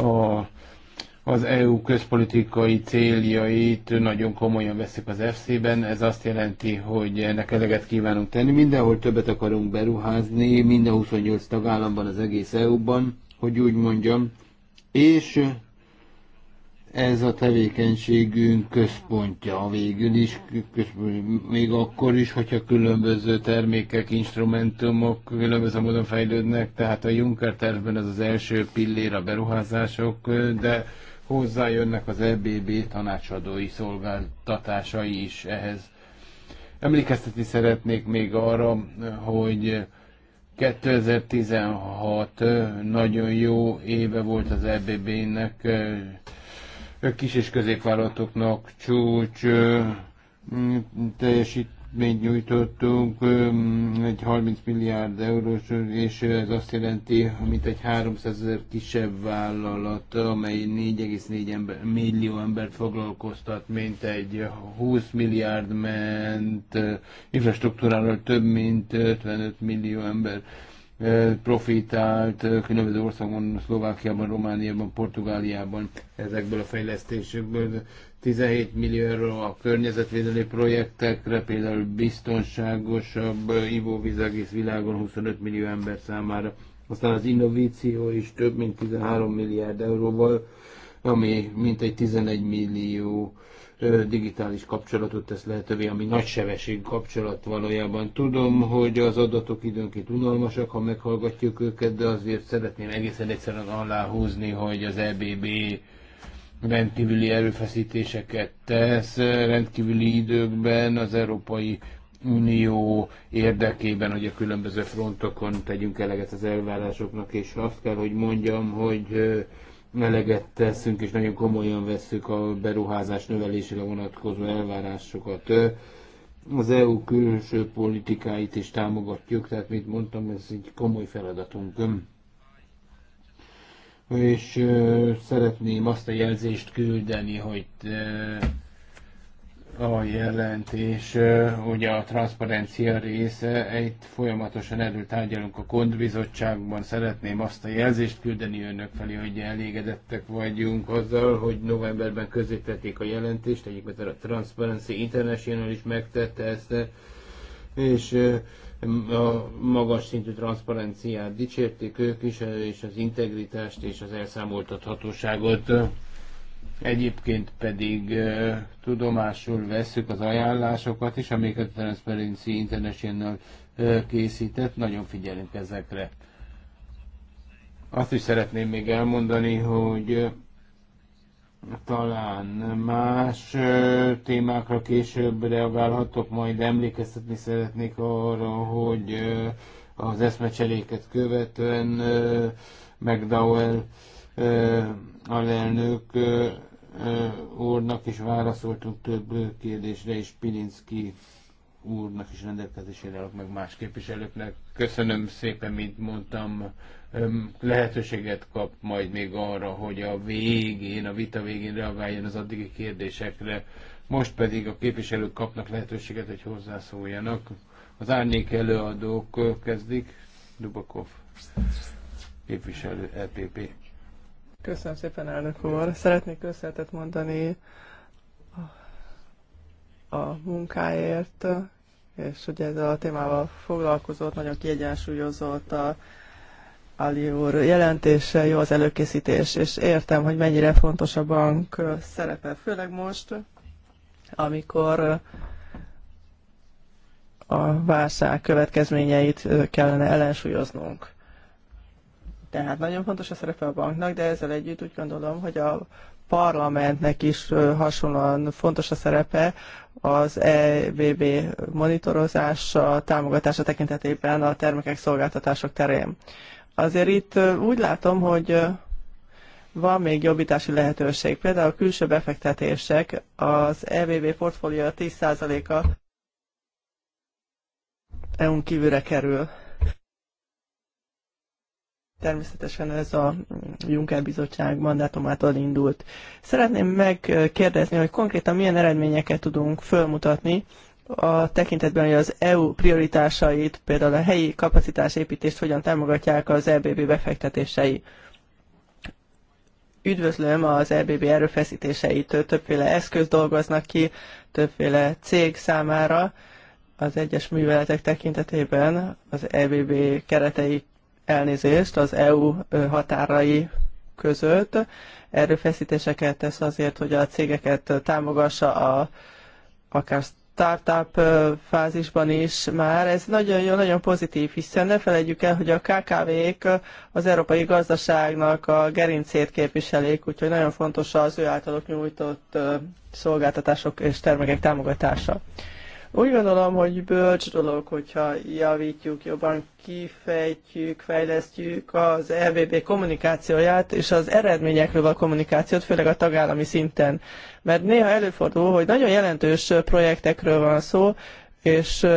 a, az EU közpolitikai céljait nagyon komolyan veszik az FC-ben. Ez azt jelenti, hogy ennek eleget kívánunk tenni. Mindenhol többet akarunk beruházni, minden 28 tagállamban, az egész EU-ban hogy úgy mondjam, és ez a tevékenységünk központja a végül is, központja, még akkor is, hogyha különböző termékek, instrumentumok különböző módon fejlődnek, tehát a Juncker tervben ez az első pillér a beruházások, de hozzájönnek az EBB tanácsadói szolgáltatásai is ehhez. Emlékeztetni szeretnék még arra, hogy 2016 nagyon jó éve volt az EBB-nek, kis és középvállalatoknak csúcs teljesít mint nyújtottunk, egy 30 milliárd eurós, és ez azt jelenti, mint egy 300 ezer kisebb vállalat, amely 4,4 ember, millió embert foglalkoztat, mint egy 20 milliárd ment infrastruktúrával több mint 55 millió ember profitált különböző országban, Szlovákiában, Romániában, Portugáliában ezekből a fejlesztésekből. 17 millióról a környezetvédelmi projektekre, például biztonságosabb ivóvíz egész világon 25 millió ember számára. Aztán az innovíció is több mint 13 milliárd euróval, ami mintegy 11 millió digitális kapcsolatot tesz lehetővé, ami nagy sebesség kapcsolat valójában. Tudom, hogy az adatok időnként unalmasak, ha meghallgatjuk őket, de azért szeretném egészen egyszerűen aláhúzni, hogy az EBB rendkívüli erőfeszítéseket tesz, rendkívüli időkben az Európai Unió érdekében, hogy a különböző frontokon tegyünk eleget az elvárásoknak, és azt kell, hogy mondjam, hogy eleget teszünk, és nagyon komolyan veszük a beruházás növelésére vonatkozó elvárásokat. Az EU külső politikáit is támogatjuk, tehát, mint mondtam, ez egy komoly feladatunk és ö, szeretném azt a jelzést küldeni, hogy ö, a jelentés, hogy a transzparencia része, itt folyamatosan erről tárgyalunk a kondbizottságban, szeretném azt a jelzést küldeni önök felé, hogy elégedettek vagyunk azzal, hogy novemberben közzétették a jelentést, egyébként a Transparency International is megtette ezt, és a magas szintű transzparenciát dicsérték ők is, és az integritást és az elszámoltathatóságot. Egyébként pedig tudomásul veszük az ajánlásokat is, amiket a Transparency International készített, nagyon figyelünk ezekre. Azt is szeretném még elmondani, hogy talán más témákra később reagálhatok, majd emlékeztetni szeretnék arra, hogy az eszmecseléket követően McDowell alelnök úrnak is válaszoltunk több kérdésre, és Pilinszki úrnak is rendelkezésére állok, meg más képviselőknek. Köszönöm szépen, mint mondtam, lehetőséget kap majd még arra, hogy a végén, a vita végén reagáljon az addigi kérdésekre. Most pedig a képviselők kapnak lehetőséget, hogy hozzászóljanak. Az árnyék előadók kezdik. Dubakov képviselő LPP. E Köszönöm szépen, elnök úr. Szeretnék köszönetet mondani a, munkáért, és ugye ezzel a témával foglalkozott, nagyon kiegyensúlyozott a Ali úr jelentése, jó az előkészítés, és értem, hogy mennyire fontos a bank szerepe, főleg most, amikor a válság következményeit kellene ellensúlyoznunk. Tehát nagyon fontos a szerepe a banknak, de ezzel együtt úgy gondolom, hogy a parlamentnek is hasonlóan fontos a szerepe az EBB monitorozása, támogatása tekintetében a termékek szolgáltatások terén. Azért itt úgy látom, hogy van még jobbítási lehetőség. Például a külső befektetések, az EBB portfólió 10%-a EU-n kívülre kerül. Természetesen ez a Juncker Bizottság mandátumától indult. Szeretném megkérdezni, hogy konkrétan milyen eredményeket tudunk fölmutatni a tekintetben, hogy az EU prioritásait, például a helyi kapacitásépítést hogyan támogatják az EBB befektetései. Üdvözlöm az EBB erőfeszítéseit, többféle eszköz dolgoznak ki, többféle cég számára az egyes műveletek tekintetében az EBB keretei elnézést az EU határai között. Erőfeszítéseket tesz azért, hogy a cégeket támogassa a akár startup fázisban is már. Ez nagyon jó, nagyon pozitív, hiszen ne felejtjük el, hogy a KKV-k az európai gazdaságnak a gerincét képviselik, úgyhogy nagyon fontos az ő általuk nyújtott szolgáltatások és termékek támogatása. Úgy gondolom, hogy bölcs dolog, hogyha javítjuk, jobban kifejtjük, fejlesztjük az EBB kommunikációját és az eredményekről a kommunikációt, főleg a tagállami szinten. Mert néha előfordul, hogy nagyon jelentős projektekről van szó, és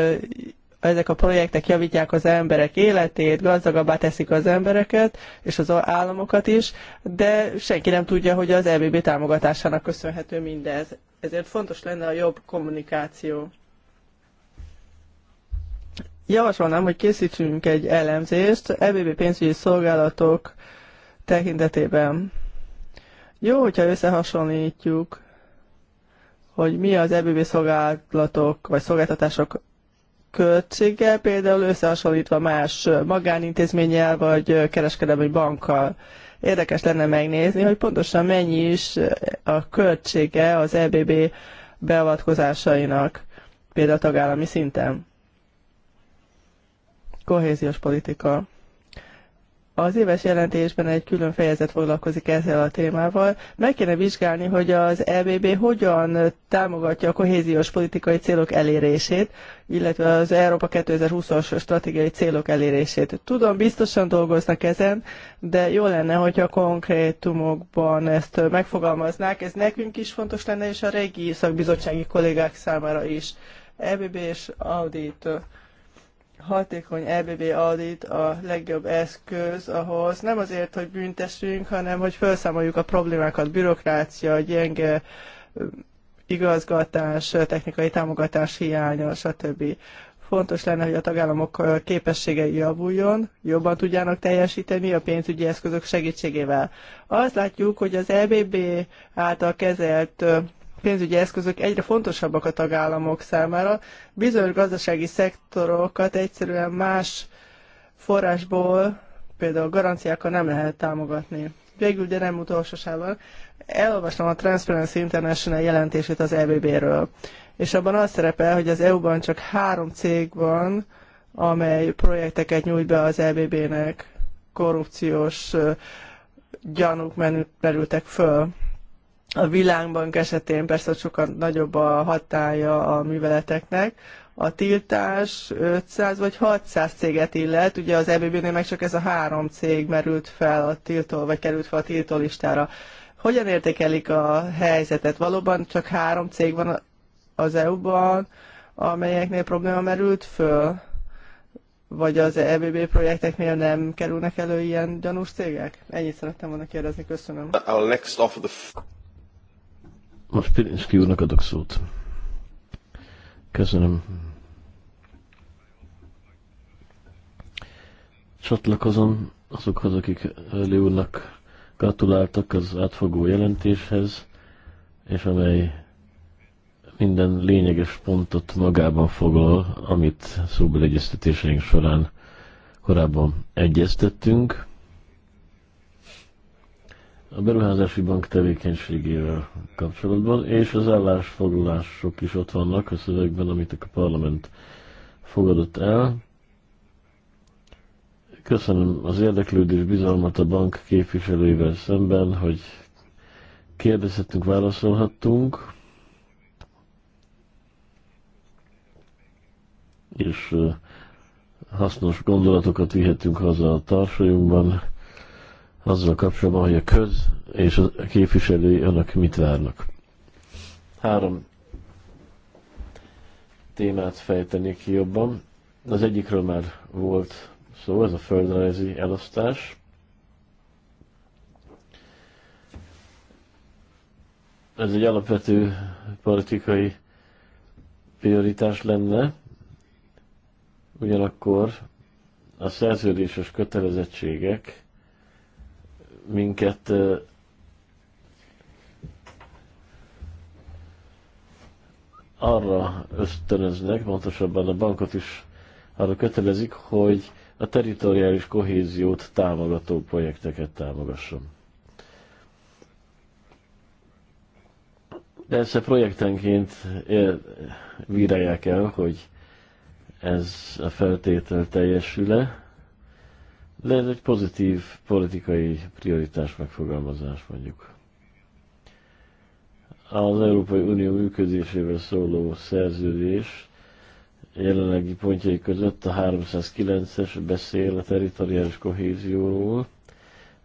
ezek a projektek javítják az emberek életét, gazdagabbá teszik az embereket és az államokat is, de senki nem tudja, hogy az EBB támogatásának köszönhető mindez. Ezért fontos lenne a jobb kommunikáció. Javasolnám, hogy készítsünk egy elemzést EBB pénzügyi szolgálatok tekintetében. Jó, hogyha összehasonlítjuk hogy mi az ebbi szolgálatok vagy szolgáltatások költsége, például összehasonlítva más magánintézménnyel vagy kereskedelmi bankkal. Érdekes lenne megnézni, hogy pontosan mennyi is a költsége az EBB beavatkozásainak, például tagállami szinten. Kohéziós politika. Az éves jelentésben egy külön fejezet foglalkozik ezzel a témával. Meg kéne vizsgálni, hogy az EBB hogyan támogatja a kohéziós politikai célok elérését, illetve az Európa 2020-as stratégiai célok elérését. Tudom, biztosan dolgoznak ezen, de jó lenne, hogyha konkrétumokban ezt megfogalmaznák. Ez nekünk is fontos lenne, és a régi szakbizottsági kollégák számára is. EBB és Audit hatékony EBB audit a legjobb eszköz ahhoz, nem azért, hogy büntessünk, hanem hogy felszámoljuk a problémákat, bürokrácia, gyenge igazgatás, technikai támogatás hiánya, stb. Fontos lenne, hogy a tagállamok képességei javuljon, jobban tudjanak teljesíteni a pénzügyi eszközök segítségével. Azt látjuk, hogy az EBB által kezelt pénzügyi eszközök egyre fontosabbak a tagállamok számára. Bizonyos gazdasági szektorokat egyszerűen más forrásból, például garanciákkal nem lehet támogatni. Végül, de nem utolsó sávon, elolvastam a Transparency International jelentését az EBB-ről, és abban az szerepel, hogy az EU-ban csak három cég van, amely projekteket nyújt be az EBB-nek korrupciós gyanúk merültek föl a világbank esetén persze sokkal nagyobb a hatája a műveleteknek, a tiltás 500 vagy 600 céget illet, ugye az EBB-nél meg csak ez a három cég merült fel a tiltó, vagy került fel a tiltó listára. Hogyan értékelik a helyzetet? Valóban csak három cég van az EU-ban, amelyeknél probléma merült föl? Vagy az EBB projekteknél nem kerülnek elő ilyen gyanús cégek? Ennyit szerettem volna kérdezni, köszönöm. Most Pirinszki úrnak adok szót. Köszönöm. Csatlakozom azokhoz, akik Öli úrnak gratuláltak az átfogó jelentéshez, és amely minden lényeges pontot magában foglal, amit szóbelegyeztetéseink során korábban egyeztettünk a beruházási bank tevékenységével kapcsolatban, és az állásfoglalások is ott vannak a szövegben, amit a parlament fogadott el. Köszönöm az érdeklődés bizalmat a bank képviselőivel szemben, hogy kérdezhetünk, válaszolhattunk, és hasznos gondolatokat vihetünk haza a tarsolyunkban azzal kapcsolatban, hogy a köz és a képviselői önök mit várnak. Három témát fejteni ki jobban. Az egyikről már volt szó, ez a földrajzi elosztás. Ez egy alapvető politikai prioritás lenne, ugyanakkor a szerződéses kötelezettségek minket arra ösztönöznek, pontosabban a bankot is arra kötelezik, hogy a teritoriális kohéziót támogató projekteket támogasson. a projektenként vírálják el, hogy ez a feltétel teljesül-e, lehet egy pozitív politikai prioritás megfogalmazás mondjuk. Az Európai Unió működésével szóló szerződés jelenlegi pontjai között a 309-es beszél a teritoriális kohézióról,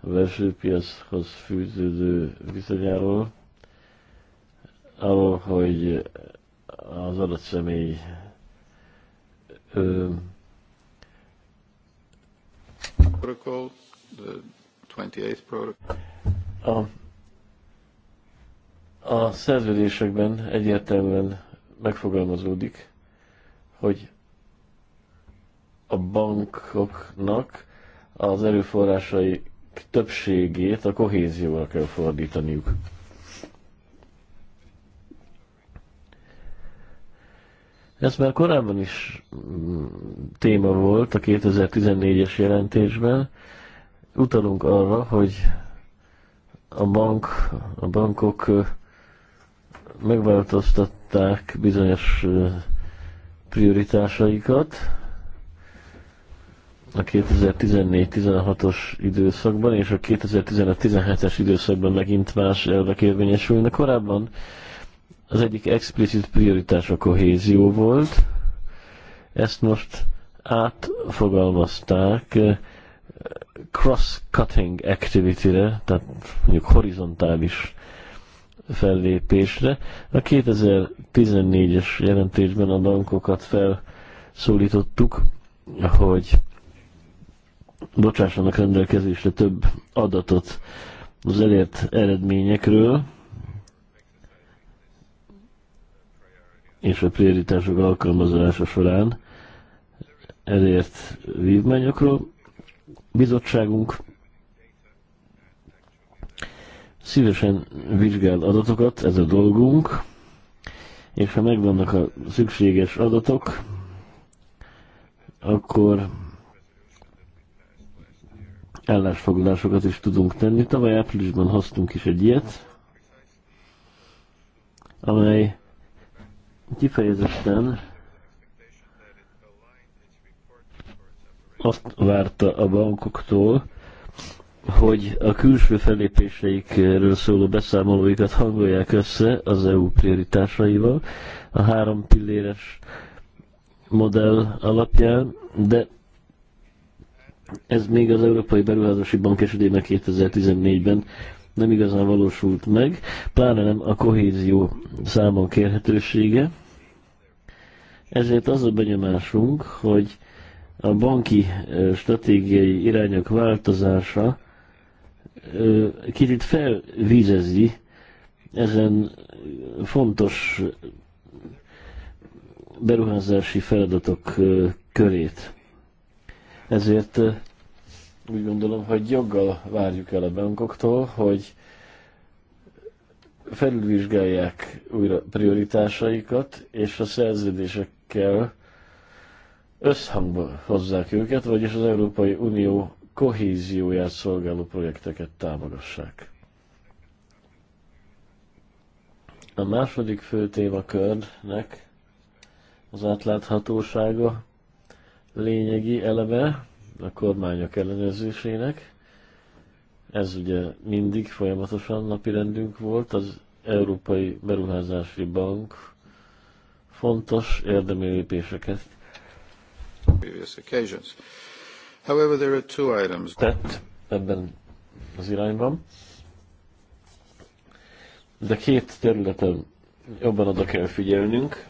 a belső piachoz fűződő viszonyáról, arról, hogy az adott személy ö, protocol, the 28th protocol. A, a szerződésekben egyértelműen megfogalmazódik, hogy a bankoknak az erőforrásai többségét a kohézióra kell fordítaniuk. Ez már korábban is mm, téma volt a 2014-es jelentésben. Utalunk arra, hogy a, bank, a bankok megváltoztatták bizonyos prioritásaikat a 2014-16-os időszakban, és a 2015-17-es időszakban megint más elvek érvényesülnek. Korábban az egyik explicit prioritás a kohézió volt. Ezt most átfogalmazták eh, cross-cutting activity-re, tehát mondjuk horizontális fellépésre. A 2014-es jelentésben a bankokat felszólítottuk, hogy bocsássanak rendelkezésre több adatot az elért eredményekről, és a prioritások alkalmazása során elért vívmányokról. Bizottságunk szívesen vizsgál adatokat, ez a dolgunk, és ha megvannak a szükséges adatok, akkor ellásfoglalásokat is tudunk tenni. Tavaly áprilisban hoztunk is egy ilyet, amely kifejezetten azt várta a bankoktól, hogy a külső felépéseikről szóló beszámolóikat hangolják össze az EU prioritásaival a három pilléres modell alapján, de ez még az Európai Beruházási Bank esetében 2014-ben nem igazán valósult meg, pláne nem a kohézió számon kérhetősége, ezért az a benyomásunk, hogy a banki stratégiai irányok változása kicsit felvízezi ezen fontos beruházási feladatok körét. Ezért úgy gondolom, hogy joggal várjuk el a bankoktól, hogy felülvizsgálják újra prioritásaikat, és a szerződések kell összhangba hozzák őket, vagyis az Európai Unió kohézióját szolgáló projekteket támogassák. A második fő témakörnek az átláthatósága lényegi eleme a kormányok ellenőrzésének. Ez ugye mindig folyamatosan napirendünk volt, az Európai Beruházási Bank fontos érdemi lépéseket tett ebben az irányban, de két területen jobban oda kell figyelnünk.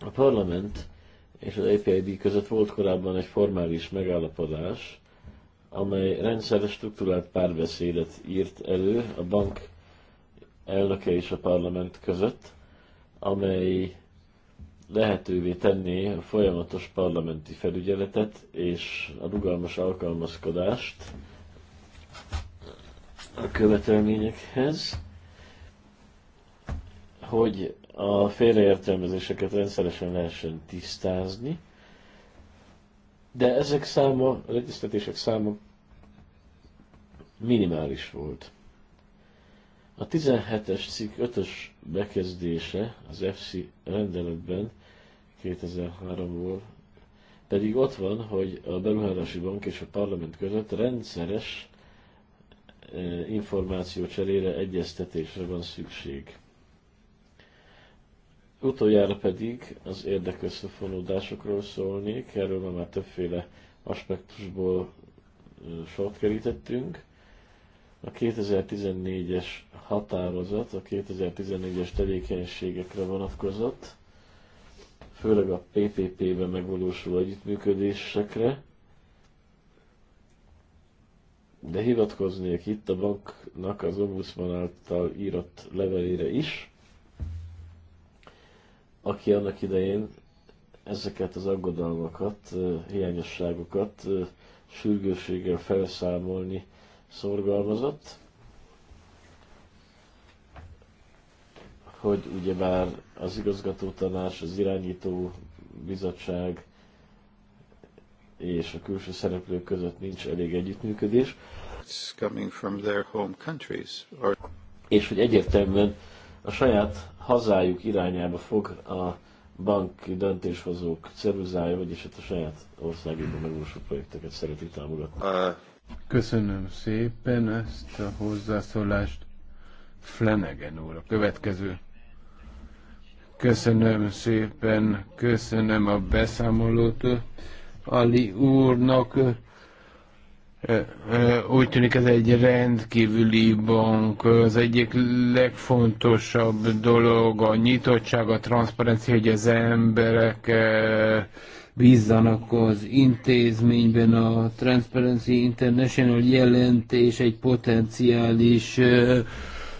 A parlament és az APID e között volt korábban egy formális megállapodás, amely rendszeres struktúrált párbeszédet írt elő a bank elnöke és a parlament között, amely lehetővé tenné a folyamatos parlamenti felügyeletet és a rugalmas alkalmazkodást a követelményekhez, hogy a félreértelmezéseket rendszeresen lehessen tisztázni, de ezek száma, a letisztetések száma minimális volt. A 17-es cikk 5-ös bekezdése az FC rendeletben 2003-ból pedig ott van, hogy a Beruházási Bank és a Parlament között rendszeres e, cserére egyeztetésre van szükség. Utoljára pedig az érdekösszefonódásokról szólnék, erről már többféle aspektusból e, sort kerítettünk. A 2014-es határozat a 2014-es tevékenységekre vonatkozott, főleg a PPP-ben megvalósuló együttműködésekre, de hivatkoznék itt a banknak az ombudsman által írott levelére is, aki annak idején ezeket az aggodalmakat, hiányosságokat sürgősséggel felszámolni szorgalmazott, hogy ugyebár az igazgató tanács, az irányító bizottság és a külső szereplők között nincs elég együttműködés. from their home or... És hogy egyértelműen a saját hazájuk irányába fog a banki döntéshozók ceruzája, vagyis hát a saját országukban megvalósult projekteket szereti támogatni. Uh, Köszönöm szépen ezt a hozzászólást. Flanagan úr, a következő. Köszönöm szépen, köszönöm a beszámolót Ali úrnak. Úgy tűnik ez egy rendkívüli bank. Az egyik legfontosabb dolog a nyitottság, a transzparencia, hogy az emberek bízzanak az intézményben. A Transparency International jelentés egy potenciális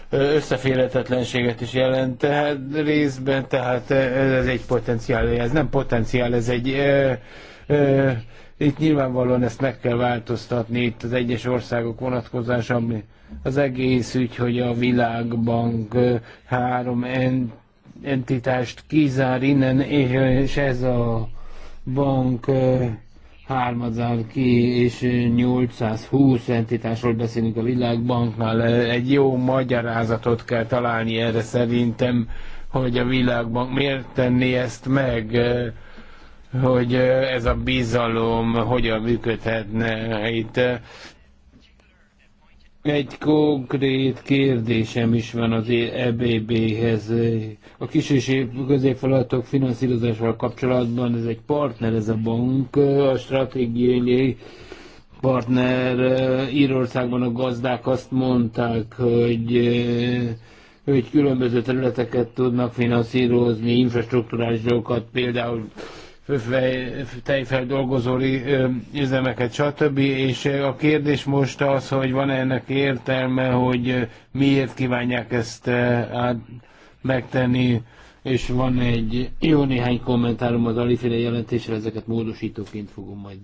összeférhetetlenséget is jelent, tehát részben, tehát ez egy potenciál, ez nem potenciál, ez egy ö, ö, itt nyilvánvalóan ezt meg kell változtatni itt az egyes országok ami az egész ügy, hogy a világbank három entitást kizár innen, és ez a bank hármadzal ki, és 820 entitásról beszélünk a világbanknál. Egy jó magyarázatot kell találni erre szerintem, hogy a világbank miért tenni ezt meg, hogy ez a bizalom hogyan működhetne itt. Egy konkrét kérdésem is van az EBB-hez. A kis és középfeladatok finanszírozásával kapcsolatban ez egy partner, ez a bank, a stratégiai partner. Írországban a gazdák azt mondták, hogy hogy különböző területeket tudnak finanszírozni, infrastruktúrális dolgokat, például tejfeldolgozói üzemeket, stb. És a kérdés most az, hogy van-e ennek értelme, hogy miért kívánják ezt át megtenni, és van egy jó néhány kommentárom az aliféle jelentésre, ezeket módosítóként fogom majd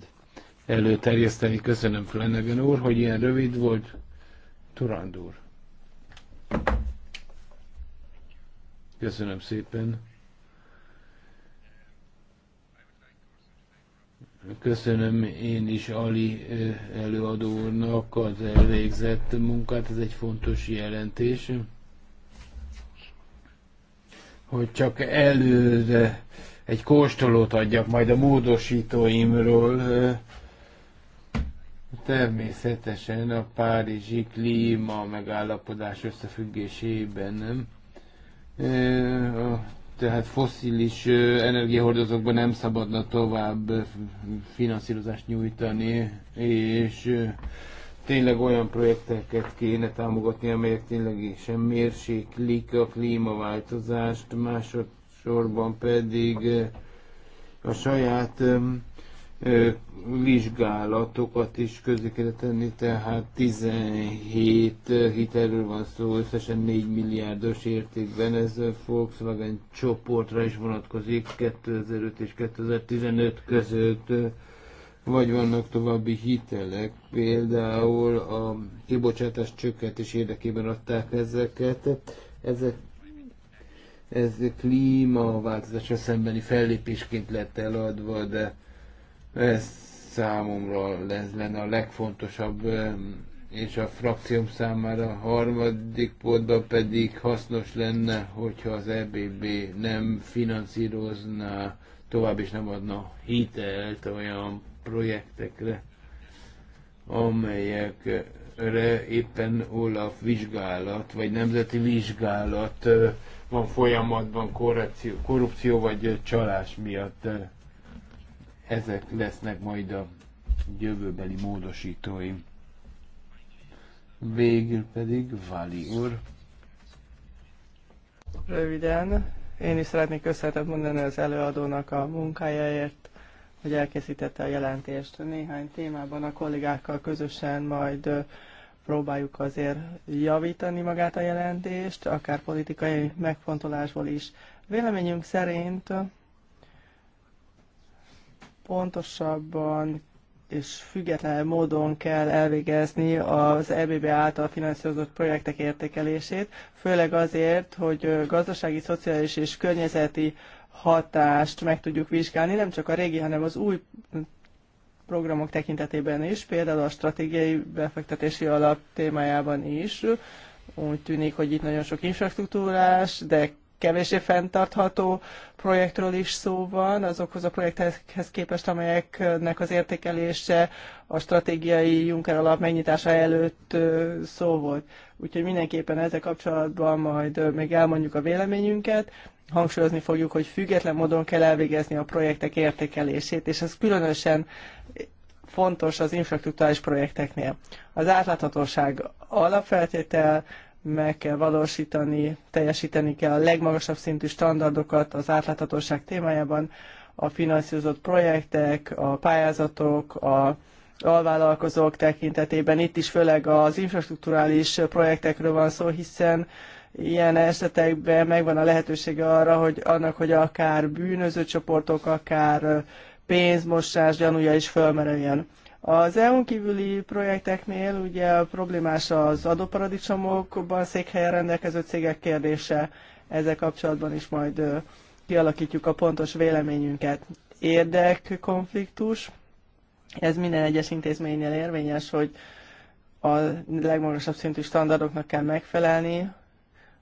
előterjeszteni. Köszönöm Flanagan úr, hogy ilyen rövid volt. Turand úr. Köszönöm szépen. Köszönöm én is Ali előadó úrnak az elvégzett munkát, ez egy fontos jelentés, hogy csak előre egy kóstolót adjak majd a módosítóimról. Természetesen a párizsi klíma megállapodás összefüggésében nem. A tehát foszilis energiahordozókban nem szabadna tovább finanszírozást nyújtani, és tényleg olyan projekteket kéne támogatni, amelyek tényleg sem mérséklik a klímaváltozást, másodszorban pedig a saját vizsgálatokat is közé kell tenni, tehát 17 hitelről van szó, összesen 4 milliárdos értékben, ez a Volkswagen csoportra is vonatkozik 2005 és 2015 között, vagy vannak további hitelek, például a kibocsátás csökkentés érdekében adták ezeket, ezek ez klímaváltozásra szembeni fellépésként lett eladva, de ez számomra lesz, lenne a legfontosabb, és a frakcióm számára a harmadik pontban pedig hasznos lenne, hogyha az EBB nem finanszírozná tovább is nem adna hitelt olyan projektekre, amelyekre éppen Olaf vizsgálat, vagy nemzeti vizsgálat van folyamatban korrupció, korrupció vagy csalás miatt. Ezek lesznek majd a jövőbeli módosítói. Végül pedig Vali úr. Röviden, én is szeretnék köszönetet mondani az előadónak a munkájáért, hogy elkészítette a jelentést. Néhány témában a kollégákkal közösen majd próbáljuk azért javítani magát a jelentést, akár politikai megfontolásból is. Véleményünk szerint pontosabban és független módon kell elvégezni az EBB által finanszírozott projektek értékelését, főleg azért, hogy gazdasági, szociális és környezeti hatást meg tudjuk vizsgálni, nem csak a régi, hanem az új programok tekintetében is, például a stratégiai befektetési alap témájában is. Úgy tűnik, hogy itt nagyon sok infrastruktúrás, de kevésbé fenntartható projektről is szó van, azokhoz a projektekhez képest, amelyeknek az értékelése a stratégiai Juncker alap megnyitása előtt szó volt. Úgyhogy mindenképpen ezzel kapcsolatban majd még elmondjuk a véleményünket, hangsúlyozni fogjuk, hogy független módon kell elvégezni a projektek értékelését, és ez különösen fontos az infrastruktúrális projekteknél. Az átláthatóság alapfeltétel, meg kell valósítani, teljesíteni kell a legmagasabb szintű standardokat az átláthatóság témájában, a finanszírozott projektek, a pályázatok, a alvállalkozók tekintetében. Itt is főleg az infrastruktúrális projektekről van szó, hiszen ilyen esetekben megvan a lehetősége arra, hogy annak, hogy akár bűnöző csoportok, akár pénzmosás gyanúja is fölmerüljön. Az EU-n kívüli projekteknél ugye problémás az adóparadicsomokban székhelyen rendelkező cégek kérdése, ezzel kapcsolatban is majd kialakítjuk a pontos véleményünket. Érdekkonfliktus, ez minden egyes intézménynél érvényes, hogy a legmagasabb szintű standardoknak kell megfelelni,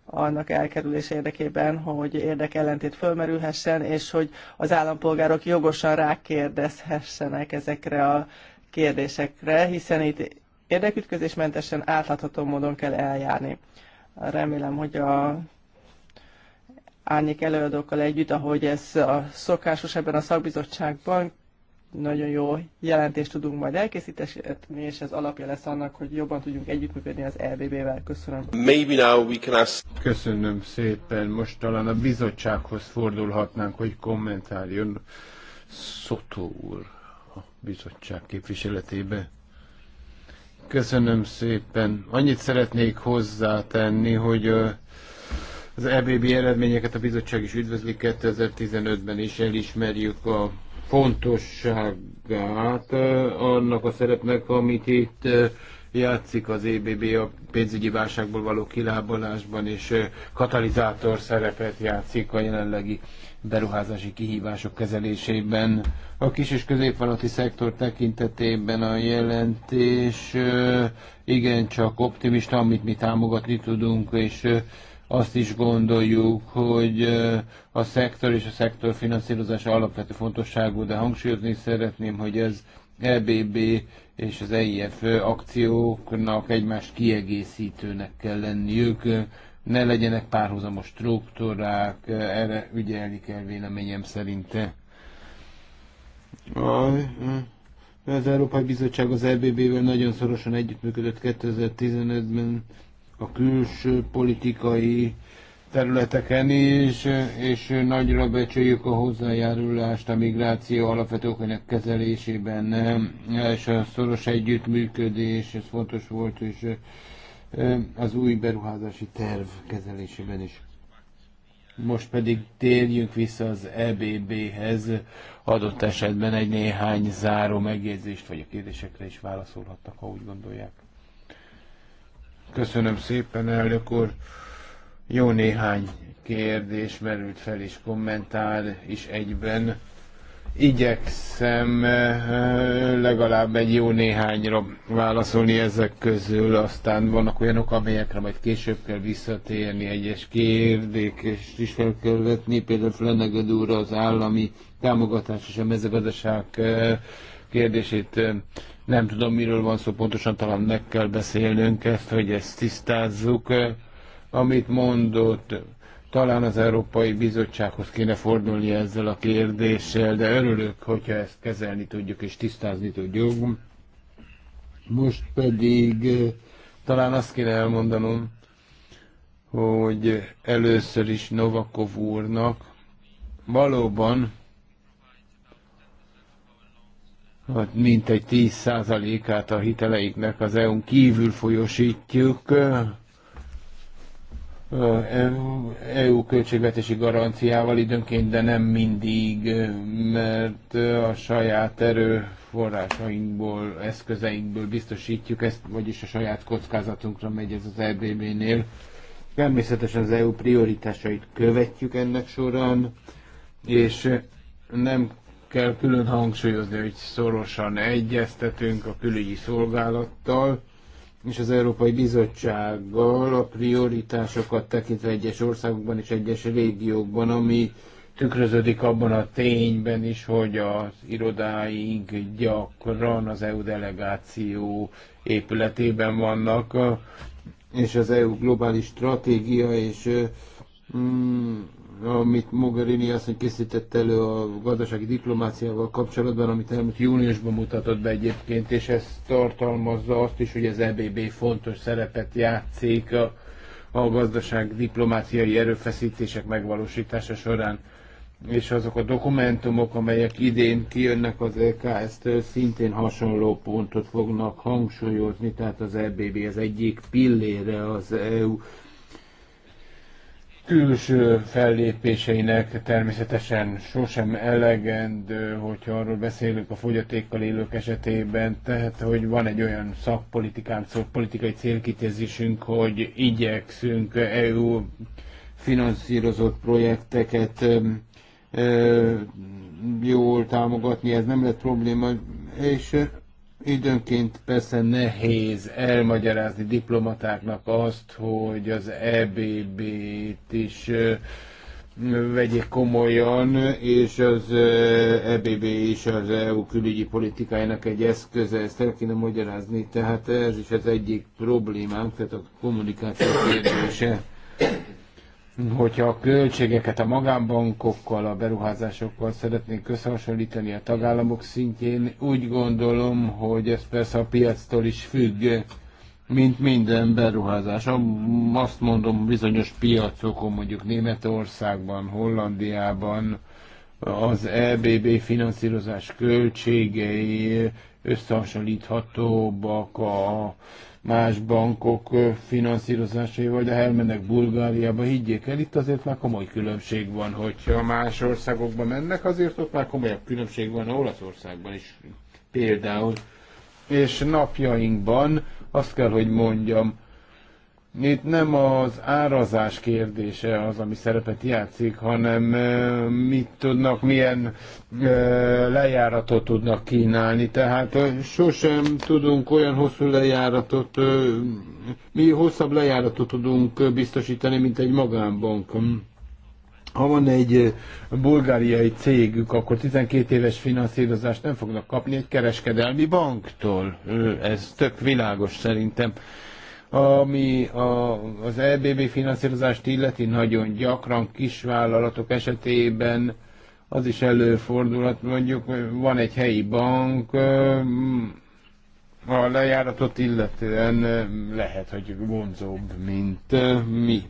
annak elkerülés érdekében, hogy érdekellentét fölmerülhessen, és hogy az állampolgárok jogosan rákérdezhessenek ezekre a kérdésekre, hiszen itt érdekütközésmentesen átlátható módon kell eljárni. Remélem, hogy a árnyék előadókkal együtt, ahogy ez a szokásos ebben a szakbizottságban, nagyon jó jelentést tudunk majd elkészíteni, és ez alapja lesz annak, hogy jobban tudjunk együttműködni az EBB-vel. Köszönöm. Maybe now we can ask... Köszönöm szépen. Most talán a bizottsághoz fordulhatnánk, hogy kommentáljon. Szotó úr a bizottság képviseletébe. Köszönöm szépen. Annyit szeretnék hozzátenni, hogy az EBB eredményeket a bizottság is üdvözli 2015-ben, és elismerjük a fontosságát annak a szerepnek, amit itt játszik az EBB a pénzügyi válságból való kilábalásban, és katalizátor szerepet játszik a jelenlegi beruházási kihívások kezelésében. A kis és középvállalati szektor tekintetében a jelentés igencsak optimista, amit mi támogatni tudunk, és azt is gondoljuk, hogy a szektor és a szektor finanszírozása alapvető fontosságú, de hangsúlyozni szeretném, hogy ez EBB és az EIF akcióknak egymást kiegészítőnek kell lenniük ne legyenek párhuzamos struktúrák, erre ügyelni kell véleményem szerint. A, az Európai Bizottság az EBB-vel nagyon szorosan együttműködött 2015-ben a külső politikai területeken is, és nagyra becsüljük a hozzájárulást a migráció alapvető okainak kezelésében, és a szoros együttműködés, ez fontos volt, és az új beruházási terv kezelésében is. Most pedig térjünk vissza az EBB-hez, adott esetben egy néhány záró megjegyzést, vagy a kérdésekre is válaszolhatnak, ha úgy gondolják. Köszönöm szépen, elnök úr. Jó néhány kérdés merült fel, és kommentár is egyben igyekszem eh, legalább egy jó néhányra válaszolni ezek közül, aztán vannak olyanok, amelyekre majd később kell visszatérni, egyes és is fel kell vetni, például Flanagan úr az állami támogatás és a mezőgazdaság eh, kérdését eh, nem tudom, miről van szó, pontosan talán meg kell beszélnünk ezt, hogy ezt tisztázzuk. Amit mondott, talán az Európai Bizottsághoz kéne fordulni ezzel a kérdéssel, de örülök, hogyha ezt kezelni tudjuk és tisztázni tudjuk. Most pedig eh, talán azt kéne elmondanom, hogy először is Novakov úrnak valóban hát mintegy 10%-át a hiteleiknek az EU-n kívül folyosítjuk, EU e költségvetési garanciával időnként, de nem mindig, mert a saját erőforrásainkból, eszközeinkből biztosítjuk ezt, vagyis a saját kockázatunkra megy ez az EBB-nél. Természetesen az EU prioritásait követjük ennek során, és nem kell külön hangsúlyozni, hogy szorosan egyeztetünk a külügyi szolgálattal, és az Európai Bizottsággal a prioritásokat tekintve egyes országokban és egyes régiókban, ami tükröződik abban a tényben is, hogy az irodáink gyakran az EU delegáció épületében vannak, és az EU globális stratégia és mm, amit Mogherini asszony készített elő a gazdasági diplomáciával kapcsolatban, amit elmúlt júniusban mutatott be egyébként, és ez tartalmazza azt is, hogy az EBB fontos szerepet játszik a, a gazdaság diplomáciai erőfeszítések megvalósítása során és azok a dokumentumok, amelyek idén kijönnek az LKS-től, e szintén hasonló pontot fognak hangsúlyozni, tehát az EBB az egyik pillére az EU külső fellépéseinek természetesen sosem elegendő, hogyha arról beszélünk a fogyatékkal élők esetében, tehát hogy van egy olyan szakpolitikánk, szó, politikai célkitézésünk, hogy igyekszünk EU finanszírozott projekteket jól támogatni, ez nem lett probléma, és Időnként persze nehéz elmagyarázni diplomatáknak azt, hogy az EBB-t is vegyék komolyan, és az EBB is az EU külügyi politikájának egy eszköze, ezt el kéne magyarázni, tehát ez is az egyik problémánk, tehát a kommunikáció kérdése hogyha a költségeket a magánbankokkal, a beruházásokkal szeretnénk összehasonlítani a tagállamok szintjén, úgy gondolom, hogy ez persze a piactól is függ, mint minden beruházás. Azt mondom, bizonyos piacokon, mondjuk Németországban, Hollandiában az EBB finanszírozás költségei összehasonlíthatóbbak a más bankok finanszírozásaival, de elmennek Bulgáriába, higgyék el, itt azért már komoly különbség van, hogyha más országokba mennek, azért ott már komolyabb különbség van, Olaszországban is például. És napjainkban azt kell, hogy mondjam, itt nem az árazás kérdése az, ami szerepet játszik, hanem mit tudnak, milyen lejáratot tudnak kínálni. Tehát sosem tudunk olyan hosszú lejáratot, mi hosszabb lejáratot tudunk biztosítani, mint egy magánbank. Ha van egy bulgáriai cégük, akkor 12 éves finanszírozást nem fognak kapni egy kereskedelmi banktól. Ez tök világos szerintem. Ami a, az EBB finanszírozást illeti, nagyon gyakran kisvállalatok esetében az is előfordulhat, mondjuk van egy helyi bank, a lejáratot illetően lehet, hogy vonzóbb, mint mi.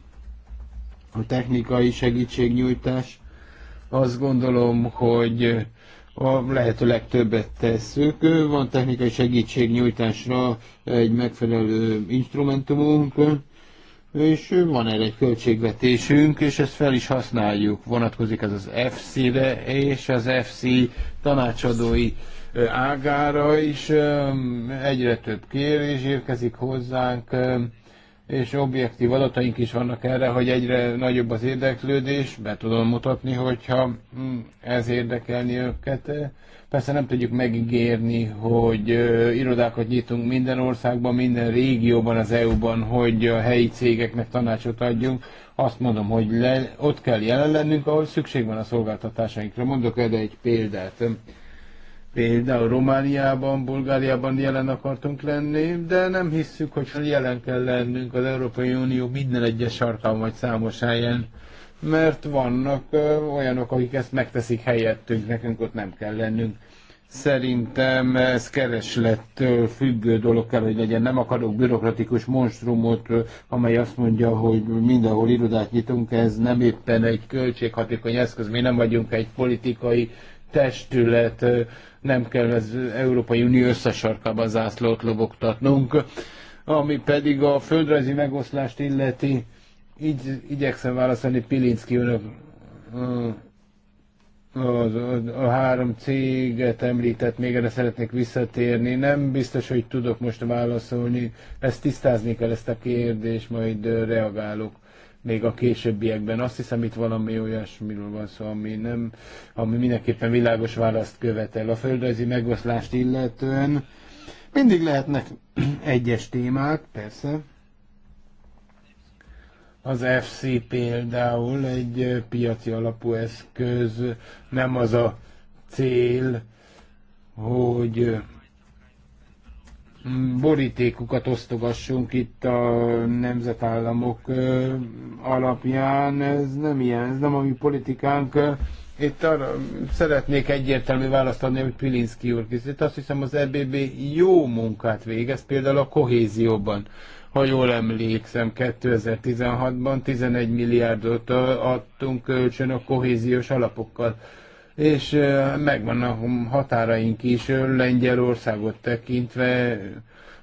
A technikai segítségnyújtás azt gondolom, hogy a lehető legtöbbet tesszük. Van technikai segítségnyújtásra egy megfelelő instrumentumunk, és van erre egy költségvetésünk, és ezt fel is használjuk. Vonatkozik ez az FC-re, és az FC tanácsadói eh, ágára is eh, egyre több kérés érkezik hozzánk eh, és objektív adataink is vannak erre, hogy egyre nagyobb az érdeklődés, be tudom mutatni, hogyha hm, ez érdekelni őket. Persze nem tudjuk megígérni, hogy irodákat nyitunk minden országban, minden régióban, az EU-ban, hogy a helyi cégeknek tanácsot adjunk. Azt mondom, hogy le, ott kell jelen lennünk, ahol szükség van a szolgáltatásainkra. Mondok erre egy példát. Például Romániában, Bulgáriában jelen akartunk lenni, de nem hisszük, hogy jelen kell lennünk az Európai Unió minden egyes sarkán vagy számos helyen, mert vannak olyanok, akik ezt megteszik helyettünk, nekünk ott nem kell lennünk. Szerintem ez kereslettől függő dolog kell, hogy legyen. Nem akarok bürokratikus monstrumot, amely azt mondja, hogy mindenhol irodát nyitunk, ez nem éppen egy költséghatékony eszköz. Mi nem vagyunk egy politikai testület, nem kell az Európai Unió összesarkában zászlót lobogtatnunk, ami pedig a földrajzi megoszlást illeti, így igyekszem válaszolni Pilinszki önök a, a, a három céget említett, még erre szeretnék visszatérni. Nem biztos, hogy tudok most válaszolni. Ezt tisztázni kell, ezt a kérdést, majd reagálok még a későbbiekben. Azt hiszem, itt valami olyasmiről van szó, ami, nem, ami mindenképpen világos választ követel. A földrajzi megoszlást illetően mindig lehetnek egyes témák, persze. Az FC például egy piaci alapú eszköz, nem az a cél, hogy borítékukat osztogassunk itt a nemzetállamok alapján. Ez nem ilyen, ez nem a mi politikánk. Itt arra szeretnék egyértelmű választ adni, hogy Pilinszki úr készít. Azt hiszem az EBB jó munkát végez, például a kohézióban. Ha jól emlékszem, 2016-ban 11 milliárdot adtunk kölcsön a kohéziós alapokkal és megvannak határaink is, Lengyelországot tekintve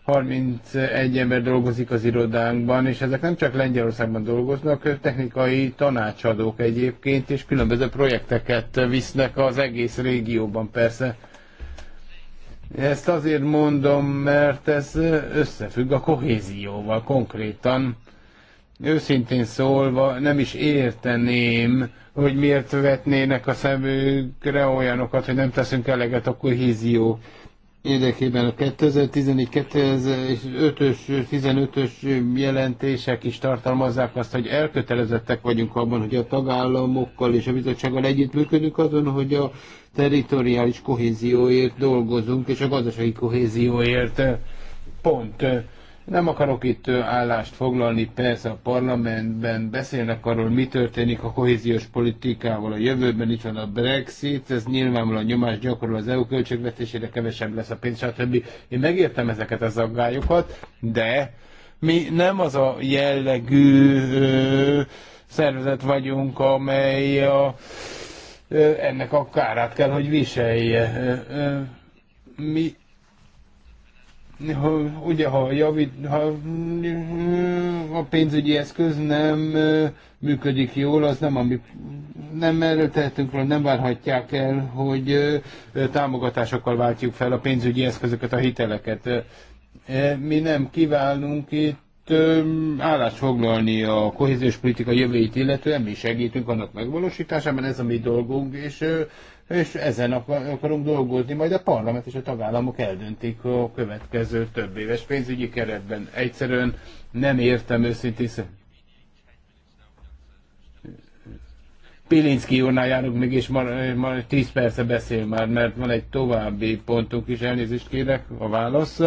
31 ember dolgozik az irodánkban, és ezek nem csak Lengyelországban dolgoznak, technikai tanácsadók egyébként, és különböző projekteket visznek az egész régióban persze. Ezt azért mondom, mert ez összefügg a kohézióval konkrétan. Őszintén szólva nem is érteném, hogy miért vetnének a szemükre olyanokat, hogy nem teszünk eleget a kohézió érdekében a 2014-2005-ös, 15-ös jelentések is tartalmazzák azt, hogy elkötelezettek vagyunk abban, hogy a tagállamokkal és a bizottsággal együttműködünk azon, hogy a territoriális kohézióért dolgozunk, és a gazdasági kohézióért pont nem akarok itt állást foglalni, persze a parlamentben beszélnek arról, mi történik a kohéziós politikával a jövőben, itt van a Brexit, ez nyilvánvalóan nyomás gyakorol az EU költségvetésére, kevesebb lesz a pénz, stb. Én megértem ezeket az aggályokat, de mi nem az a jellegű ö, szervezet vagyunk, amely a, ö, ennek a kárát kell, hogy viselje. Ö, ö, mi ha, ugye, ha, javít, ha mm, a pénzügyi eszköz nem működik jól, az nem, ami, nem erről tehetünk róla, nem várhatják el, hogy támogatásokkal váltjuk fel a pénzügyi eszközöket, a hiteleket. Mi nem kívánunk itt állást foglalni a kohéziós politika jövőjét illetően, mi segítünk annak megvalósításában, ez a mi dolgunk, és és ezen akarunk dolgozni, majd a parlament és a tagállamok eldöntik a következő több éves pénzügyi keretben. Egyszerűen nem értem őszintén. Pilinszki úrnál járunk még, és már, ma 10 perce beszél már, mert van egy további pontunk is, elnézést kérek a válasz.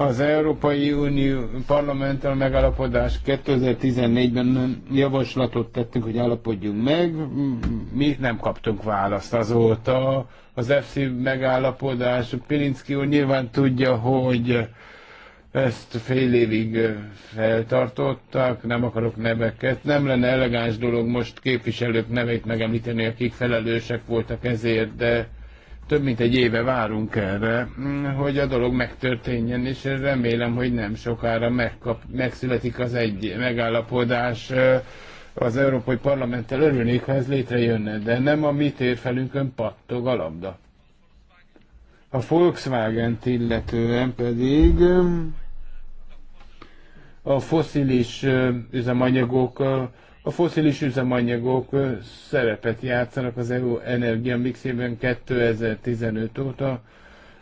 Az Európai Unió parlamenttel megállapodás 2014-ben javaslatot tettünk, hogy állapodjunk meg. Mi nem kaptunk választ azóta. Az FC megállapodás, Pilinszki úr nyilván tudja, hogy ezt fél évig feltartották, nem akarok neveket. Nem lenne elegáns dolog most képviselők nevét megemlíteni, akik felelősek voltak ezért, de több mint egy éve várunk erre, mm, hogy a dolog megtörténjen, és remélem, hogy nem sokára megkap, megszületik az egy megállapodás az Európai Parlamenttel. Örülnék, ha ez létrejönne, de nem a mi térfelünkön pattog a labda. A volkswagen illetően pedig a foszilis üzemanyagok a foszilis üzemanyagok szerepet játszanak az EU energia mixében 2015 óta.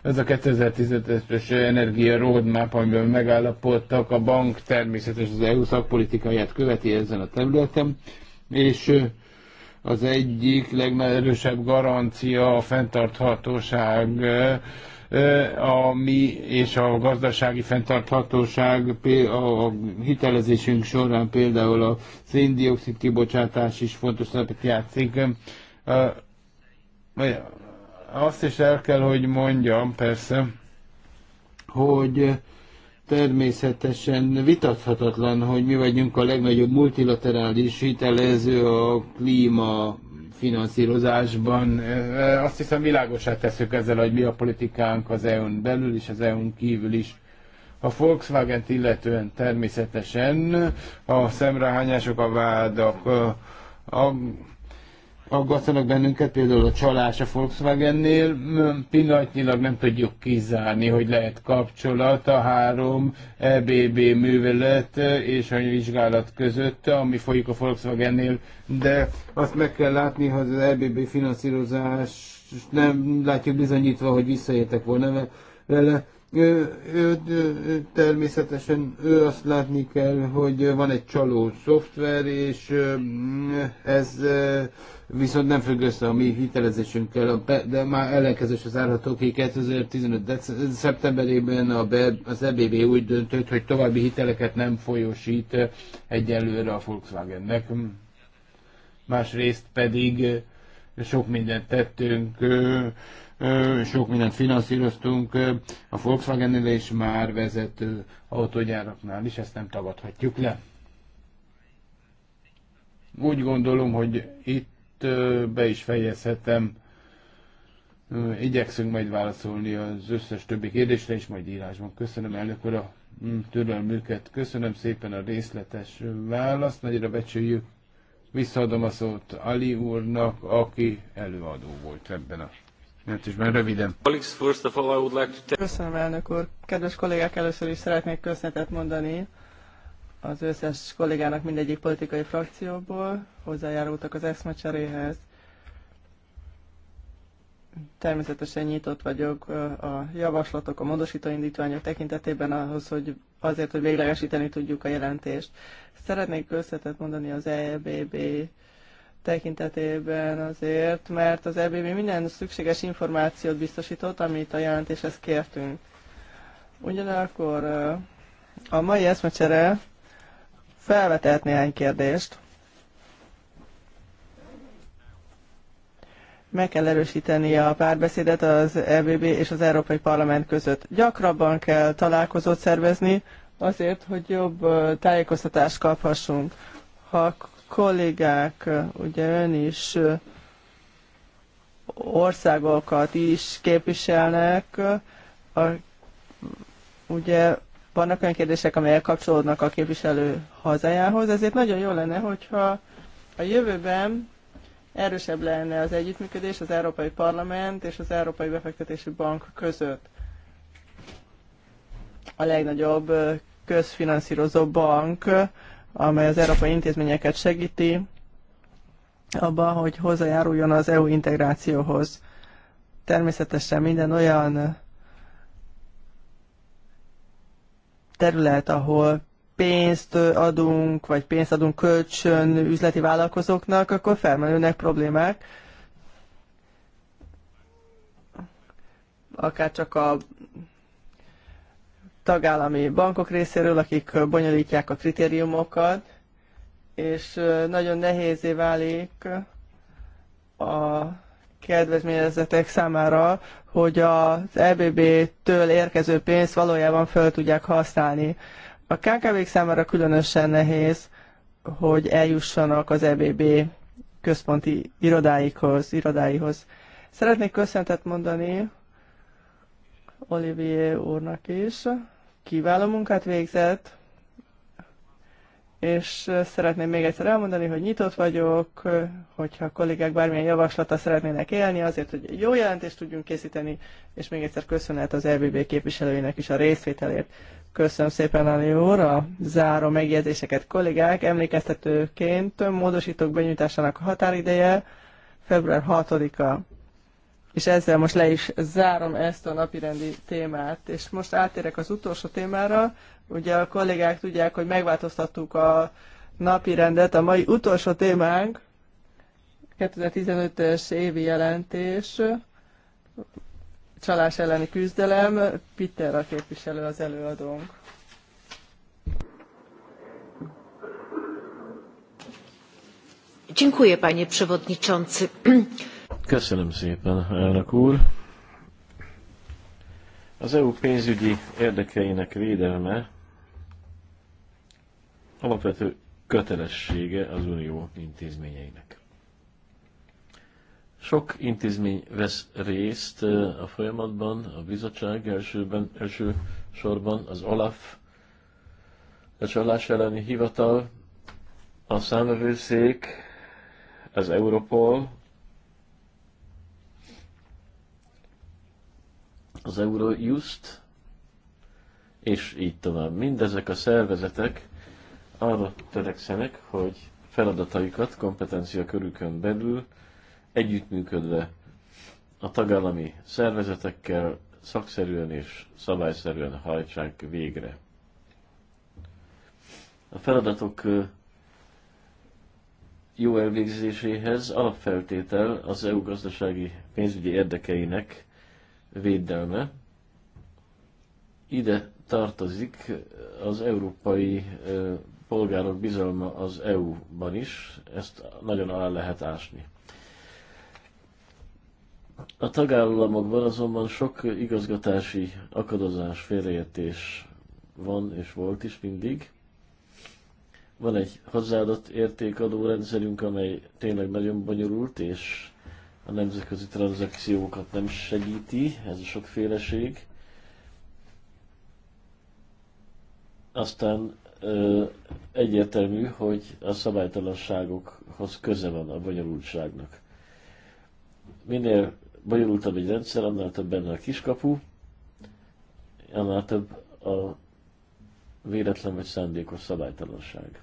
Ez a 2015 es energia roadmap, amiben megállapodtak, a bank természetesen az EU szakpolitikáját követi ezen a területen, és az egyik legerősebb garancia a fenntarthatóság ami és a gazdasági fenntarthatóság a hitelezésünk során például a széndiokszid kibocsátás is fontos szerepet játszik. Azt is el kell, hogy mondjam persze, hogy természetesen vitathatatlan, hogy mi vagyunk a legnagyobb multilaterális hitelező a klíma finanszírozásban. Azt hiszem világosá teszük ezzel, hogy mi a politikánk az EU-n belül és az EU-n kívül is. A volkswagen illetően természetesen a szemrehányások, a vádak, a, a aggasztanak bennünket, például a csalás a Volkswagennél. Pillanatnyilag nem tudjuk kizárni, hogy lehet kapcsolat a három EBB művelet és a vizsgálat között, ami folyik a Volkswagennél, de azt meg kell látni, hogy az EBB finanszírozás nem látjuk bizonyítva, hogy visszaértek volna vele ő, ő, ő, természetesen ő azt látni kell, hogy van egy csaló szoftver, és ez viszont nem függ össze a mi hitelezésünkkel, de már ellenkezős az árható 2015. Dece, szeptemberében a be, az EBB úgy döntött, hogy további hiteleket nem folyosít egyelőre a Volkswagennek. Másrészt pedig sok mindent tettünk, sok mindent finanszíroztunk, a volkswagen és már vezető autógyáraknál is, ezt nem tagadhatjuk le. Úgy gondolom, hogy itt be is fejezhetem, igyekszünk majd válaszolni az összes többi kérdésre, és majd írásban. Köszönöm elnök úr a mm, türelmüket, köszönöm szépen a részletes választ, nagyra becsüljük. Visszaadom a szót Ali úrnak, aki előadó volt ebben a Hát röviden. Köszönöm, elnök úr. Kedves kollégák, először is szeretnék köszönetet mondani az összes kollégának mindegyik politikai frakcióból hozzájárultak az eszmecseréhez. Természetesen nyitott vagyok a javaslatok, a módosító indítványok tekintetében ahhoz, hogy azért, hogy véglegesíteni tudjuk a jelentést. Szeretnék köszönetet mondani az EBB tekintetében azért, mert az EBB minden szükséges információt biztosított, amit a jelentéshez kértünk. Ugyanakkor a mai eszmecsere felvetett néhány kérdést. Meg kell erősíteni a párbeszédet az EBB és az Európai Parlament között. Gyakrabban kell találkozót szervezni azért, hogy jobb tájékoztatást kaphassunk. Ha kollégák, ugye ön is országokat is képviselnek, a, ugye vannak olyan kérdések, amelyek kapcsolódnak a képviselő hazájához, ezért nagyon jó lenne, hogyha a jövőben erősebb lenne az együttműködés az Európai Parlament és az Európai Befektetési Bank között. A legnagyobb közfinanszírozó bank amely az európai intézményeket segíti abban, hogy hozzájáruljon az EU integrációhoz. Természetesen minden olyan terület, ahol pénzt adunk, vagy pénzt adunk kölcsön üzleti vállalkozóknak, akkor felmerülnek problémák. Akár csak a tagállami bankok részéről, akik bonyolítják a kritériumokat, és nagyon nehézé válik a kedvezményezetek számára, hogy az EBB-től érkező pénzt valójában fel tudják használni. A kkv számára különösen nehéz, hogy eljussanak az EBB központi irodáikhoz, irodáihoz. Szeretnék köszöntet mondani Olivier úrnak is kiváló munkát végzett, és szeretném még egyszer elmondani, hogy nyitott vagyok, hogyha a kollégák bármilyen javaslata szeretnének élni, azért, hogy jó jelentést tudjunk készíteni, és még egyszer köszönet az RBB képviselőinek is a részvételért. Köszönöm szépen, Ali úr, a záró megjegyzéseket kollégák. Emlékeztetőként módosítók benyújtásának a határideje február 6-a. És ezzel most le is zárom ezt a napirendi témát. És most átérek az utolsó témára. Ugye a kollégák tudják, hogy megváltoztattuk a napirendet. A mai utolsó témánk 2015-ös évi jelentés, csalás elleni küzdelem, Peter a képviselő az előadónk. Dziękuję, panie przewodniczący. Köszönöm szépen, elnök úr. Az EU pénzügyi érdekeinek védelme alapvető kötelessége az Unió intézményeinek. Sok intézmény vesz részt a folyamatban, a bizottság elsőben, első sorban, az OLAF, a csalás elleni hivatal, a számövőszék, az Europol, az Eurojust, és így tovább. Mindezek a szervezetek arra törekszenek, hogy feladataikat kompetencia körükön belül együttműködve a tagállami szervezetekkel szakszerűen és szabályszerűen hajtsák végre. A feladatok jó elvégzéséhez alapfeltétel az EU gazdasági pénzügyi érdekeinek védelme. Ide tartozik az európai polgárok bizalma az EU-ban is, ezt nagyon alá lehet ásni. A tagállamokban azonban sok igazgatási akadozás, félreértés van és volt is mindig. Van egy hozzáadott értékadó rendszerünk, amely tényleg nagyon bonyolult, és a nemzetközi tranzakciókat nem segíti, ez a sokféleség. Aztán ö, egyértelmű, hogy a szabálytalanságokhoz köze van a bonyolultságnak. Minél bonyolultabb egy rendszer, annál több benne a kiskapu, annál több a véletlen vagy szándékos szabálytalanság.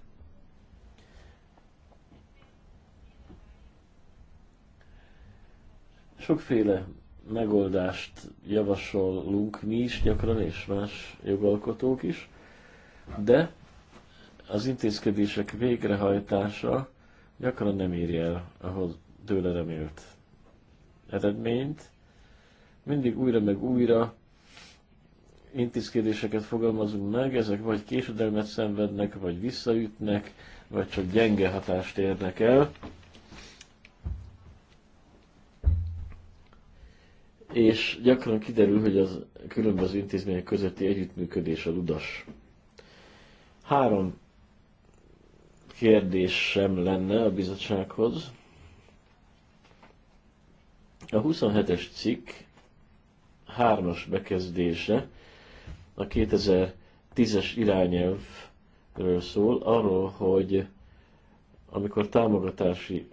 Sokféle megoldást javasolunk mi is gyakran, és más jogalkotók is, de az intézkedések végrehajtása gyakran nem éri el ahhoz tőle remélt eredményt. Mindig újra meg újra intézkedéseket fogalmazunk meg, ezek vagy késedelmet szenvednek, vagy visszaütnek, vagy csak gyenge hatást érnek el. és gyakran kiderül, hogy az különböző intézmények közötti együttműködés a ludas. Három kérdésem lenne a bizottsághoz. A 27-es cikk hármas bekezdése a 2010-es irányelvről szól, arról, hogy amikor támogatási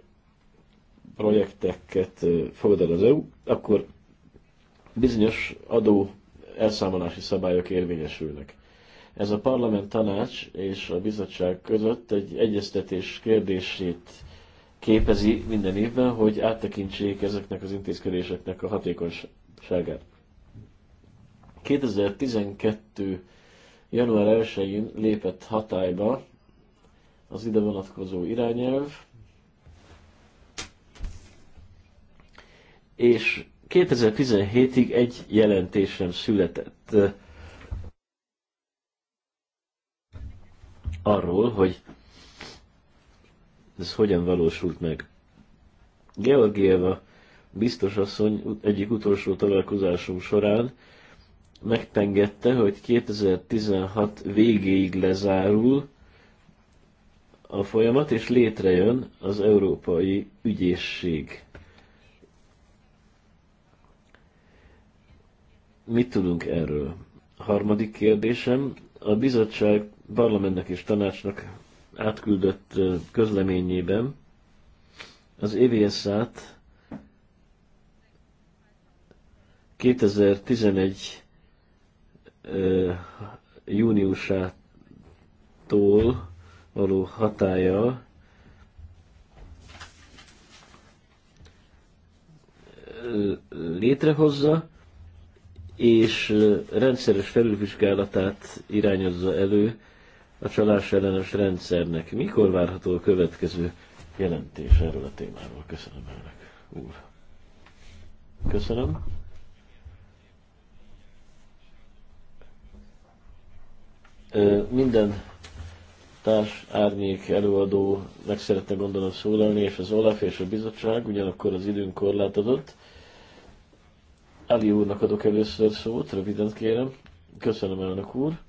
projekteket fogad el az EU, akkor bizonyos adó elszámolási szabályok érvényesülnek. Ez a parlament tanács és a bizottság között egy egyeztetés kérdését képezi minden évben, hogy áttekintsék ezeknek az intézkedéseknek a hatékonyságát. 2012. január 1-én lépett hatályba az ide vonatkozó irányelv, és 2017-ig egy jelentés sem született arról, hogy ez hogyan valósult meg. Georgieva biztos asszony egyik utolsó találkozásunk során megtengette, hogy 2016 végéig lezárul a folyamat, és létrejön az Európai Ügyészség. Mit tudunk erről? A harmadik kérdésem, a bizottság parlamentnek és tanácsnak átküldött közleményében az EVS-át 2011 júniusától való hatája létrehozza, és rendszeres felülvizsgálatát irányozza elő a csalás ellenes rendszernek. Mikor várható a következő jelentés erről a témáról? Köszönöm önnek, úr. Köszönöm. Minden társ árnyék előadó meg szeretne gondolom szólalni, és az Olaf és a bizottság, ugyanakkor az időnk korlátozott. Ali úrnak adok először szót, röviden kérem. Köszönöm, elnök úr.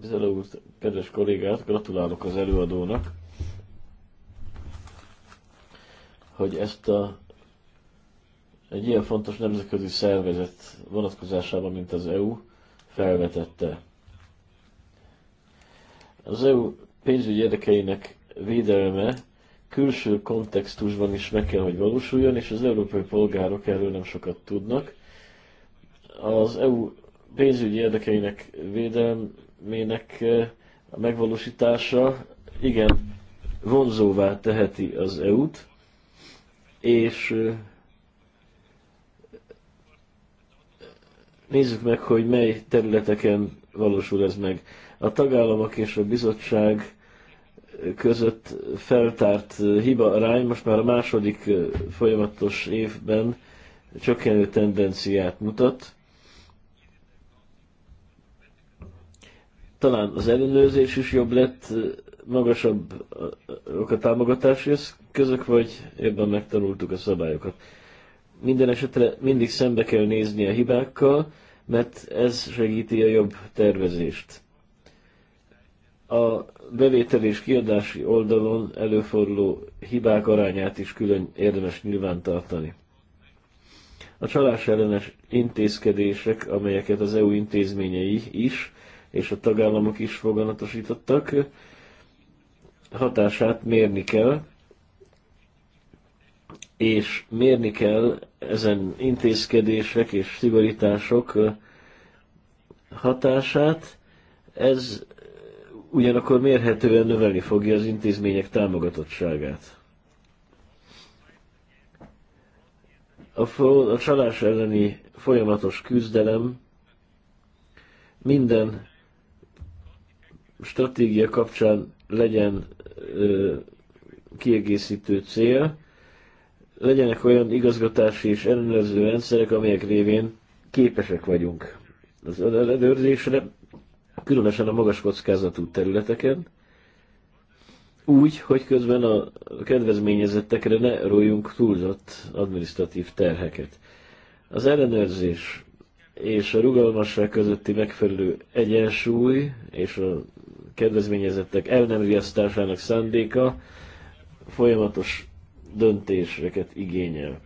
Bizele úr, kedves kollégát, gratulálok az előadónak, hogy ezt a egy ilyen fontos nemzetközi szervezet vonatkozásában, mint az EU, felvetette. Az EU pénzügyi érdekeinek védelme külső kontextusban is meg kell, hogy valósuljon, és az európai polgárok erről nem sokat tudnak. Az EU pénzügyi érdekeinek védelmének eh, a megvalósítása igen vonzóvá teheti az EU-t, és eh, nézzük meg, hogy mely területeken valósul ez meg. A tagállamok és a bizottság között feltárt eh, hiba arány most már a második eh, folyamatos évben csökkenő tendenciát mutat. Talán az ellenőrzés is jobb lett, eh, magasabb a támogatási közök, vagy ebben megtanultuk a szabályokat. Minden esetre mindig szembe kell nézni a hibákkal, mert ez segíti a jobb tervezést a bevétel és kiadási oldalon előforduló hibák arányát is külön érdemes nyilvántartani. A csalás ellenes intézkedések, amelyeket az EU intézményei is és a tagállamok is foganatosítottak, hatását mérni kell, és mérni kell ezen intézkedések és szigorítások hatását. Ez ugyanakkor mérhetően növelni fogja az intézmények támogatottságát. A, a csalás elleni folyamatos küzdelem minden stratégia kapcsán legyen ö, kiegészítő cél, legyenek olyan igazgatási és ellenőrző rendszerek, amelyek révén képesek vagyunk az ellenőrzésre, különösen a magas kockázatú területeken, úgy, hogy közben a kedvezményezettekre ne rójunk túlzott administratív terheket. Az ellenőrzés és a rugalmasság közötti megfelelő egyensúly és a kedvezményezettek el nem riasztásának szándéka folyamatos döntéseket igényel.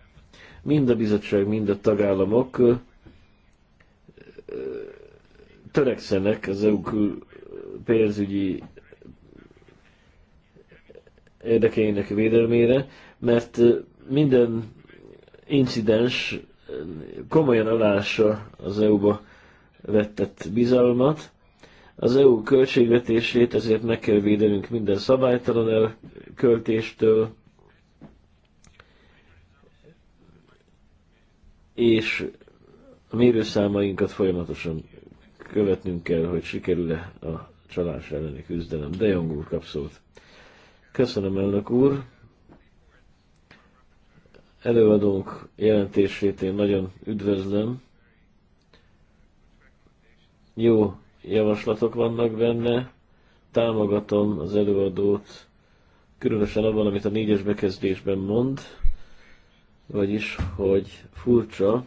Mind a bizottság, mind a tagállamok törekszenek az EU pénzügyi érdekeinek védelmére, mert minden incidens komolyan alássa az EU-ba vettett bizalmat. Az EU költségvetését ezért meg kell védenünk minden szabálytalan elköltéstől, és a mérőszámainkat folyamatosan követnünk kell, hogy sikerül-e a csalás elleni küzdelem. De Jong úr kap szót. Köszönöm, elnök úr. Előadónk jelentését én nagyon üdvözlöm. Jó javaslatok vannak benne. Támogatom az előadót, különösen abban, amit a négyes bekezdésben mond, vagyis, hogy furcsa,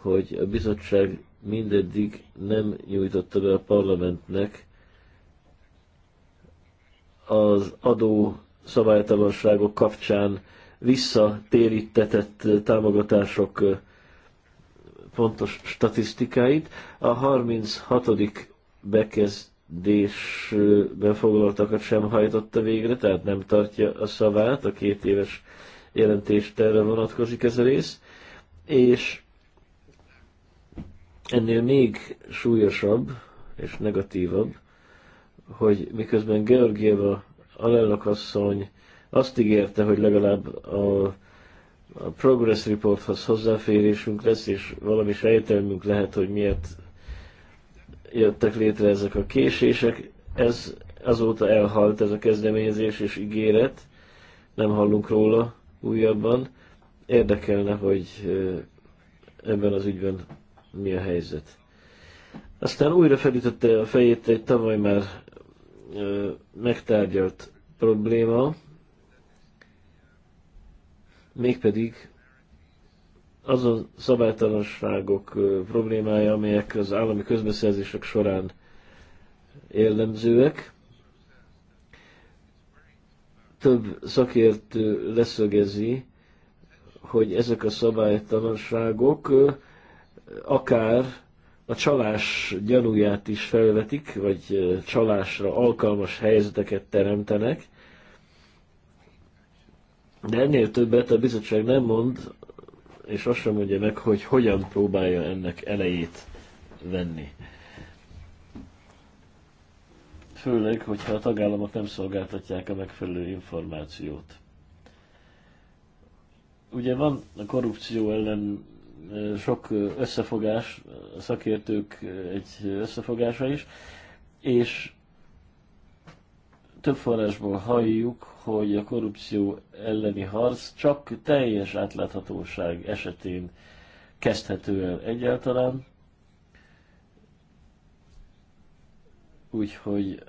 hogy a bizottság mindeddig nem nyújtotta be a parlamentnek az adó szabálytalanságok kapcsán visszatérítetett támogatások pontos statisztikáit. A 36. bekezdésben foglaltakat sem hajtotta végre, tehát nem tartja a szavát, a két éves jelentést erre vonatkozik ez a rész, és ennél még súlyosabb és negatívabb, hogy miközben Georgieva alelnökasszony azt ígérte, hogy legalább a, a Progress Reporthoz hozzáférésünk lesz, és valami sejtelmünk lehet, hogy miért jöttek létre ezek a késések. Ez azóta elhalt ez a kezdeményezés és ígéret, nem hallunk róla újabban. Érdekelne, hogy ebben az ügyben mi a helyzet. Aztán újra felütötte a fejét egy tavaly már ö, megtárgyalt probléma, mégpedig a szabálytalanságok ö, problémája, amelyek az állami közbeszerzések során jellemzőek. Több szakértő leszögezi, hogy ezek a szabálytalanságok akár a csalás gyanúját is felvetik, vagy csalásra alkalmas helyzeteket teremtenek, de ennél többet a bizottság nem mond, és azt sem mondja meg, hogy hogyan próbálja ennek elejét venni. Főleg, hogyha a tagállamok nem szolgáltatják a megfelelő információt. Ugye van a korrupció ellen sok összefogás, a szakértők egy összefogása is, és több forrásból halljuk, hogy a korrupció elleni harc csak teljes átláthatóság esetén kezdhető el egyáltalán, úgyhogy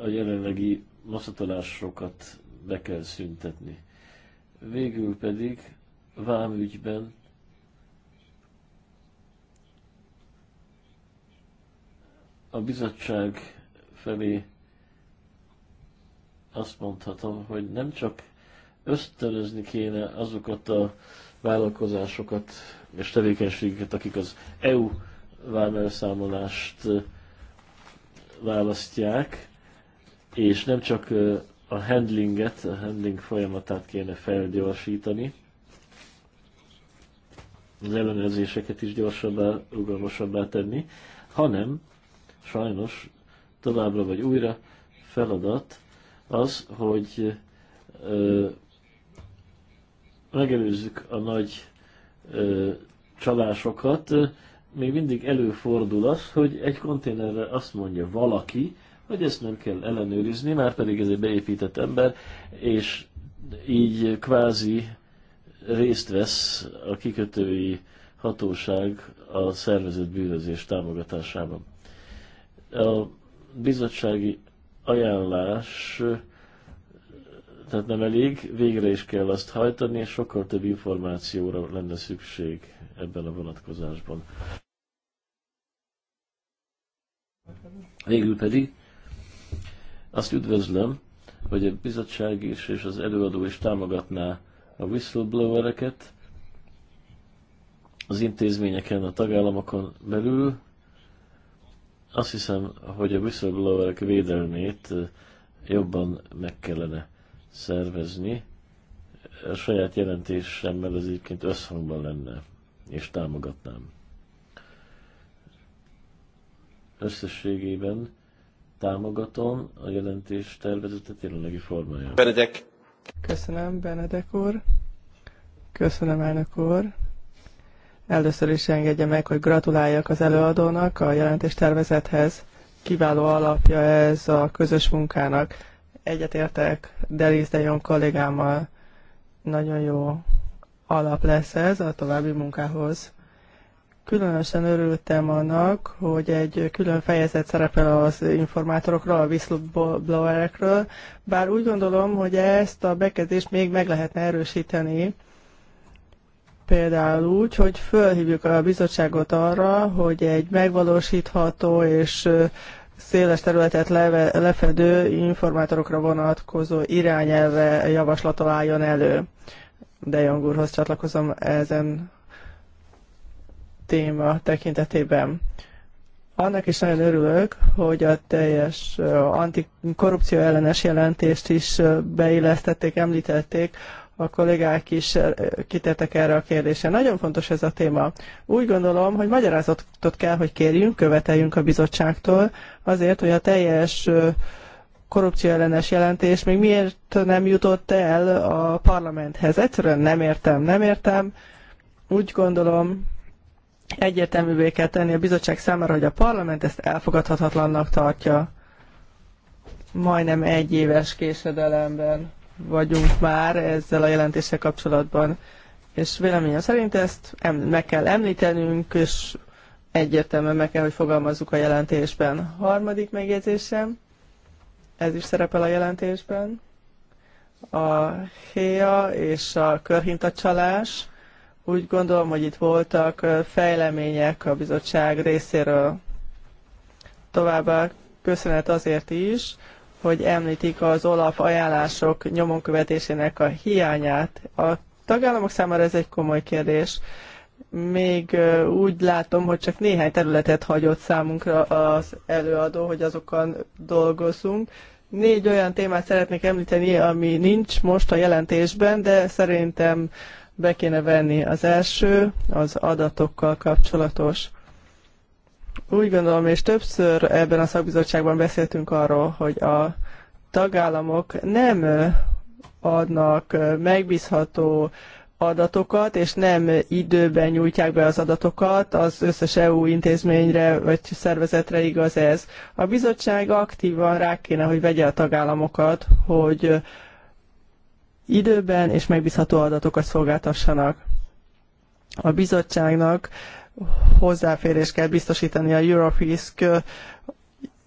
a jelenlegi maszatolásokat be kell szüntetni. Végül pedig vámügyben a bizottság felé azt mondhatom, hogy nem csak ösztönözni kéne azokat a vállalkozásokat és tevékenységeket, akik az EU vámelszámolást választják, és nem csak a handlinget, a handling folyamatát kéne felgyorsítani, az ellenőrzéseket is gyorsabbá, rugalmasabbá tenni, hanem sajnos továbbra vagy újra feladat az, hogy ö, megelőzzük a nagy ö, csalásokat. Még mindig előfordul az, hogy egy konténerre azt mondja valaki, hogy ezt nem kell ellenőrizni, már pedig ez egy beépített ember, és így kvázi részt vesz a kikötői hatóság a szervezett bűnözés támogatásában. A bizottsági ajánlás tehát nem elég, végre is kell azt hajtani, és sokkal több információra lenne szükség ebben a vonatkozásban. Végül pedig azt üdvözlöm, hogy a bizottság is és az előadó is támogatná a whistleblowereket az intézményeken, a tagállamokon belül, azt hiszem, hogy a whistleblowerek védelmét jobban meg kellene szervezni. A saját jelentésemmel ez egyébként összhangban lenne, és támogatnám. Összességében támogatom a jelentés tervezetet jelenlegi formájában. Benedek. Köszönöm, Benedek úr. Köszönöm, elnök úr. Először is engedje meg, hogy gratuláljak az előadónak a jelentéstervezethez. Kiváló alapja ez a közös munkának. Egyetértek Delis de Jong kollégámmal. Nagyon jó alap lesz ez a további munkához. Különösen örültem annak, hogy egy külön fejezet szerepel az informátorokról, a whistleblowerekről, bár úgy gondolom, hogy ezt a bekezdést még meg lehetne erősíteni, például úgy, hogy fölhívjuk a bizottságot arra, hogy egy megvalósítható és széles területet leve, lefedő informátorokra vonatkozó irányelve javaslata álljon elő. De Jong úrhoz csatlakozom ezen téma tekintetében. Annak is nagyon örülök, hogy a teljes antikorrupció ellenes jelentést is beillesztették, említették a kollégák is eh, kitértek erre a kérdésre. Nagyon fontos ez a téma. Úgy gondolom, hogy magyarázatot kell, hogy kérjünk, követeljünk a bizottságtól azért, hogy a teljes eh, korrupcióellenes jelentés még miért nem jutott el a parlamenthez. Egyszerűen nem értem, nem értem. Úgy gondolom, egyértelművé kell tenni a bizottság számára, hogy a parlament ezt elfogadhatatlannak tartja majdnem egy éves késedelemben vagyunk már ezzel a jelentéssel kapcsolatban. És véleményem szerint ezt em- meg kell említenünk, és egyértelműen meg kell, hogy fogalmazzuk a jelentésben. Harmadik megjegyzésem, ez is szerepel a jelentésben, a héja és a körhintacsalás. Úgy gondolom, hogy itt voltak fejlemények a bizottság részéről. Továbbá köszönet azért is, hogy említik az OLAF ajánlások nyomonkövetésének a hiányát. A tagállamok számára ez egy komoly kérdés. Még úgy látom, hogy csak néhány területet hagyott számunkra az előadó, hogy azokon dolgozunk. Négy olyan témát szeretnék említeni, ami nincs most a jelentésben, de szerintem be kéne venni. Az első az adatokkal kapcsolatos úgy gondolom, és többször ebben a szakbizottságban beszéltünk arról, hogy a tagállamok nem adnak megbízható adatokat, és nem időben nyújtják be az adatokat, az összes EU intézményre vagy szervezetre igaz ez. A bizottság aktívan rá kéne, hogy vegye a tagállamokat, hogy időben és megbízható adatokat szolgáltassanak. A bizottságnak hozzáférés kell biztosítani a Eurofisk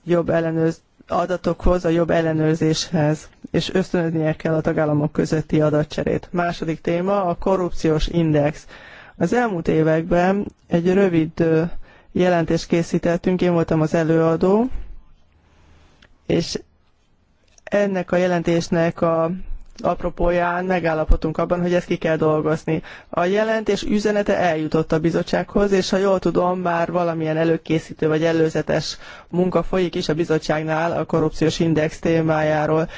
jobb ellenőrz adatokhoz, a jobb ellenőrzéshez, és ösztönöznie kell a tagállamok közötti adatcserét. Második téma a korrupciós index. Az elmúlt években egy rövid jelentést készítettünk, én voltam az előadó, és ennek a jelentésnek a apropóján megállapodtunk abban, hogy ezt ki kell dolgozni. A jelentés üzenete eljutott a bizottsághoz, és ha jól tudom, már valamilyen előkészítő vagy előzetes munka folyik is a bizottságnál a korrupciós index témájáról.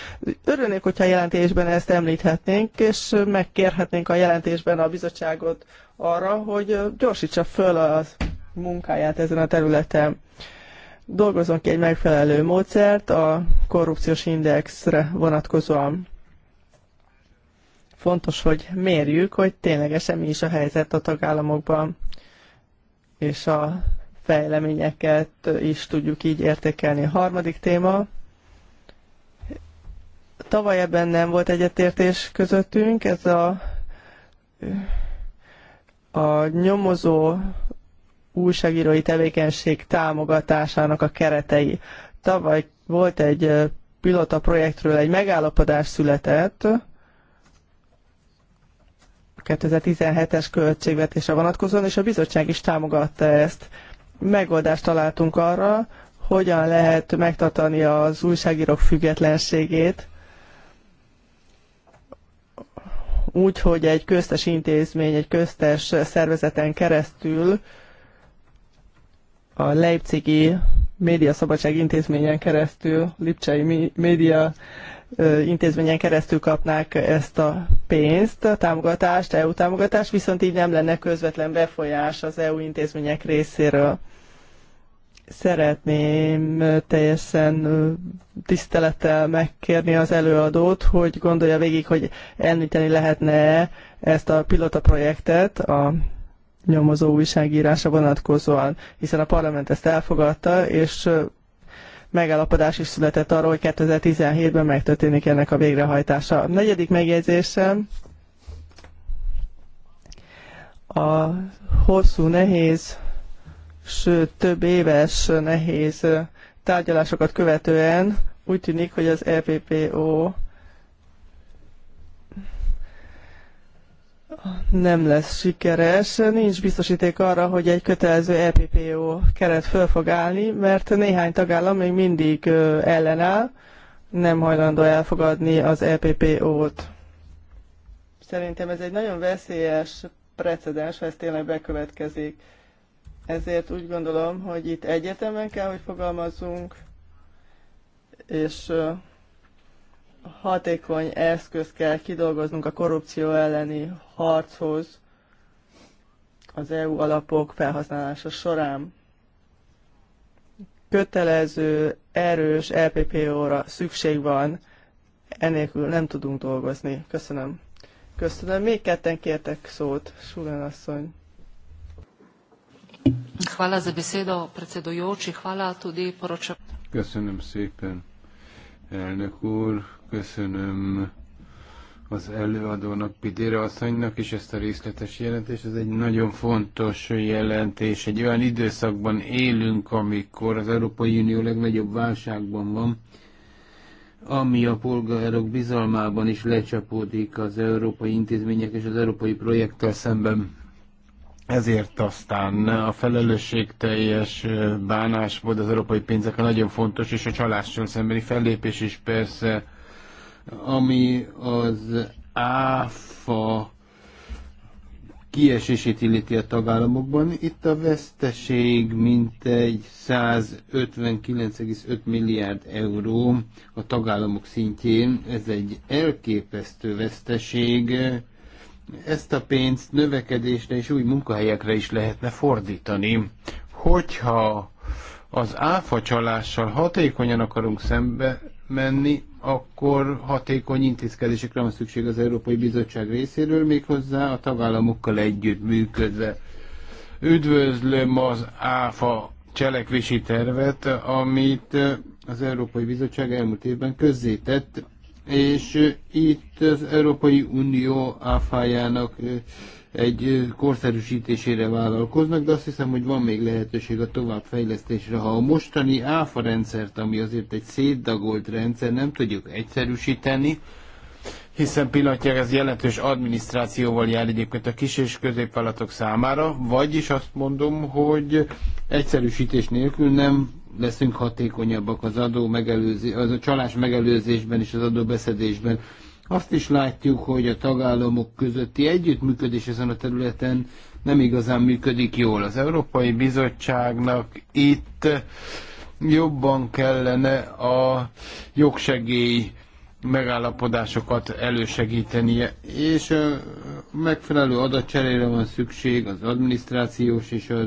Örülnék, hogyha a jelentésben ezt említhetnénk, és megkérhetnénk a jelentésben a bizottságot arra, hogy gyorsítsa föl a munkáját ezen a területen dolgozunk egy megfelelő módszert a korrupciós indexre vonatkozóan. Fontos, hogy mérjük, hogy ténylegesen mi is a helyzet a tagállamokban, és a fejleményeket is tudjuk így értékelni. A harmadik téma, tavaly ebben nem volt egyetértés közöttünk, ez a, a nyomozó újságírói tevékenység támogatásának a keretei. Tavaly volt egy pilota projektről egy megállapodás született, 2017-es költségvetésre vonatkozóan, és a bizottság is támogatta ezt. Megoldást találtunk arra, hogyan lehet megtartani az újságírók függetlenségét, úgy, hogy egy köztes intézmény, egy köztes szervezeten keresztül a Leipzigi Szabadság Intézményen keresztül, Lipcsei Média Intézményen keresztül kapnák ezt a pénzt, támogatást, EU támogatást, viszont így nem lenne közvetlen befolyás az EU intézmények részéről. Szeretném teljesen tisztelettel megkérni az előadót, hogy gondolja végig, hogy említeni lehetne ezt a pilota projektet, a nyomozó újságírása vonatkozóan, hiszen a parlament ezt elfogadta, és megállapodás is született arról, hogy 2017-ben megtörténik ennek a végrehajtása. A negyedik megjegyzésem a hosszú, nehéz, sőt több éves nehéz tárgyalásokat követően úgy tűnik, hogy az EPPO nem lesz sikeres. Nincs biztosíték arra, hogy egy kötelező EPPO keret föl fog állni, mert néhány tagállam még mindig ellenáll, nem hajlandó elfogadni az EPPO-t. Szerintem ez egy nagyon veszélyes precedens, ha ez tényleg bekövetkezik. Ezért úgy gondolom, hogy itt egyetemen kell, hogy fogalmazzunk, és hatékony eszköz kell kidolgoznunk a korrupció elleni harchoz az EU alapok felhasználása során. Kötelező, erős LPPO-ra e szükség van, enélkül nem tudunk dolgozni. Köszönöm. Köszönöm. Még ketten kértek szót, Sulen asszony. Hvala za besedo, predsedujoči. Hvala tudi Köszönöm szépen, elnök úr Köszönöm az előadónak, Pidére asszonynak is ezt a részletes jelentést. Ez egy nagyon fontos jelentés. Egy olyan időszakban élünk, amikor az Európai Unió legnagyobb válságban van, ami a polgárok bizalmában is lecsapódik az európai intézmények és az európai projekttel szemben. Ezért aztán a felelősségteljes bánásmód az európai pénzekkel nagyon fontos, és a csalással szembeni fellépés is persze ami az áfa kiesését illeti a tagállamokban. Itt a veszteség mintegy 159,5 milliárd euró a tagállamok szintjén. Ez egy elképesztő veszteség. Ezt a pénzt növekedésre és új munkahelyekre is lehetne fordítani. Hogyha az áfa csalással hatékonyan akarunk szembe menni, akkor hatékony intézkedésekre van szükség az Európai Bizottság részéről, méghozzá a tagállamokkal együtt működve. Üdvözlöm az ÁFA cselekvési tervet, amit az Európai Bizottság elmúlt évben közzétett, és itt az Európai Unió áfájának egy korszerűsítésére vállalkoznak, de azt hiszem, hogy van még lehetőség a továbbfejlesztésre. Ha a mostani áfa rendszert, ami azért egy szétdagolt rendszer, nem tudjuk egyszerűsíteni, hiszen pillanatnyilag ez jelentős adminisztrációval jár egyébként a kis és középvállalatok számára, vagyis azt mondom, hogy egyszerűsítés nélkül nem leszünk hatékonyabbak az adó megelőzi, az a csalás megelőzésben és az adóbeszedésben. beszedésben azt is látjuk, hogy a tagállamok közötti együttműködés ezen a területen nem igazán működik jól. Az Európai Bizottságnak itt jobban kellene a jogsegély megállapodásokat elősegítenie, és megfelelő adatcserére van szükség az adminisztrációs és az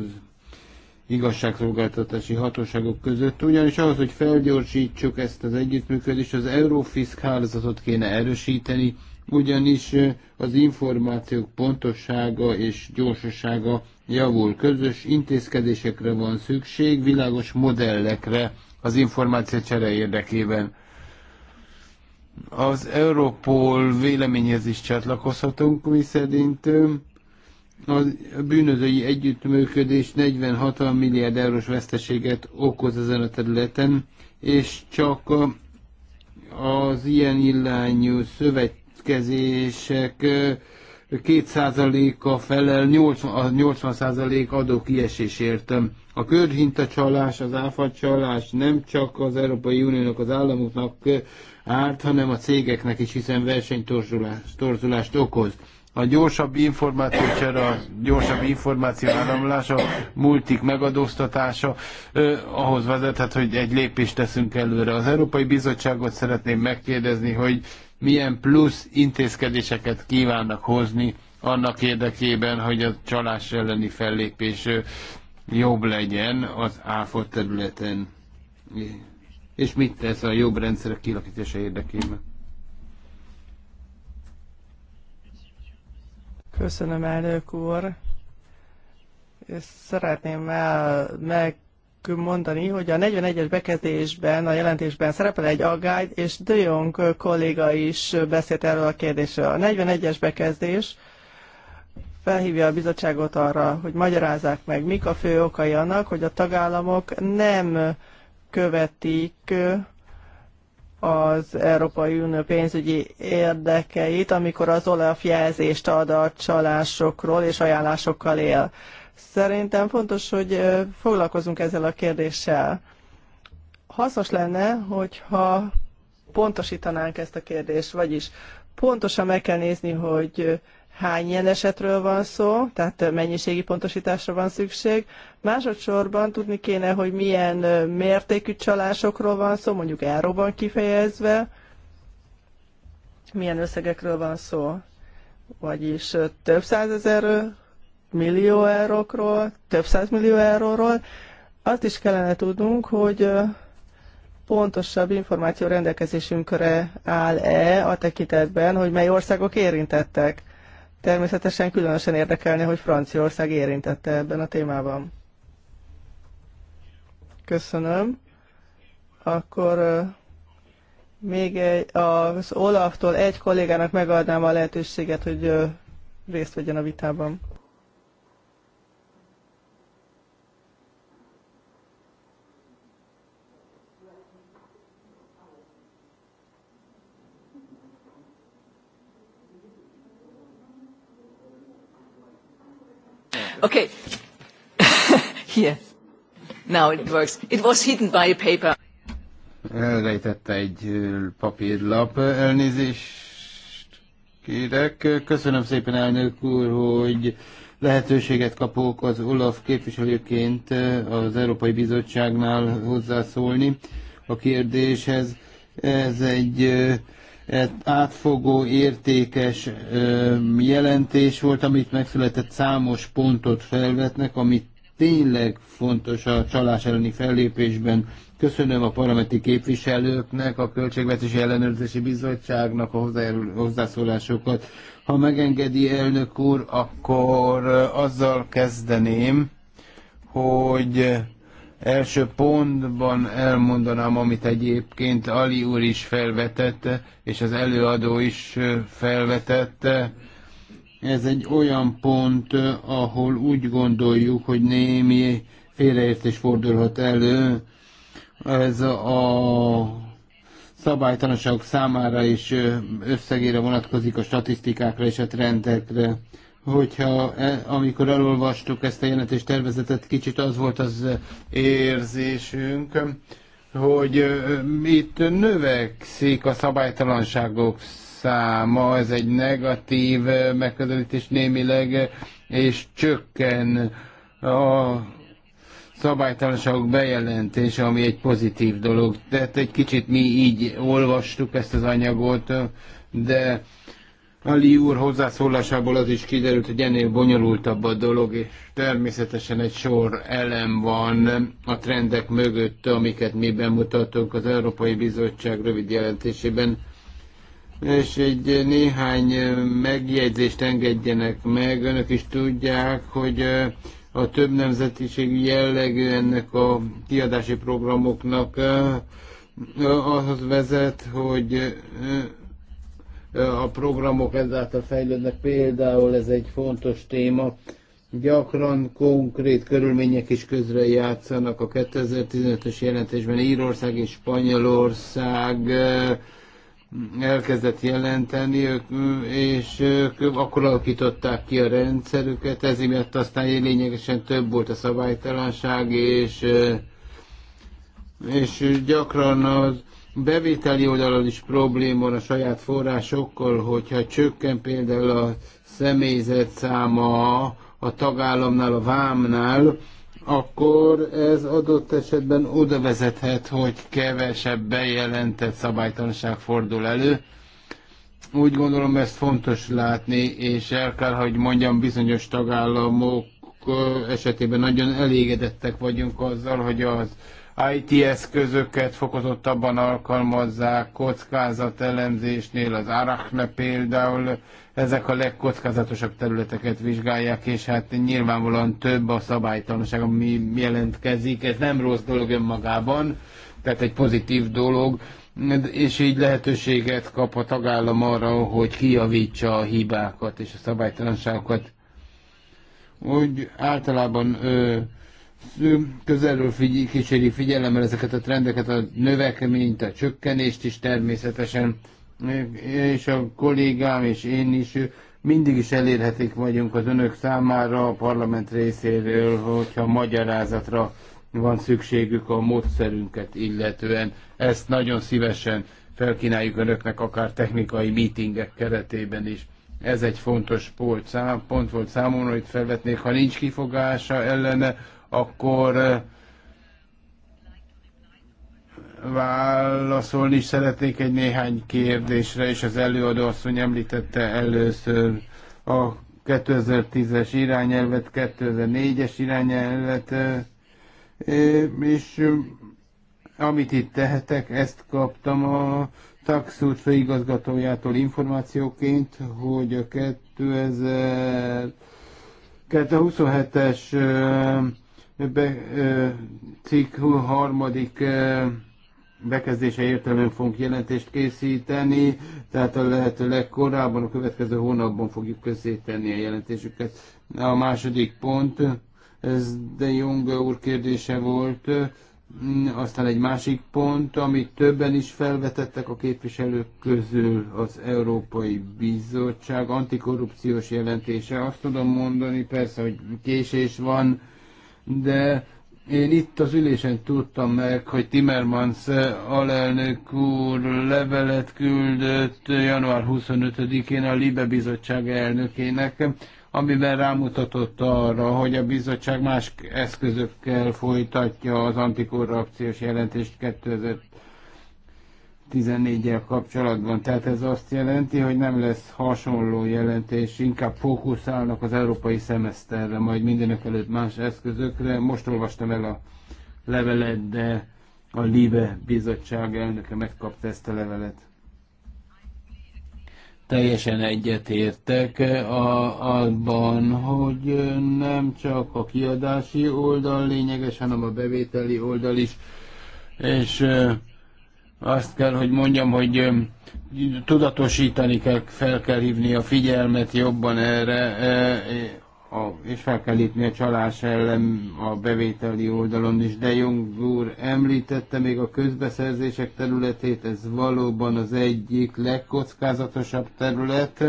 igazságszolgáltatási hatóságok között, ugyanis ahhoz, hogy felgyorsítsuk ezt az együttműködést, az Eurofisk hálózatot kéne erősíteni, ugyanis az információk pontossága és gyorsasága javul. Közös intézkedésekre van szükség, világos modellekre az információ csere érdekében. Az Europol véleményhez is csatlakozhatunk, mi szerintünk a bűnözői együttműködés 40-60 milliárd eurós veszteséget okoz ezen a területen, és csak az ilyen illányú szövetkezések 2%-a felel 80%, 80% adó kiesésért. A körhintacsalás, az áfacsalás nem csak az Európai Uniónak, az államoknak árt, hanem a cégeknek is, hiszen versenytorzulást okoz a gyorsabb információcsere, a gyorsabb információ áramlása, multik megadóztatása eh, ahhoz vezethet, hogy egy lépést teszünk előre. Az Európai Bizottságot szeretném megkérdezni, hogy milyen plusz intézkedéseket kívánnak hozni annak érdekében, hogy a csalás elleni fellépés jobb legyen az áfa területen. És mit tesz a jobb rendszerek kilakítása érdekében? Köszönöm, elnök úr. És szeretném el meg mondani, hogy a 41-es bekezdésben, a jelentésben szerepel egy aggály, és De Jong kolléga is beszélt erről a kérdésről. A 41-es bekezdés felhívja a bizottságot arra, hogy magyarázzák meg, mik a fő okai annak, hogy a tagállamok nem követik az Európai Unió pénzügyi érdekeit, amikor az Olaf jelzést ad a csalásokról és ajánlásokkal él. Szerintem fontos, hogy foglalkozunk ezzel a kérdéssel. Hasznos lenne, hogyha pontosítanánk ezt a kérdést, vagyis pontosan meg kell nézni, hogy hány ilyen esetről van szó, tehát mennyiségi pontosításra van szükség. Másodszorban tudni kéne, hogy milyen mértékű csalásokról van szó, mondjuk euróban kifejezve, milyen összegekről van szó, vagyis több százezer millió eurókról, több százmillió euróról. Azt is kellene tudnunk, hogy pontosabb információ rendelkezésünkre áll-e a tekintetben, hogy mely országok érintettek Természetesen különösen érdekelne, hogy Franciaország érintette ebben a témában. Köszönöm. Akkor még egy, az Olaftól egy kollégának megadnám a lehetőséget, hogy részt vegyen a vitában. Okay. Here. Now it works. It was hidden by a paper. Elrejtette egy papírlap. Elnézést kérek. Köszönöm szépen, elnök úr, hogy lehetőséget kapok az Olaf képviselőként az Európai Bizottságnál hozzászólni a kérdéshez. Ez egy átfogó, értékes jelentés volt, amit megszületett számos pontot felvetnek, amit tényleg fontos a csalás elleni fellépésben. Köszönöm a parlamenti képviselőknek, a Költségvetési Ellenőrzési Bizottságnak a hozzászólásokat. Ha megengedi elnök úr, akkor azzal kezdeném, hogy első pontban elmondanám, amit egyébként Ali úr is felvetette, és az előadó is felvetette. Ez egy olyan pont, ahol úgy gondoljuk, hogy némi félreértés fordulhat elő. Ez a szabálytalanságok számára és összegére vonatkozik a statisztikákra és a trendekre hogyha e, amikor elolvastuk ezt a jelentést tervezetet, kicsit az volt az érzésünk, hogy itt növekszik a szabálytalanságok száma, ez egy negatív megközelítés némileg, és csökken a szabálytalanságok bejelentése, ami egy pozitív dolog. Tehát egy kicsit mi így olvastuk ezt az anyagot, de Lee úr hozzászólásából az is kiderült, hogy ennél bonyolultabb a dolog, és természetesen egy sor elem van a trendek mögött, amiket mi bemutatunk az Európai Bizottság rövid jelentésében. És egy néhány megjegyzést engedjenek meg. Önök is tudják, hogy a több nemzetiségű jellegű ennek a kiadási programoknak ahhoz vezet, hogy a programok ezáltal fejlődnek. Például ez egy fontos téma. Gyakran konkrét körülmények is közre játszanak. A 2015-ös jelentésben Írország és Spanyolország elkezdett jelenteni, és ők akkor alakították ki a rendszerüket, ez miatt aztán lényegesen több volt a szabálytalanság, és, és gyakran az bevételi oldalon is probléma a saját forrásokkal, hogyha csökken például a személyzet száma a tagállamnál, a vámnál, akkor ez adott esetben oda vezethet, hogy kevesebb bejelentett szabálytalanság fordul elő. Úgy gondolom, ezt fontos látni, és el kell, hogy mondjam, bizonyos tagállamok esetében nagyon elégedettek vagyunk azzal, hogy az IT eszközöket fokozottabban alkalmazzák, elemzésnél az Arachne például, ezek a legkockázatosabb területeket vizsgálják, és hát nyilvánvalóan több a szabálytalanság, ami jelentkezik. Ez nem rossz dolog önmagában, tehát egy pozitív dolog, és így lehetőséget kap a tagállam arra, hogy kijavítsa a hibákat és a szabálytalanságokat. Úgy általában ö, közelről figy- kíséri figyelemmel ezeket a trendeket, a növekményt, a csökkenést is természetesen, és a kollégám és én is mindig is elérhetik vagyunk az önök számára a parlament részéről, hogyha magyarázatra van szükségük a módszerünket illetően. Ezt nagyon szívesen felkínáljuk önöknek akár technikai meetingek keretében is. Ez egy fontos pont, pont volt számomra, hogy felvetnék, ha nincs kifogása ellene, akkor eh, válaszolni is szeretnék egy néhány kérdésre, és az előadó asszony említette először a 2010-es irányelvet, 2004-es irányelvet, eh, és eh, amit itt tehetek, ezt kaptam a taxút főigazgatójától információként, hogy a 2000 27 es be, cikk harmadik bekezdése értelműen fogunk jelentést készíteni, tehát a lehető legkorábban, a következő hónapban fogjuk közzétenni a jelentésüket. A második pont, ez de Jung úr kérdése volt, aztán egy másik pont, amit többen is felvetettek a képviselők közül, az Európai Bizottság antikorrupciós jelentése. Azt tudom mondani persze, hogy késés van, de én itt az ülésen tudtam meg, hogy Timmermans alelnök úr levelet küldött január 25-én a Libe bizottság elnökének, amiben rámutatott arra, hogy a bizottság más eszközökkel folytatja az antikorrupciós jelentést 14-el kapcsolatban. Tehát ez azt jelenti, hogy nem lesz hasonló jelentés, inkább fókuszálnak az európai szemeszterre, majd mindenek előtt más eszközökre. Most olvastam el a levelet, de a LIBE bizottság elnöke megkapta ezt a levelet. Teljesen egyetértek abban, hogy nem csak a kiadási oldal lényeges, hanem a bevételi oldal is, és azt kell, hogy mondjam, hogy tudatosítani kell, fel kell hívni a figyelmet jobban erre, és fel kell lépni a csalás ellen a bevételi oldalon is. De Jung úr említette még a közbeszerzések területét, ez valóban az egyik legkockázatosabb terület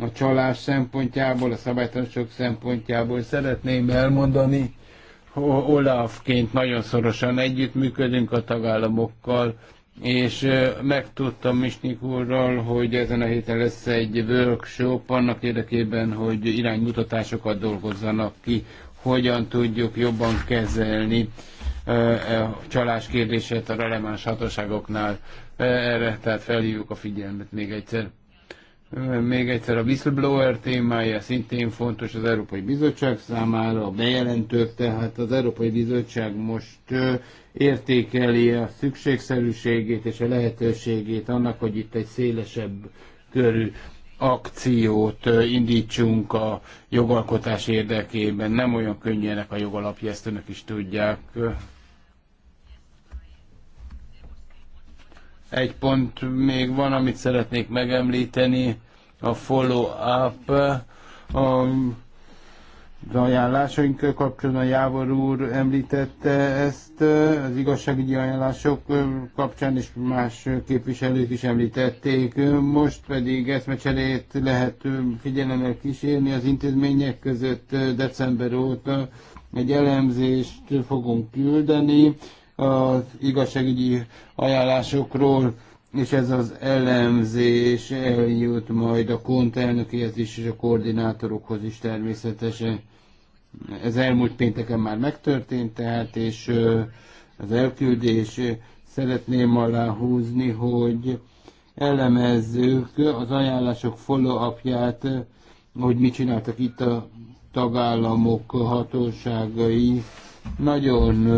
a csalás szempontjából, a szabálytalanságok szempontjából szeretném elmondani, Olafként nagyon szorosan együttműködünk a tagállamokkal, és megtudtam Misnik úrral, hogy ezen a héten lesz egy workshop annak érdekében, hogy iránymutatásokat dolgozzanak ki, hogyan tudjuk jobban kezelni e, a csalás kérdését a releváns hatóságoknál. Erre tehát felhívjuk a figyelmet még egyszer. Még egyszer a whistleblower témája szintén fontos az Európai Bizottság számára, a bejelentők, tehát az Európai Bizottság most értékeli a szükségszerűségét és a lehetőségét annak, hogy itt egy szélesebb körű akciót indítsunk a jogalkotás érdekében. Nem olyan könnyenek a jogalapja, ezt önök is tudják. Egy pont még van, amit szeretnék megemlíteni, a follow-up, a az kapcsolatban Jávor úr említette ezt az igazságügyi ajánlások kapcsán, és más képviselők is említették. Most pedig eszmecserét lehet figyelemmel kísérni az intézmények között december óta. Egy elemzést fogunk küldeni az igazságügyi ajánlásokról, és ez az elemzés eljut majd a kont elnökéhez is, és a koordinátorokhoz is természetesen. Ez elmúlt pénteken már megtörtént, tehát, és az elküldés szeretném aláhúzni, hogy elemezzük az ajánlások follow-upját, hogy mit csináltak itt a tagállamok hatóságai. Nagyon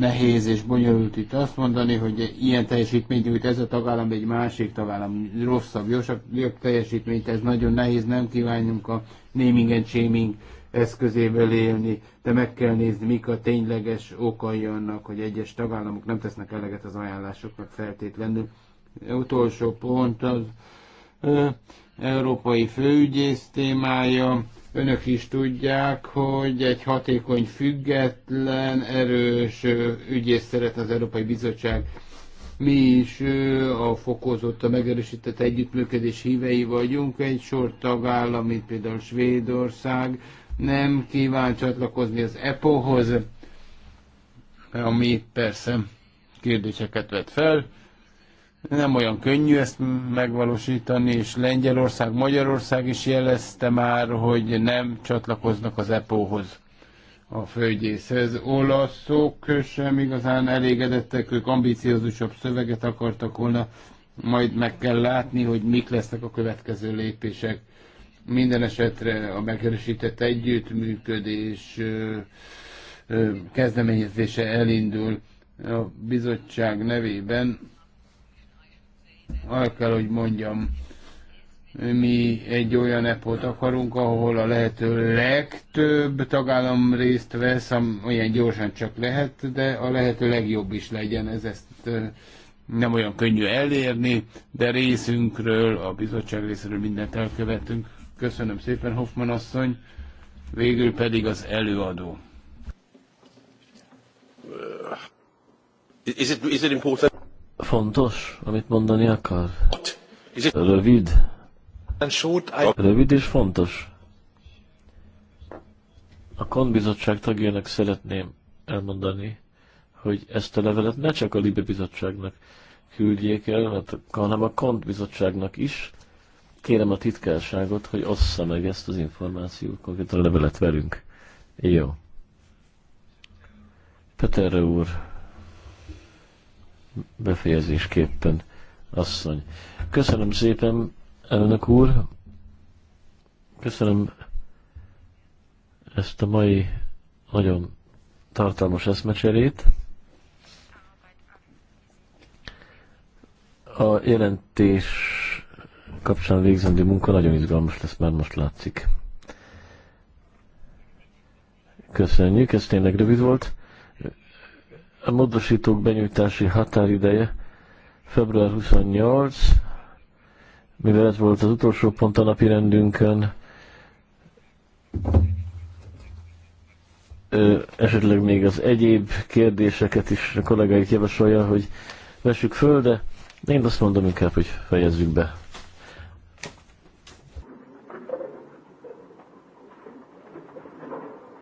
nehéz és bonyolult itt azt mondani, hogy ilyen teljesítményt nyújt ez a tagállam, egy másik tagállam rosszabb, jobb teljesítményt, ez nagyon nehéz, nem kívánjunk a naming and shaming eszközével élni, de meg kell nézni, mik a tényleges okai annak, hogy egyes tagállamok nem tesznek eleget az ajánlásoknak feltétlenül. Utolsó pont az ö, európai főügyész témája Önök is tudják, hogy egy hatékony, független, erős ügyész szeret az Európai Bizottság. Mi is a fokozott, a megerősített együttműködés hívei vagyunk. Egy sor tagállam, mint például Svédország, nem kíván csatlakozni az EPO-hoz, ami persze kérdéseket vet fel. Nem olyan könnyű ezt megvalósítani, és Lengyelország, Magyarország is jelezte már, hogy nem csatlakoznak az EPO-hoz, a földgyészhez. Olaszok sem igazán elégedettek, ők ambiciózusabb szöveget akartak volna, majd meg kell látni, hogy mik lesznek a következő lépések. Minden esetre a megerősített együttműködés kezdeményezése elindul a bizottság nevében el kell, hogy mondjam, mi egy olyan epot akarunk, ahol a lehető legtöbb tagállam részt vesz, olyan gyorsan csak lehet, de a lehető legjobb is legyen. Ez ezt nem olyan könnyű elérni, de részünkről, a bizottság részéről mindent elkövetünk. Köszönöm szépen, Hoffman asszony. Végül pedig az előadó. Is it, is it important? Fontos, amit mondani akar? Rövid. Rövid és fontos. A konbizottság tagjának szeretném elmondani, hogy ezt a levelet ne csak a Libe bizottságnak küldjék el, hanem a kont bizottságnak is. Kérem a titkárságot, hogy ossza meg ezt az információt, konkrétan a levelet velünk. Jó. Peterre úr befejezésképpen, asszony. Köszönöm szépen, elnök úr. Köszönöm ezt a mai nagyon tartalmas eszmecserét. A jelentés kapcsán végzendő munka nagyon izgalmas lesz, már most látszik. Köszönjük, ez tényleg rövid volt. A módosítók benyújtási határideje február 28, mivel ez volt az utolsó pont a napi rendünkön, ö, esetleg még az egyéb kérdéseket is a kollégáik javasolja, hogy vessük föl, de én azt mondom inkább, hogy fejezzük be.